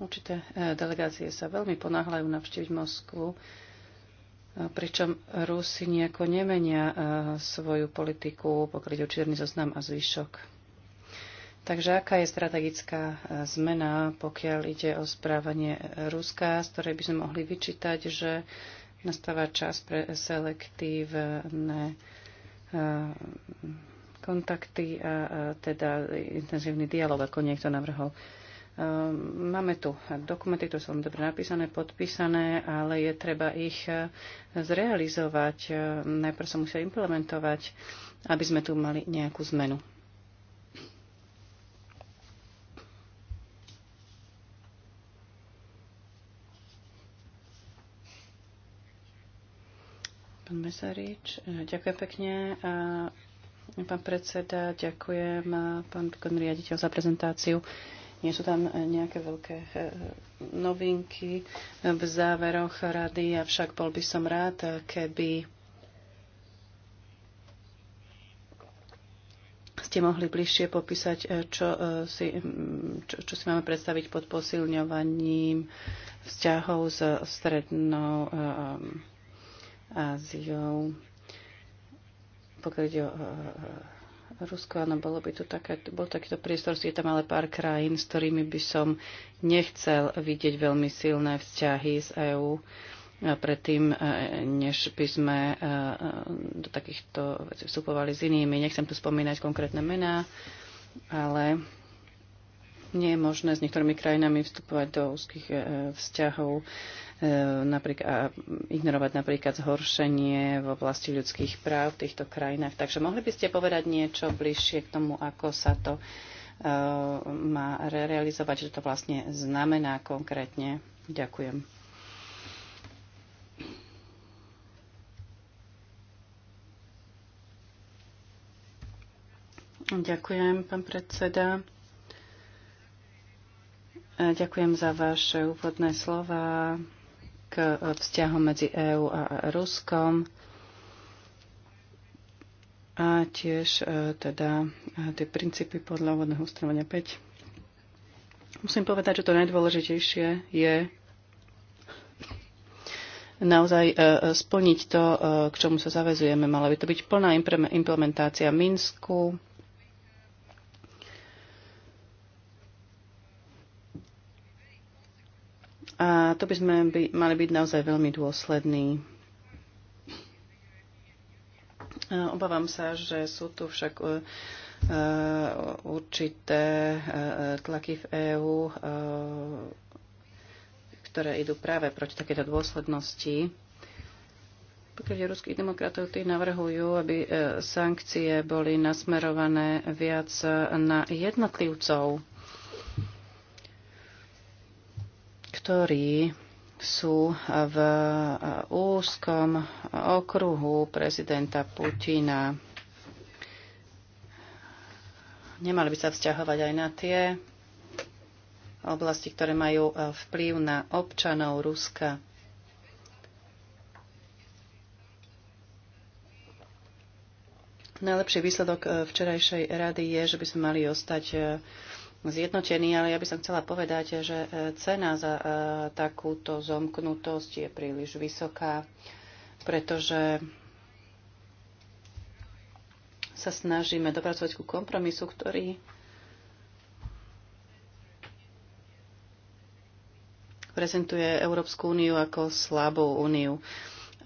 Určité delegácie sa veľmi ponáhľajú navštíviť Moskvu, pričom Rusi nejako nemenia svoju politiku, pokryť očierny čierny zoznam a zvyšok Takže aká je strategická e, zmena, pokiaľ ide o správanie e, Ruska, z ktorej by sme mohli vyčítať, že nastáva čas pre selektívne e, kontakty a teda intenzívny dialog, ako niekto navrhol. Máme tu dokumenty, to sú dobre napísané, podpísané, ale je treba ich zrealizovať. Najprv sa musia implementovať, aby sme tu mali nejakú zmenu. Pán Mesarič, ďakujem pekne. Pán predseda, ďakujem. Pán výkonný riaditeľ za prezentáciu. Nie sú tam nejaké veľké eh, novinky v záveroch rady, avšak bol by som rád, keby ste mohli bližšie popísať, eh, čo eh, si, mm, čo, čo si máme predstaviť pod posilňovaním vzťahov s strednou Áziou. Pokiaľ ide o e, e, Rusko, áno, bolo by tu také, bol takýto priestor, je tam ale pár krajín, s ktorými by som nechcel vidieť veľmi silné vzťahy z EÚ predtým, e, než by sme do takýchto vecí vstupovali s inými. Nechcem tu spomínať konkrétne mená, ale nie je možné s niektorými krajinami vstupovať do úzkých e, vzťahov e, napríklad, a ignorovať napríklad zhoršenie v oblasti ľudských práv v týchto krajinách. Takže mohli by ste povedať niečo bližšie k tomu, ako sa to e, má realizovať, že to vlastne znamená konkrétne. Ďakujem. Ďakujem, pán predseda. Ďakujem za vaše úvodné slova k vzťahom medzi EÚ a Ruskom a tiež e, teda e, tie princípy podľa úvodného ustanovenia 5. Musím povedať, že to najdôležitejšie je naozaj e, splniť to, k čomu sa zavezujeme. Mala by to byť plná implementácia Minsku, to by sme by, mali byť naozaj veľmi dôslední. E, obávam sa, že sú tu však e, e, určité tlaky v EÚ, ktoré idú práve proti takéto dôslednosti. Pokiaľ ruských demokratov, tí navrhujú, aby sankcie boli nasmerované viac na jednotlivcov ktorí sú v úzkom okruhu prezidenta Putina. Nemali by sa vzťahovať aj na tie oblasti, ktoré majú e, vplyv na občanov Ruska. Najlepší výsledok e, včerajšej rady je, že by sme mali ostať e, zjednotení, ale ja by som chcela povedať, že e, cena za e, takúto zomknutosť je príliš vysoká, pretože sa snažíme dopracovať ku kompromisu, ktorý prezentuje Európsku úniu ako slabú úniu.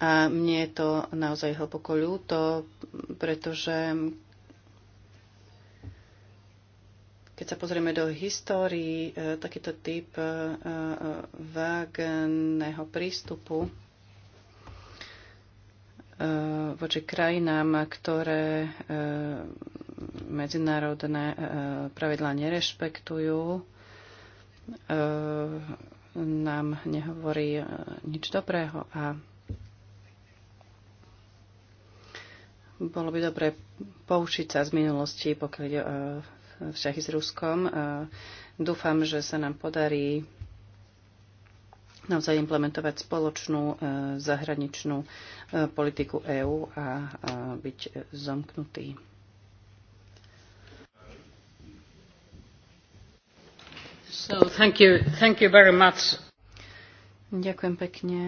A mne je to naozaj hlboko ľúto, pretože keď sa pozrieme do histórii, e, takýto typ e, e, vágneho prístupu voči krajinám, ktoré medzinárodné pravidlá nerešpektujú, nám nehovorí nič dobrého a bolo by dobre poučiť sa z minulosti, pokiaľ ide vzťahy s Ruskom. Dúfam, že sa nám podarí naozaj implementovať spoločnú e, zahraničnú e, politiku EÚ a byť zomknutý. So, thank you, thank you very much. Ďakujem pekne.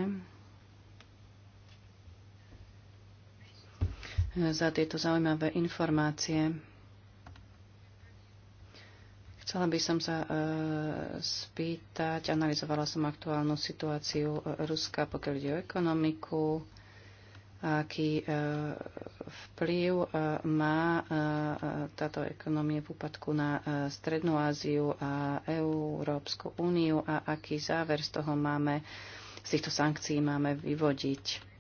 za tieto zaujímavé informácie. Chcela by som sa e, spýtať, analyzovala som aktuálnu situáciu e, Ruska, pokiaľ ide o ekonomiku, aký e, vplyv e, má e, táto ekonomie v úpadku na e, Strednú Áziu a Európsku úniu a aký záver z toho máme, z týchto sankcií máme vyvodiť.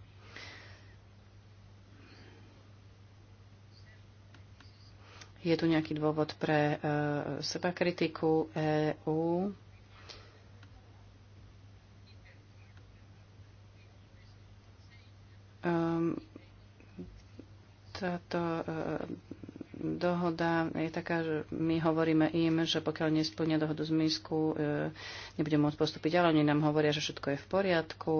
Je tu nejaký dôvod pre uh, e, seba kritiku EU. Um, ehm, táto uh, dohoda je taká, že my hovoríme im, že pokiaľ nesplnia dohodu z Minsku, uh, e, nebude môcť postúpiť, ale oni nám hovoria, že všetko je v poriadku.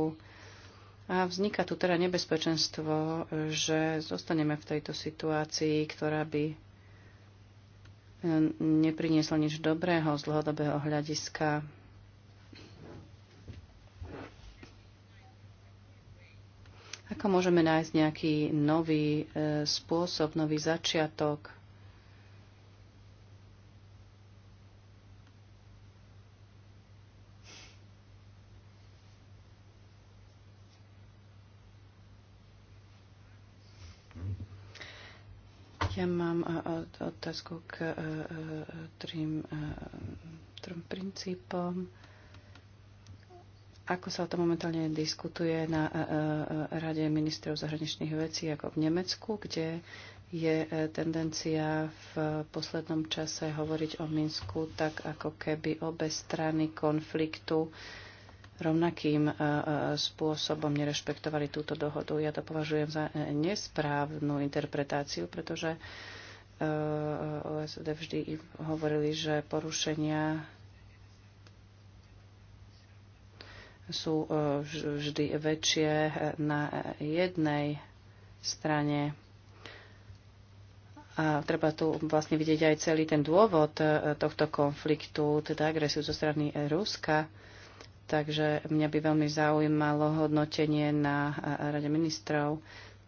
A vzniká tu teda nebezpečenstvo, že zostaneme v tejto situácii, ktorá by neprinieslo nič dobrého z dlhodobého hľadiska. Ako môžeme nájsť nejaký nový e, spôsob, nový začiatok? Mám otázku k trým, e, e, trým e, princípom. Ako sa o tom momentálne diskutuje na Rade ministrov zahraničných vecí ako v Nemecku, kde je tendencia v poslednom čase hovoriť o Minsku tak, ako keby obe strany konfliktu rovnakým spôsobom nerešpektovali túto dohodu. Ja to považujem za nesprávnu interpretáciu, pretože OSD vždy hovorili, že porušenia sú e, vždy väčšie na jednej strane. A treba tu vlastne vidieť aj celý ten dôvod e, tohto konfliktu, teda agresiu zo strany Ruska. Takže mňa by veľmi zaujímalo hodnotenie na e, Rade ministrov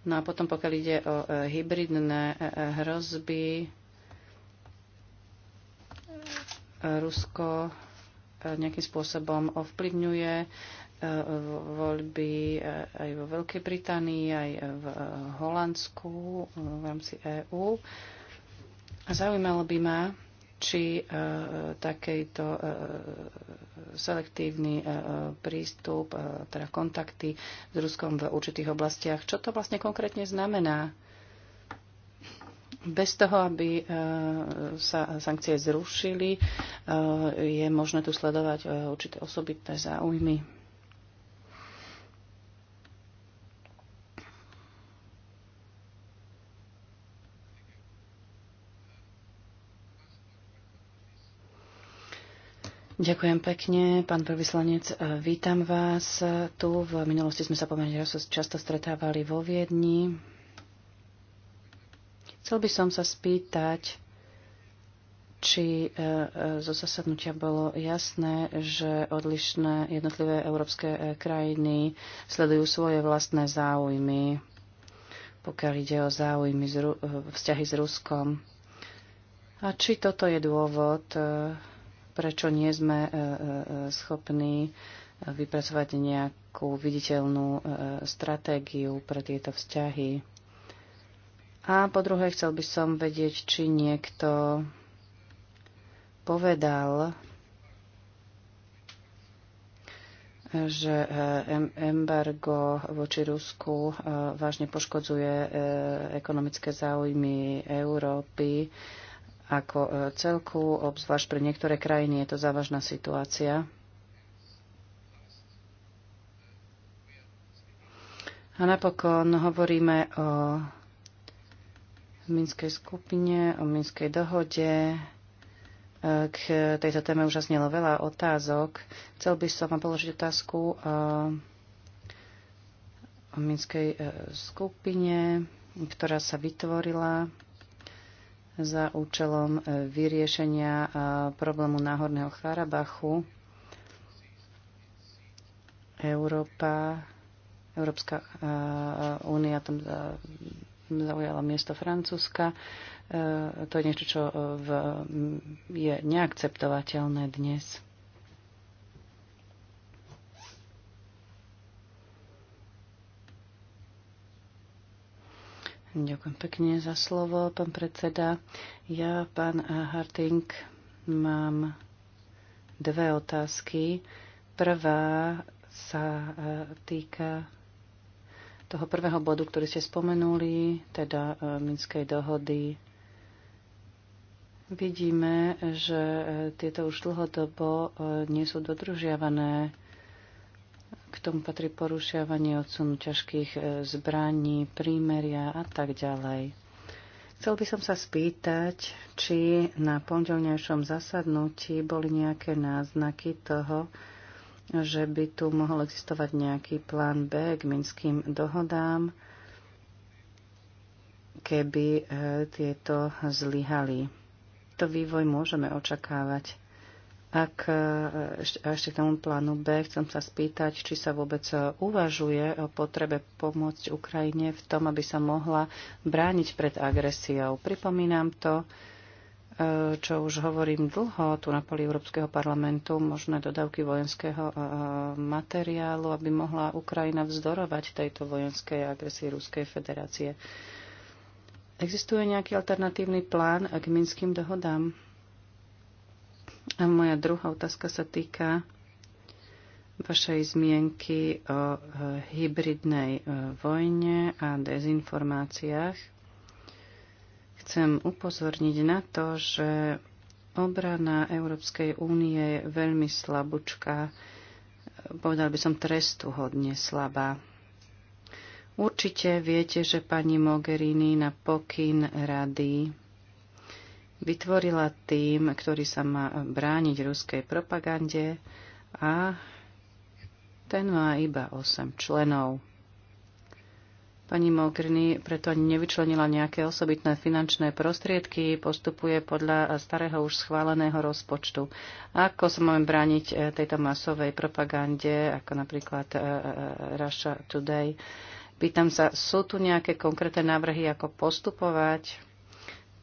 No a potom, pokiaľ ide o e, hybridné e, e, hrozby, Rusko nejakým spôsobom ovplyvňuje voľby aj vo Veľkej Británii, aj v Holandsku v rámci EÚ. Zaujímalo by ma, či e, takýto e, selektívny e, prístup, teda kontakty s Ruskom v určitých oblastiach, čo to vlastne konkrétne znamená? Bez toho, aby sa sankcie zrušili, je možné tu sledovať určité osobitné záujmy. Ďakujem pekne, pán prvyslanec. E, vítam vás tu. V minulosti sme sa pomerne často stretávali vo Viedni. Chcel by som sa spýtať, či e, e, zo zasadnutia bolo jasné, že odlišné jednotlivé európske krajiny sledujú svoje vlastné záujmy, pokiaľ ide o záujmy vzťahy s Ruskom. A či toto je dôvod, prečo nie sme e, e, e, schopní vypracovať nejakú viditeľnú stratégiu pre tieto vzťahy. A po druhé, chcel by som vedieť, či niekto povedal, že embargo voči Rusku vážne poškodzuje ekonomické záujmy Európy ako e, celku, obzvlášť pre niektoré krajiny je to závažná situácia. A napokon hovoríme o Minskej skupine, o Minskej dohode. E, k tejto téme už zaznelo veľa otázok. Chcel by som vám položiť otázku e, o Minskej skupine, ktorá sa vytvorila za účelom e, vyriešenia e, problému Náhorného Karabachu. Európa, Európska e, únia tam zaujala miesto Francúzska. To je niečo, čo je neakceptovateľné dnes. Ďakujem pekne za slovo, pán predseda. Ja, pán Harting, mám dve otázky. Prvá sa e, týka toho prvého bodu, ktorý ste spomenuli, teda e, Minskej dohody. Vidíme, že e, tieto už dlhodobo nie sú dodržiavané k tomu patrí porušiavanie odsunu ťažkých e, zbraní, prímeria a tak ďalej. Chcel by som sa spýtať, či na pondelnejšom zasadnutí boli nejaké náznaky toho, že by tu mohol existovať nejaký plán B k minským dohodám, keby e, tieto zlyhali. To vývoj môžeme očakávať. Ak e, a ešte k tomu plánu B chcem sa spýtať, či sa vôbec uvažuje o potrebe pomôcť Ukrajine v tom, aby sa mohla brániť pred agresiou. Pripomínam to, e, čo už hovorím dlho tu na poli Európskeho parlamentu, možné dodavky vojenského e, materiálu, aby mohla Ukrajina vzdorovať tejto vojenskej agresii Ruskej federácie. Existuje nejaký alternatívny plán k minským dohodám? A moja druhá otázka sa týka vašej zmienky o e, hybridnej e, vojne a dezinformáciách. Chcem upozorniť na to, že obrana Európskej únie je veľmi slabúčka, e, povedal by som trestu hodne slabá. Určite viete, že pani Mogherini na pokyn rady vytvorila tým, ktorý sa má brániť ruskej propagande a ten má iba 8 členov. Pani Mogherini preto ani nevyčlenila nejaké osobitné finančné prostriedky, postupuje podľa starého už schváleného rozpočtu. Ako sa môžeme brániť eh, tejto masovej propagande, ako napríklad eh, eh, Russia Today? Pýtam sa, sú tu nejaké konkrétne návrhy, ako postupovať?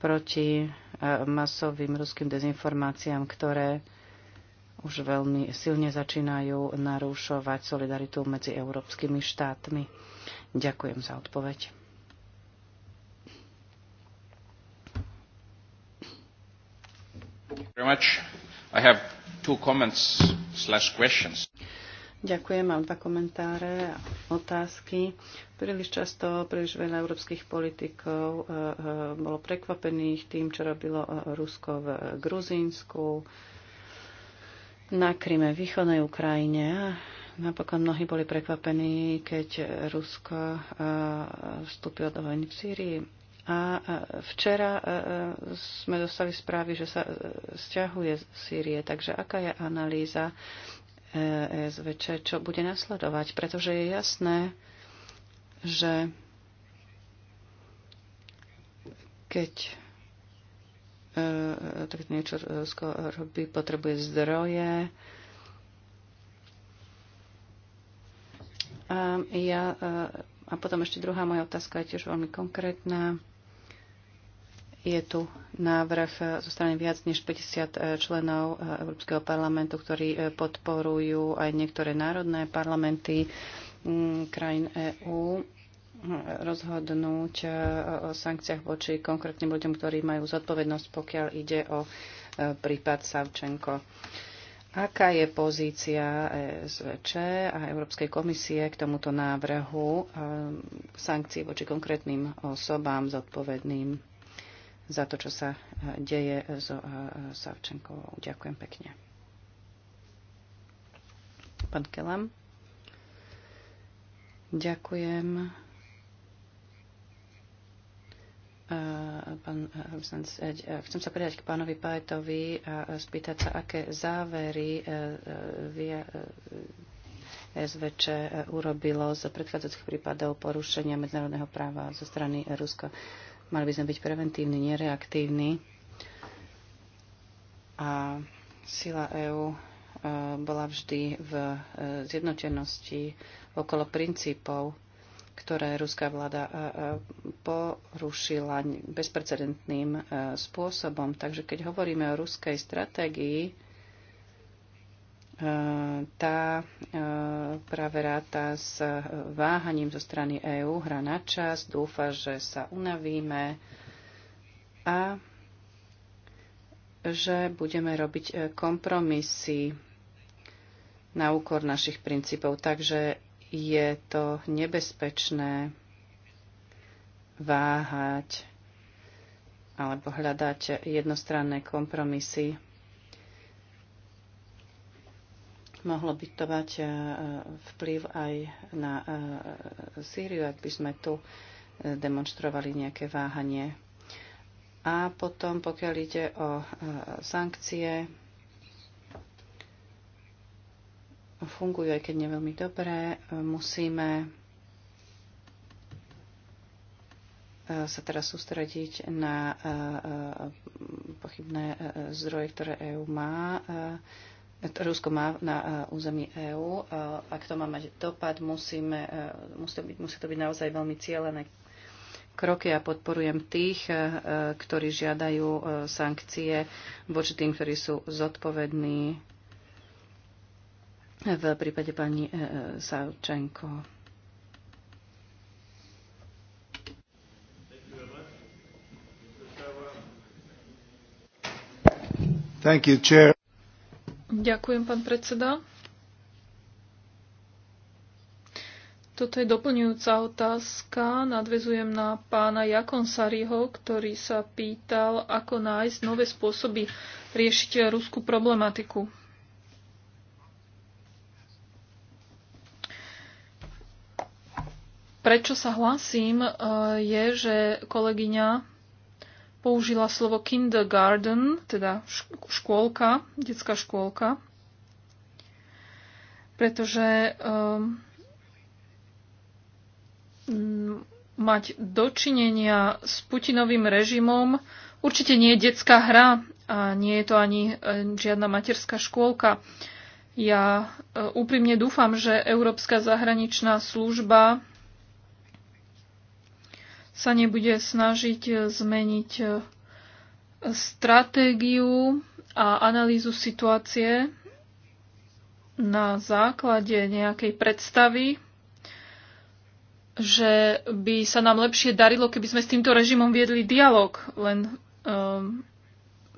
proti e, masovým ruským dezinformáciám, ktoré už veľmi silne začínajú narúšovať solidaritu medzi európskymi štátmi. Ďakujem za odpoveď. Very much. I have two comments slash questions. Ďakujem, mám dva komentáre a otázky. Príliš často, príliš veľa európskych politikov eh, eh, bolo prekvapených tým, čo robilo eh, Rusko v Gruzínsku, na Kryme, východnej Ukrajine. Napokon mnohí boli prekvapení, keď Rusko vstúpilo do vojny v Sýrii. A včera sme dostali správy, že sa stiahuje z Sýrie. Takže aká je analýza ESVČ, čo bude nasledovať, pretože je jasné, že keď e, tak niečo robí, potrebuje zdroje. A, ja, e, a potom ešte druhá moja otázka je tiež veľmi konkrétna je tu návrh zo strany viac než 50 e, členov e, Európskeho parlamentu, ktorí e, podporujú aj niektoré národné parlamenty mm, krajín EÚ rozhodnúť o sankciách voči konkrétnym ľuďom, ktorí majú zodpovednosť, pokiaľ ide o prípad Savčenko. Aká je pozícia SVČ a Európskej komisie k tomuto návrhu sankcií voči konkrétnym osobám zodpovedným za to, čo sa eh, deje eh, so eh, Savčenkovou. Ďakujem pekne. Pán Kelam. Ďakujem. Pán, chcem sa pridať k pánovi Pajtovi a spýtať sa, aké závery via, SVČ urobilo z predchádzajúcich prípadov porušenia medzinárodného práva zo strany Ruska. Mali by sme byť preventívni, nereaktívni. A sila EÚ e, bola vždy v e, zjednotenosti okolo princípov, ktoré ruská vláda e, porušila bezprecedentným spôsobom. Takže keď hovoríme o ruskej stratégii, E, tá e, práve ráta s e, váhaním zo strany EÚ, hra na čas, dúfa, že sa unavíme a že budeme robiť kompromisy na úkor našich princípov. Takže je to nebezpečné váhať alebo hľadať jednostranné kompromisy Mohlo by to mať e, vplyv aj na e, Sýriu, ak by sme tu e, demonstrovali nejaké váhanie. A potom, pokiaľ ide o sankcie, fungujú, aj keď neveľmi dobré. Musíme sa teraz sústrediť na pochybné zdroje, ktoré EÚ má Rusko má na e, území EÚ. E, ak to má mať dopad, musíme, e, musí, to byť, musí to byť naozaj veľmi cieľené kroky a podporujem tých, ktorí žiadajú sankcie voči tým, ktorí sú zodpovední v prípade pani Savčenko. Thank you, Chair. Ďakujem, pán predseda. Toto je doplňujúca otázka. Nadvezujem na pána Jakon Sariho, ktorý sa pýtal, ako nájsť nové spôsoby riešiť ruskú problematiku. Prečo sa hlasím, eh, je, že kolegyňa použila slovo kindergarten, teda škôlka, detská škôlka, pretože um, mať dočinenia s Putinovým režimom určite nie je detská hra a nie je to ani e, žiadna materská škôlka. Ja e, úprimne dúfam, že Európska zahraničná služba sa nebude snažiť e, zmeniť e, stratégiu a analýzu situácie na základe nejakej predstavy, že by sa nám lepšie darilo, keby sme s týmto režimom viedli dialog, len um,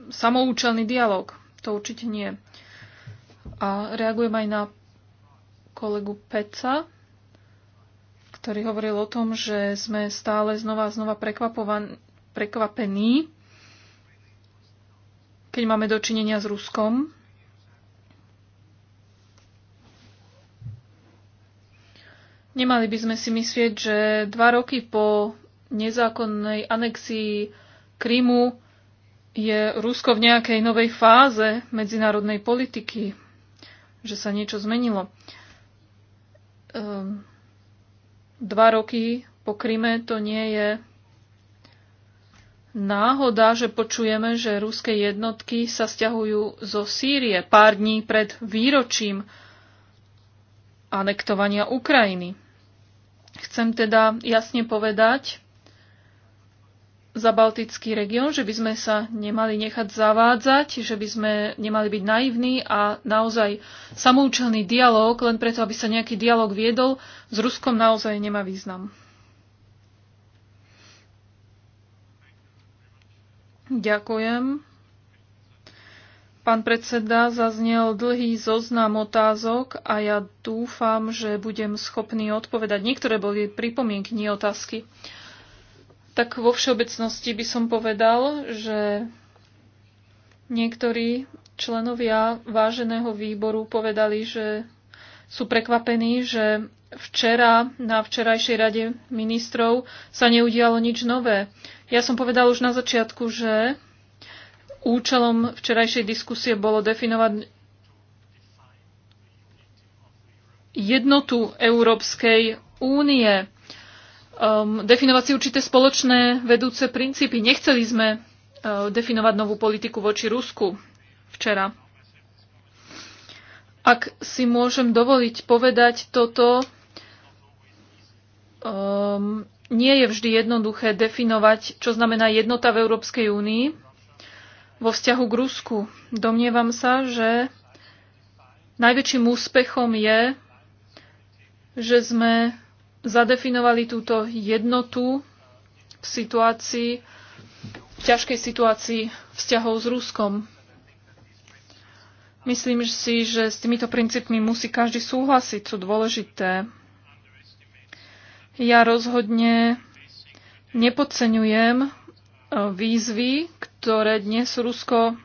samoučelný dialog. To určite nie. A reagujem aj na kolegu Peca ktorý hovoril o tom, že sme stále znova a znova prekvapení, keď máme dočinenia s Ruskom. Nemali by sme si myslieť, že dva roky po nezákonnej anexii Krymu je Rusko v nejakej novej fáze medzinárodnej politiky, že sa niečo zmenilo. Um, dva roky po Kryme to nie je náhoda, že počujeme, že ruské jednotky sa stiahujú zo Sýrie pár dní pred výročím anektovania Ukrajiny. Chcem teda jasne povedať, za Baltický región, že by sme sa nemali nechať zavádzať, že by sme nemali byť naivní a naozaj samoučelný dialog, len preto, aby sa nejaký dialog viedol, s Ruskom naozaj nemá význam. Ďakujem. Pán predseda, zaznel dlhý zoznam otázok a ja dúfam, že budem schopný odpovedať. Niektoré boli pripomienky, nie otázky tak vo všeobecnosti by som povedal, že niektorí členovia váženého výboru povedali, že sú prekvapení, že včera na včerajšej rade ministrov sa neudialo nič nové. Ja som povedal už na začiatku, že účelom včerajšej diskusie bolo definovať jednotu Európskej únie um, definovať si určité spoločné vedúce princípy. Nechceli sme uh, definovať novú politiku voči Rusku včera. Ak si môžem dovoliť povedať toto, um, nie je vždy jednoduché definovať, čo znamená jednota v Európskej únii vo vzťahu k Rusku. Domnievam sa, že najväčším úspechom je, že sme zadefinovali túto jednotu v situácii, v ťažkej situácii vzťahov s Ruskom. Myslím si, že s týmito princípmi musí každý súhlasiť, sú dôležité. Ja rozhodne nepodceňujem e, výzvy, ktoré dnes Rusko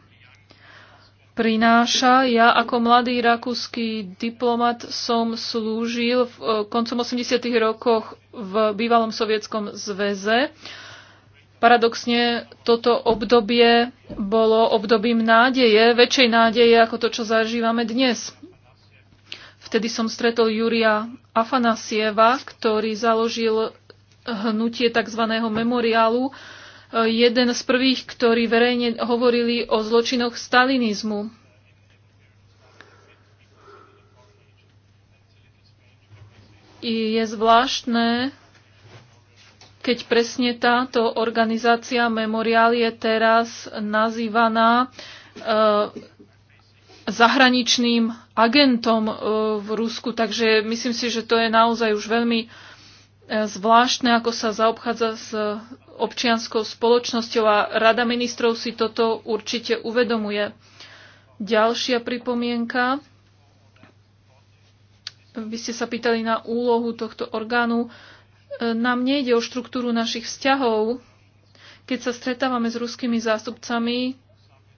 prináša. Ja ako mladý rakúsky diplomat som slúžil v e, koncom 80. rokoch v bývalom sovietskom zväze. Paradoxne toto obdobie bolo obdobím nádeje, väčšej nádeje ako to, čo zažívame dnes. Vtedy som stretol Júria Afanasieva, ktorý založil hnutie tzv. memoriálu, jeden z prvých, ktorí verejne hovorili o zločinoch stalinizmu. I je zvláštne, keď presne táto organizácia Memorial je teraz nazývaná e, zahraničným agentom e, v Rusku. Takže myslím si, že to je naozaj už veľmi eh, zvláštne, ako sa zaobchádza s občianskou spoločnosťou a Rada ministrov si toto určite uvedomuje. Ďalšia pripomienka. Vy ste sa pýtali na úlohu tohto orgánu. E, nám nejde o štruktúru našich vzťahov. Keď sa stretávame s ruskými zástupcami,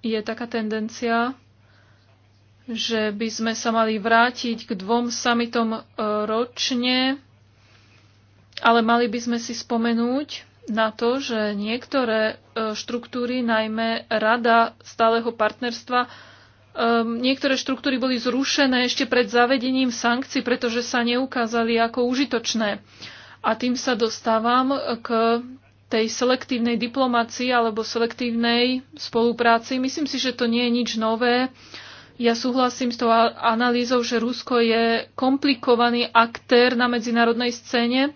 je taká tendencia, že by sme sa mali vrátiť k dvom samitom e, ročne, ale mali by sme si spomenúť, na to, že niektoré e, štruktúry, najmä Rada stáleho partnerstva, e, niektoré štruktúry boli zrušené ešte pred zavedením sankcií, pretože sa neukázali ako užitočné. A tým sa dostávam e, k tej selektívnej diplomácii alebo selektívnej spolupráci. Myslím si, že to nie je nič nové. Ja súhlasím s tou analýzou, že Rusko je komplikovaný aktér na medzinárodnej scéne,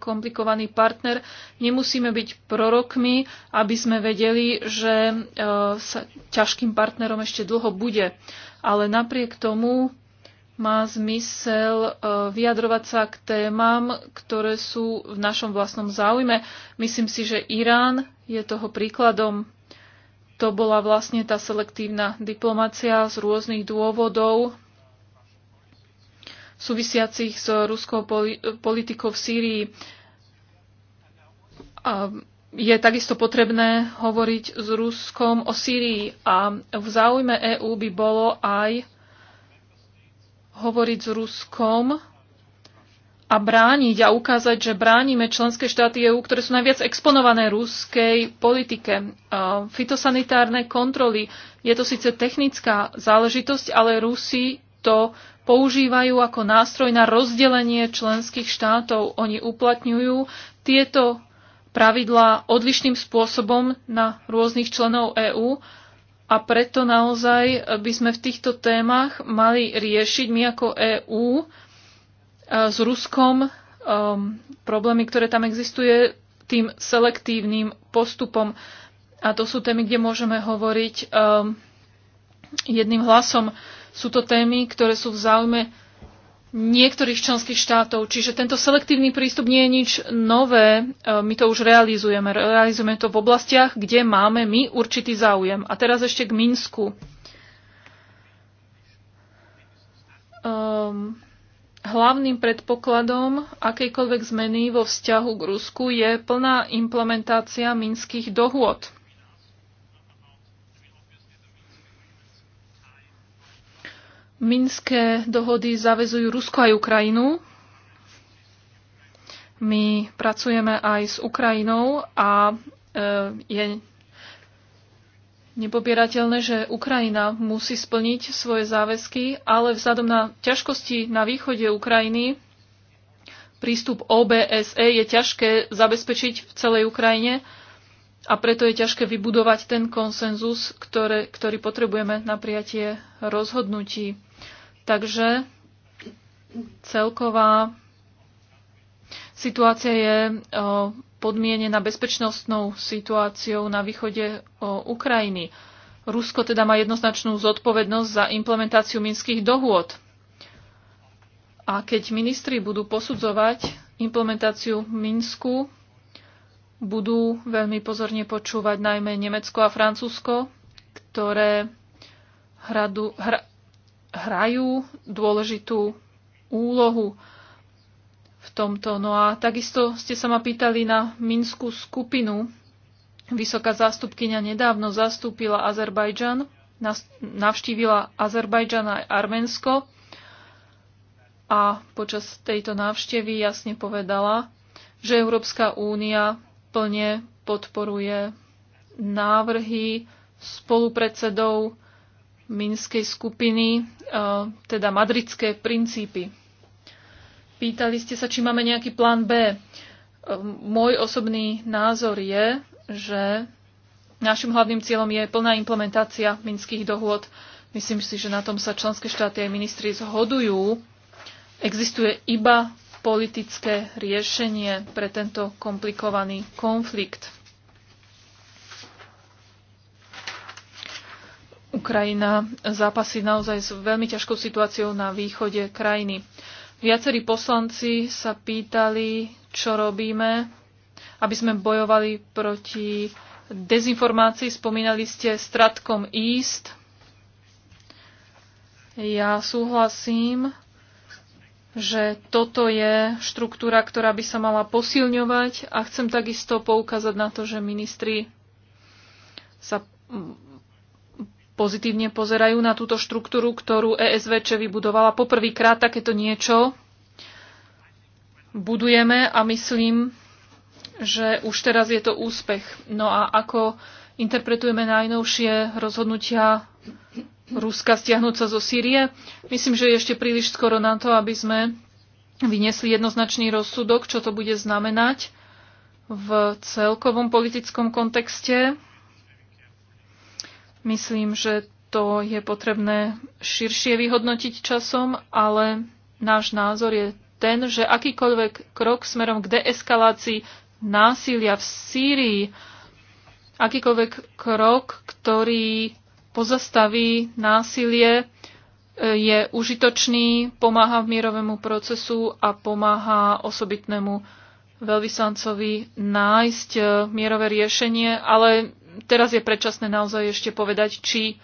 komplikovaný partner. Nemusíme byť prorokmi, aby sme vedeli, že e, sa ťažkým partnerom ešte dlho bude. Ale napriek tomu má zmysel e, vyjadrovať sa k témam, ktoré sú v našom vlastnom záujme. Myslím si, že Irán je toho príkladom. To bola vlastne tá selektívna diplomácia z rôznych dôvodov, súvisiacich s ruskou politikou v Sýrii. je takisto potrebné hovoriť s Ruskom o Sýrii a v záujme EÚ by bolo aj hovoriť s Ruskom a brániť a ukázať, že bránime členské štáty EÚ, ktoré sú najviac exponované ruskej politike. Fitosanitárne kontroly. Je to síce technická záležitosť, ale Rusi to používajú ako nástroj na rozdelenie členských štátov. Oni uplatňujú tieto pravidlá odlišným spôsobom na rôznych členov EÚ a preto naozaj by sme v týchto témach mali riešiť my ako EÚ eh, s Ruskom um, problémy, ktoré tam existuje, tým selektívnym postupom. A to sú témy, kde môžeme hovoriť um, jedným hlasom. Uh, sú to témy, ktoré sú v záujme niektorých členských štátov. Čiže tento selektívny prístup nie je nič nové. E, my to už realizujeme. Realizujeme to v oblastiach, kde máme my určitý záujem. A teraz ešte k Minsku. Um, hlavným predpokladom akejkoľvek zmeny vo vzťahu k Rusku je plná implementácia minských dohôd. Minské dohody zavezujú Rusko aj Ukrajinu. My pracujeme aj s Ukrajinou a e, je nepopierateľné, že Ukrajina musí splniť svoje záväzky, ale vzhľadom na ťažkosti na východe Ukrajiny prístup OBSE je ťažké zabezpečiť v celej Ukrajine a preto je ťažké vybudovať ten konsenzus, ktoré, ktorý potrebujeme na prijatie rozhodnutí. Takže celková situácia je podmienená bezpečnostnou situáciou na východe Ukrajiny. Rusko teda má jednoznačnú zodpovednosť za implementáciu minských dohôd. A keď ministri budú posudzovať implementáciu Minsku, budú veľmi pozorne počúvať najmä Nemecko a Francúzsko, ktoré hradu, hra, hrajú dôležitú úlohu v tomto. No a takisto ste sa ma pýtali na Minskú skupinu. Vysoká zástupkynia nedávno zastúpila Azerbajdžan, navštívila Azerbajdžan aj Arménsko a počas tejto návštevy jasne povedala, že Európska únia plne podporuje návrhy spolupredsedov Minskej skupiny, e, teda madridské princípy. Pýtali ste sa, či máme nejaký plán B. E, môj osobný názor je, že našim hlavným cieľom je plná implementácia minských dohôd. Myslím si, že na tom sa členské štáty aj ministri zhodujú. Existuje iba politické riešenie pre tento komplikovaný konflikt. Ukrajina zápasí naozaj s veľmi ťažkou situáciou na východe krajiny. Viacerí poslanci sa pýtali, čo robíme, aby sme bojovali proti dezinformácii. Spomínali ste Stratkom East. Ja súhlasím, že toto je štruktúra, ktorá by sa mala posilňovať a chcem takisto poukázať na to, že ministri sa pozitívne pozerajú na túto štruktúru, ktorú ESVČ vybudovala. Poprvýkrát takéto niečo budujeme a myslím, že už teraz je to úspech. No a ako interpretujeme najnovšie rozhodnutia Ruska stiahnuť sa zo Sýrie, myslím, že je ešte príliš skoro na to, aby sme vyniesli jednoznačný rozsudok, čo to bude znamenať v celkovom politickom kontexte Myslím, že to je potrebné širšie vyhodnotiť časom, ale náš názor je ten, že akýkoľvek krok smerom k deeskalácii násilia v Sýrii, akýkoľvek krok, ktorý pozastaví násilie, je užitočný, pomáha v mierovému procesu a pomáha osobitnému veľvyslancovi nájsť mierové riešenie, ale teraz je predčasné naozaj ešte povedať, či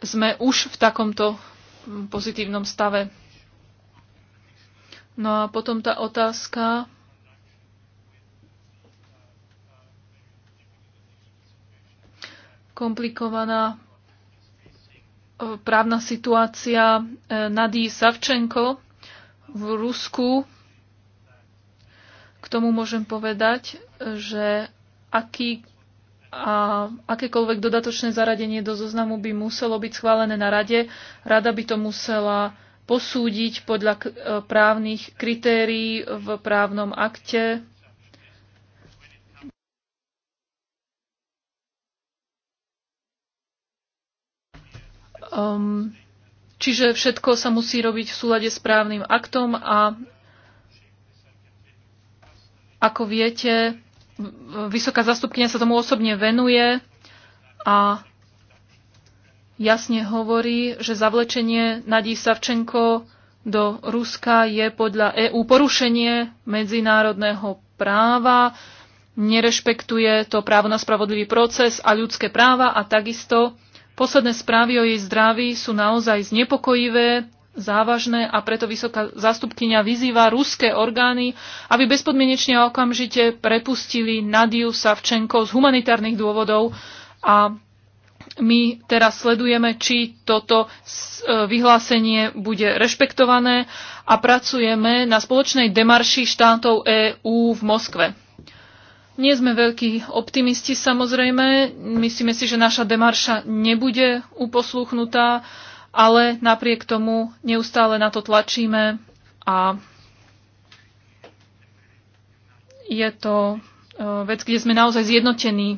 sme už v takomto pozitívnom stave. No a potom tá otázka, komplikovaná e, právna situácia e, Nadí Savčenko v Rusku. K tomu môžem povedať, e, že aký a akékoľvek dodatočné zaradenie do zoznamu by muselo byť schválené na rade. Rada by to musela posúdiť podľa e, právnych kritérií v právnom akte. Um, čiže všetko sa musí robiť v súlade s právnym aktom a ako viete, vysoká zastupkynia sa tomu osobne venuje a jasne hovorí, že zavlečenie Nadí Savčenko do Ruska je podľa EÚ porušenie medzinárodného práva, nerešpektuje to právo na spravodlivý proces a ľudské práva a takisto posledné správy o jej zdraví sú naozaj znepokojivé závažné a preto vysoká zástupkynia vyzýva ruské orgány, aby bezpodmienečne a okamžite prepustili Nadiu Savčenko z humanitárnych dôvodov a my teraz sledujeme, či toto e, vyhlásenie bude rešpektované a pracujeme na spoločnej demarši štátov EÚ v Moskve. Nie sme veľkí optimisti samozrejme, myslíme si, že naša demarša nebude uposluchnutá ale napriek tomu neustále na to tlačíme a je to e, vec, kde sme naozaj zjednotení.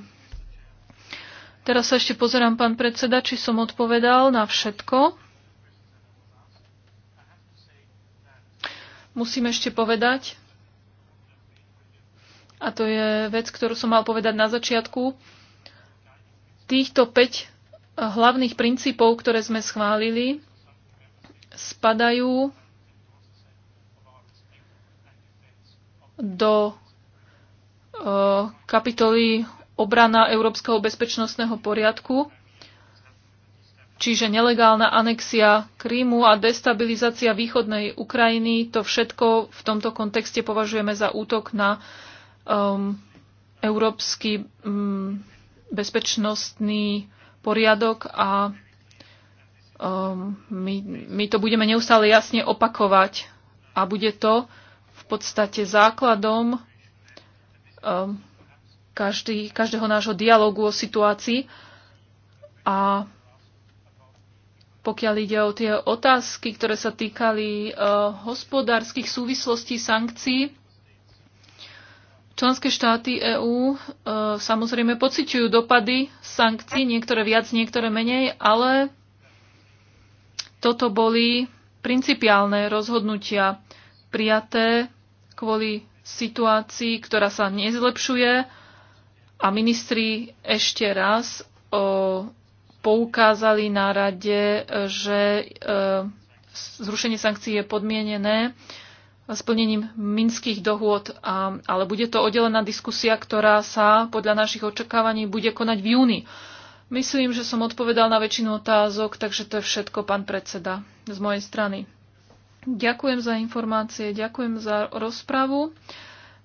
Teraz sa ešte pozerám, pán predseda, či som odpovedal na všetko. Musím ešte povedať, a to je vec, ktorú som mal povedať na začiatku, týchto 5 hlavných princípov, ktoré sme schválili, spadajú do e, kapitoly obrana európskeho bezpečnostného poriadku, čiže nelegálna anexia Krímu a destabilizácia východnej Ukrajiny, to všetko v tomto kontexte považujeme za útok na um, európsky um, bezpečnostný poriadok a um, my, my to budeme neustále jasne opakovať a bude to v podstate základom um, každý, každého nášho dialogu o situácii a pokiaľ ide o tie otázky, ktoré sa týkali uh, hospodárskych súvislostí sankcií, Členské štáty EÚ e, samozrejme pociťujú dopady sankcií, niektoré viac, niektoré menej, ale toto boli principiálne rozhodnutia prijaté kvôli situácii, ktorá sa nezlepšuje a ministri ešte raz o, poukázali na rade, že e, zrušenie sankcií je podmienené splnením minských dohôd, ale bude to oddelená diskusia, ktorá sa podľa našich očakávaní bude konať v júni. Myslím, že som odpovedal na väčšinu otázok, takže to je všetko, pán predseda, z mojej strany. Ďakujem za informácie, ďakujem za rozpravu.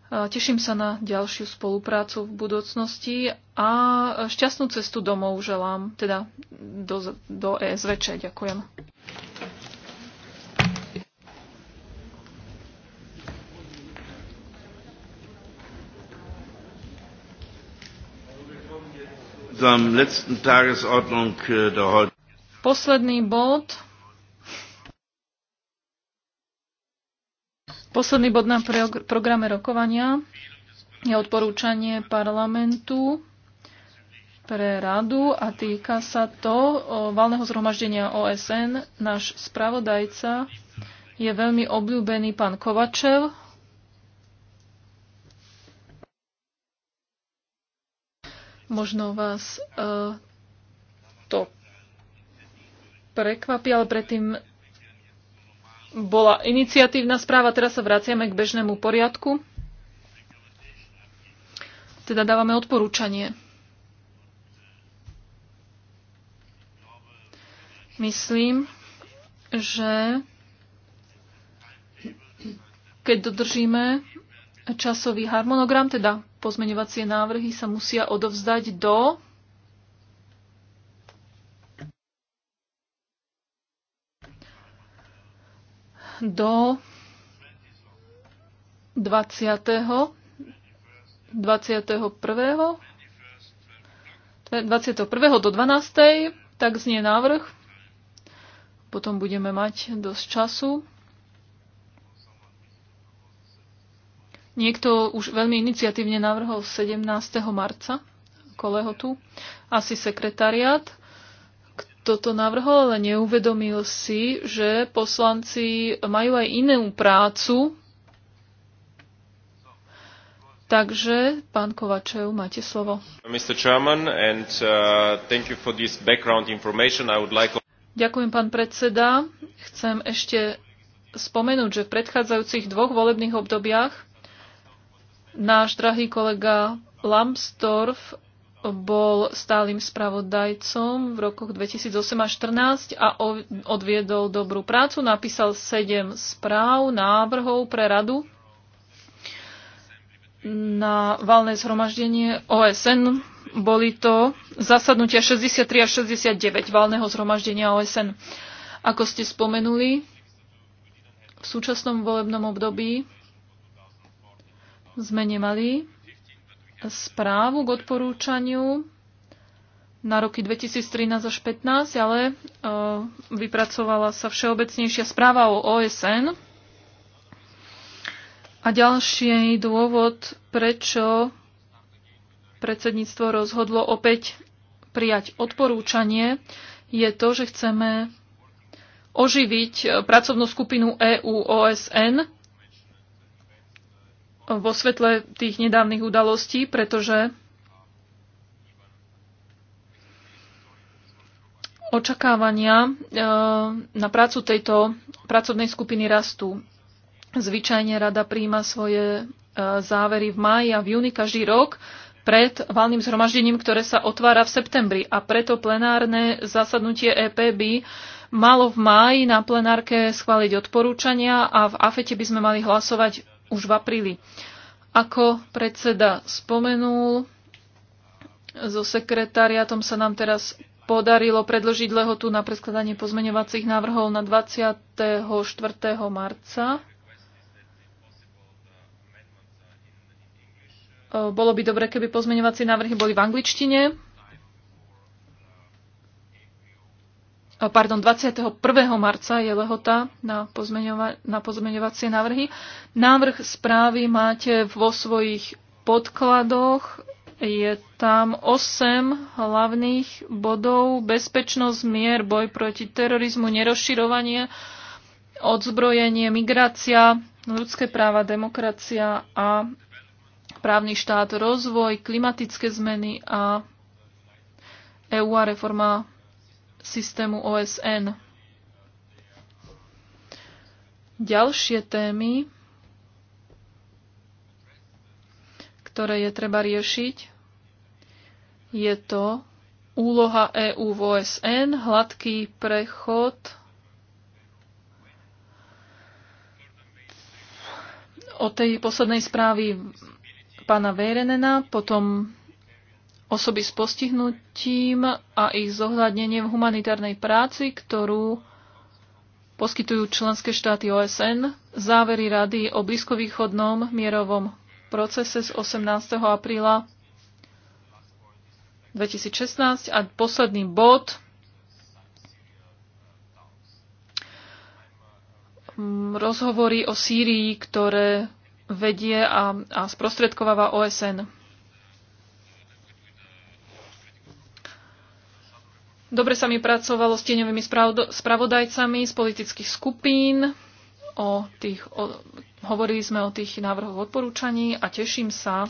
Teším sa na ďalšiu spoluprácu v budúcnosti a šťastnú cestu domov želám, teda do, do ESVČ. Ďakujem. Äh, Posledný bod. Posledný bod na programe rokovania je odporúčanie parlamentu pre radu a týka sa to valného zhromaždenia OSN. Náš spravodajca je veľmi obľúbený pán Kovačev, Možno vás uh, to prekvapí, ale predtým bola iniciatívna správa, teraz sa vraciame k bežnému poriadku. Teda dávame odporúčanie. Myslím, že keď dodržíme časový harmonogram, teda Pozmeňovacie návrhy sa musia odovzdať do do 20. 21. 21. do 12. tak znie návrh. Potom budeme mať dosť času. Niekto už veľmi iniciatívne navrhol 17. marca kolého tu, asi sekretariat, kto to navrhol, ale neuvedomil si, že poslanci majú aj inú prácu. Takže, pán Kovačev, máte slovo. Uh, Ďakujem, pán predseda. Chcem ešte spomenúť, že v predchádzajúcich dvoch volebných obdobiach Náš drahý kolega Lambsdorff bol stálym spravodajcom v rokoch 2008 až 2014 a odviedol dobrú prácu. Napísal sedem správ, návrhov pre radu na valné zhromaždenie OSN. Boli to zasadnutia 63 a 69 valného zhromaždenia OSN. Ako ste spomenuli, v súčasnom volebnom období sme nemali správu k odporúčaniu na roky 2013 až 2015, ale e, vypracovala sa všeobecnejšia správa o OSN. A ďalší dôvod, prečo predsedníctvo rozhodlo opäť prijať odporúčanie, je to, že chceme oživiť pracovnú skupinu EU-OSN vo svetle tých nedávnych udalostí, pretože očakávania e, na prácu tejto pracovnej skupiny rastú. Zvyčajne rada príjma svoje e, závery v máji a v júni každý rok pred valným zhromaždením, ktoré sa otvára v septembri. A preto plenárne zasadnutie EP by malo v máji na plenárke schváliť odporúčania a v AFETE by sme mali hlasovať už v apríli. Ako predseda spomenul, so sekretariatom sa nám teraz podarilo predložiť lehotu na preskladanie pozmeňovacích návrhov na 24. marca. Bolo by dobre, keby pozmeňovacie návrhy boli v angličtine. pardon, 21. marca je lehota na, pozmeňova- na pozmeňovacie návrhy. Návrh správy máte vo svojich podkladoch. Je tam 8 hlavných bodov. Bezpečnosť, mier, boj proti terorizmu, nerozširovanie, odzbrojenie, migrácia, ľudské práva, demokracia a právny štát, rozvoj, klimatické zmeny a EU a reforma systému OSN. Ďalšie témy, ktoré je treba riešiť, je to úloha EÚ v OSN, hladký prechod od tej poslednej správy pána Vejrenena, potom osoby s postihnutím a ich zohľadnenie v humanitárnej práci, ktorú poskytujú členské štáty OSN, závery Rady o blízkovýchodnom mierovom procese z 18. apríla 2016 a posledný bod mm, rozhovory o Sýrii, ktoré vedie a, a sprostredkováva OSN. Dobre sa mi pracovalo s tieňovými spravodajcami z politických skupín. O tých, o, hovorili sme o tých návrhoch odporúčaní a teším sa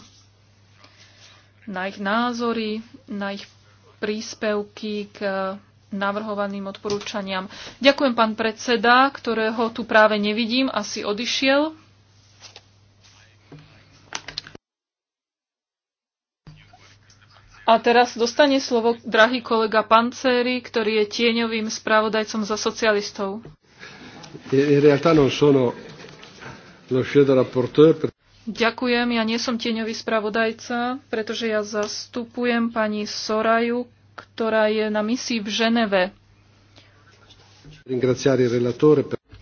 na ich názory, na ich príspevky k navrhovaným odporúčaniam. Ďakujem pán predseda, ktorého tu práve nevidím, asi odišiel. A teraz dostane slovo drahý kolega Pancéry, ktorý je tieňovým spravodajcom za socialistov. Ďakujem, ja nie som tieňový spravodajca, pretože ja zastupujem pani Soraju, ktorá je na misii v Ženeve.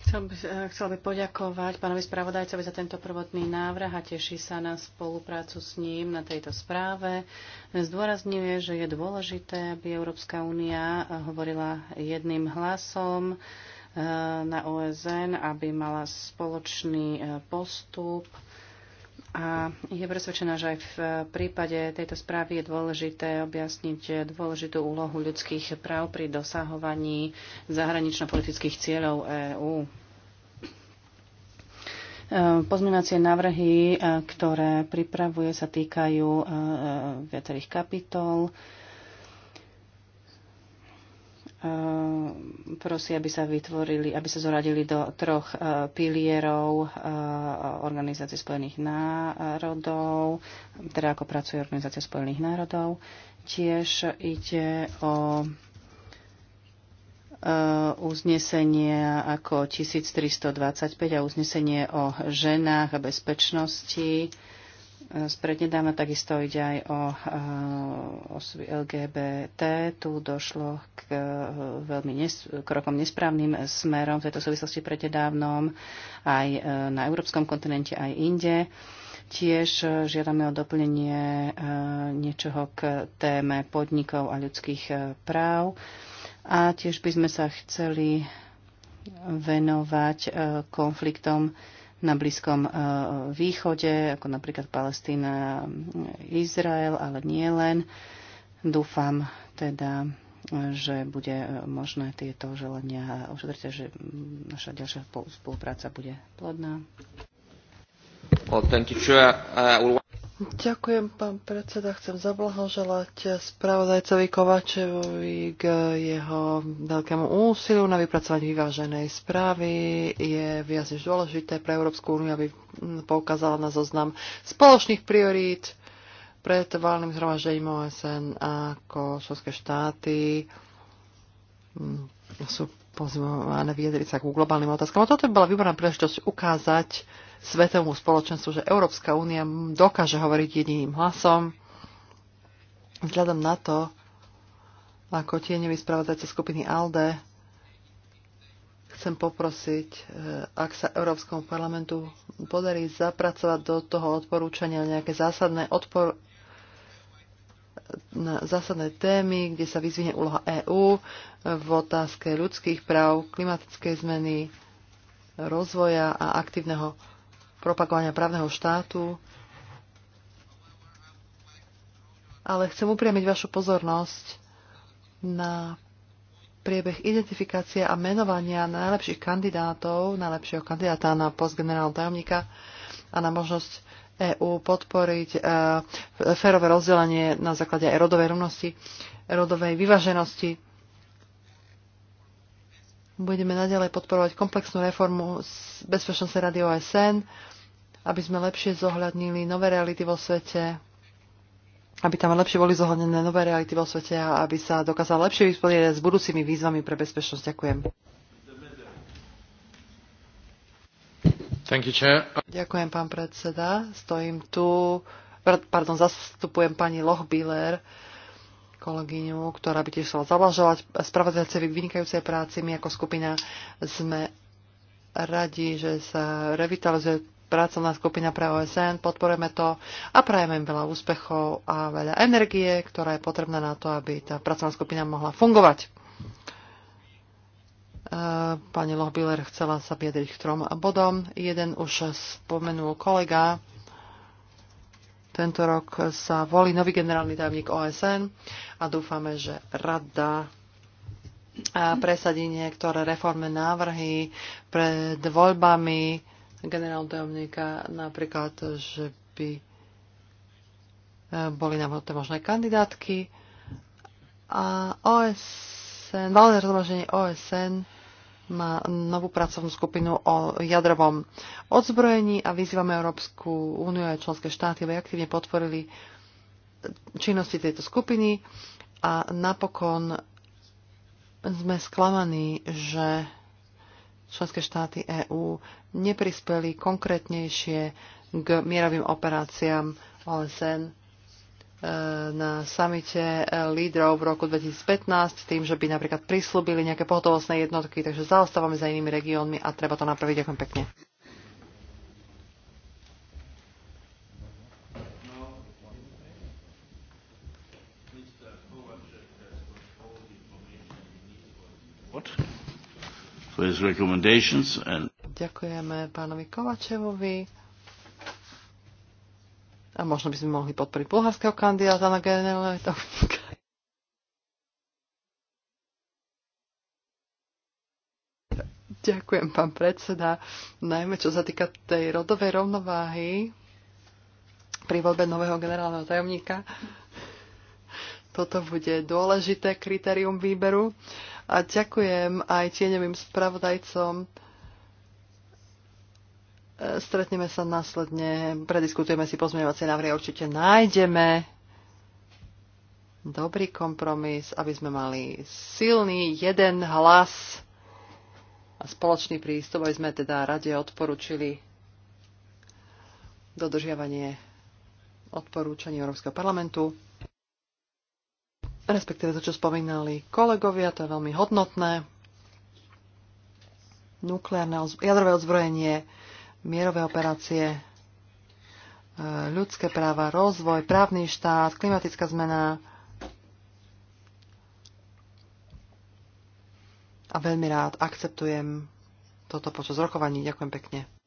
Chcel by, eh, chcel by poďakovať pánovi spravodajcovi za tento prvotný návrh a teší sa na spoluprácu s ním na tejto správe. Zdôrazňuje, že je dôležité, aby Európska únia eh, hovorila jedným hlasom eh, na OSN, aby mala spoločný postup a je presvedčená, že aj v prípade tejto správy je dôležité objasniť dôležitú úlohu ľudských práv pri dosahovaní zahranično-politických cieľov EÚ. E, pozmeňovacie návrhy, e, ktoré pripravuje, sa týkajú e, viacerých kapitol Ehm, prosí, aby sa vytvorili, aby sa zoradili do troch e, pilierov e, Organizácie spojených národov, teda ako pracuje Organizácia spojených národov. Tiež ide o e, uznesenie ako 1325 a uznesenie o ženách a bezpečnosti sprednedáma takisto ide aj o eh, osoby LGBT. Tu došlo k eh, veľmi nes- krokom nesprávnym smerom v tejto súvislosti prednedávnom aj eh, na európskom kontinente, aj inde. Tiež žiadame o doplnenie niečoho k téme podnikov a ľudských práv. A tiež by sme sa chceli venovať konfliktom na Blízkom e, východe, ako napríklad Palestína, Izrael, ale nie len. Dúfam teda, že bude možné tieto želania ošetriť a že naša ďalšia spolupráca bude plodná. Well, thank you, Ďakujem, pán predseda. Chcem zablahoželať spravodajcovi Kovačevovi k jeho veľkému úsiliu na vypracovanie vyváženej správy. Je viac než dôležité pre Európsku úniu, aby poukázala na zoznam spoločných priorít pred valným zhromaždením OSN ako členské štáty sú pozvované vyjadriť sa ku globálnym otázkam. A toto by bola výborná príležitosť ukázať, svetovému spoločenstvu, že Európska únia dokáže hovoriť jediným hlasom. Vzhľadom na to, ako tieňový spravodajca skupiny ALDE, chcem poprosiť, e, ak sa Európskom parlamentu podarí zapracovať do toho odporúčania nejaké zásadné, odpor- na zásadné témy, kde sa vyzvihne úloha EÚ e, v otázke ľudských práv, klimatickej zmeny, rozvoja a aktívneho propagovania právneho štátu. Ale chcem upriamiť vašu pozornosť na priebeh identifikácie a menovania najlepších kandidátov, najlepšieho kandidáta na post generálneho tajomníka a na možnosť EÚ podporiť e, férové rozdelenie na základe aj rodovej rovnosti, rodovej vyváženosti Budeme naďalej podporovať komplexnú reformu bezpečnosti rady OSN, aby sme lepšie zohľadnili nové reality vo svete, aby tam lepšie boli zohľadnené nové reality vo svete a aby sa dokázala lepšie vysporiadať s budúcimi výzvami pre bezpečnosť. Ďakujem. You, Ďakujem, pán predseda. Stojím tu, pardon, zastupujem pani Lochbiller, kolegyňu, ktorá by tiež chcela zablažovať spravodajcevi vynikajúcej práci. My ako skupina sme radi, že sa revitalizuje pracovná skupina pre OSN, podporujeme to a prajeme im veľa úspechov a veľa energie, ktorá je potrebná na to, aby tá pracovná skupina mohla fungovať. E, pani Lohbiller chcela sa viedriť k trom bodom. Jeden už spomenul kolega, tento rok sa volí nový generálny tajomník OSN a dúfame, že rada presadí niektoré reformné návrhy pred voľbami generálneho tajomníka, napríklad, že by e, boli navrhnuté možné kandidátky a OSN, valné rozloženie OSN má novú pracovnú skupinu o jadrovom odzbrojení a vyzývame Európsku úniu a členské štáty, aby aktívne podporili činnosti tejto skupiny. A napokon sme sklamaní, že členské štáty EÚ neprispeli konkrétnejšie k mierovým operáciám OSN na samite lídrov v roku 2015 tým, že by napríklad prislúbili nejaké pohotovostné jednotky, takže zaostávame za inými regiónmi a treba to napraviť. Ďakujem pekne. Ďakujeme pánovi Kovačevovi. A možno by sme mohli podporiť bulharského kandidáta na generálne Ďakujem, pán predseda. Najmä čo sa týka tej rodovej rovnováhy pri voľbe nového generálneho tajomníka, toto bude dôležité kritérium výberu. A ďakujem aj tieňovým spravodajcom, Stretneme sa následne, prediskutujeme si pozmeňovacie návrhy, určite nájdeme dobrý kompromis, aby sme mali silný jeden hlas a spoločný prístup, aby sme teda rade odporučili dodržiavanie odporúčaní Európskeho parlamentu, respektíve to, čo spomínali kolegovia, to je veľmi hodnotné. Nukleárne jadrové odzbrojenie mierové operácie, e, ľudské práva, rozvoj, právny štát, klimatická zmena a veľmi rád akceptujem toto počas rokovaní. Ďakujem pekne.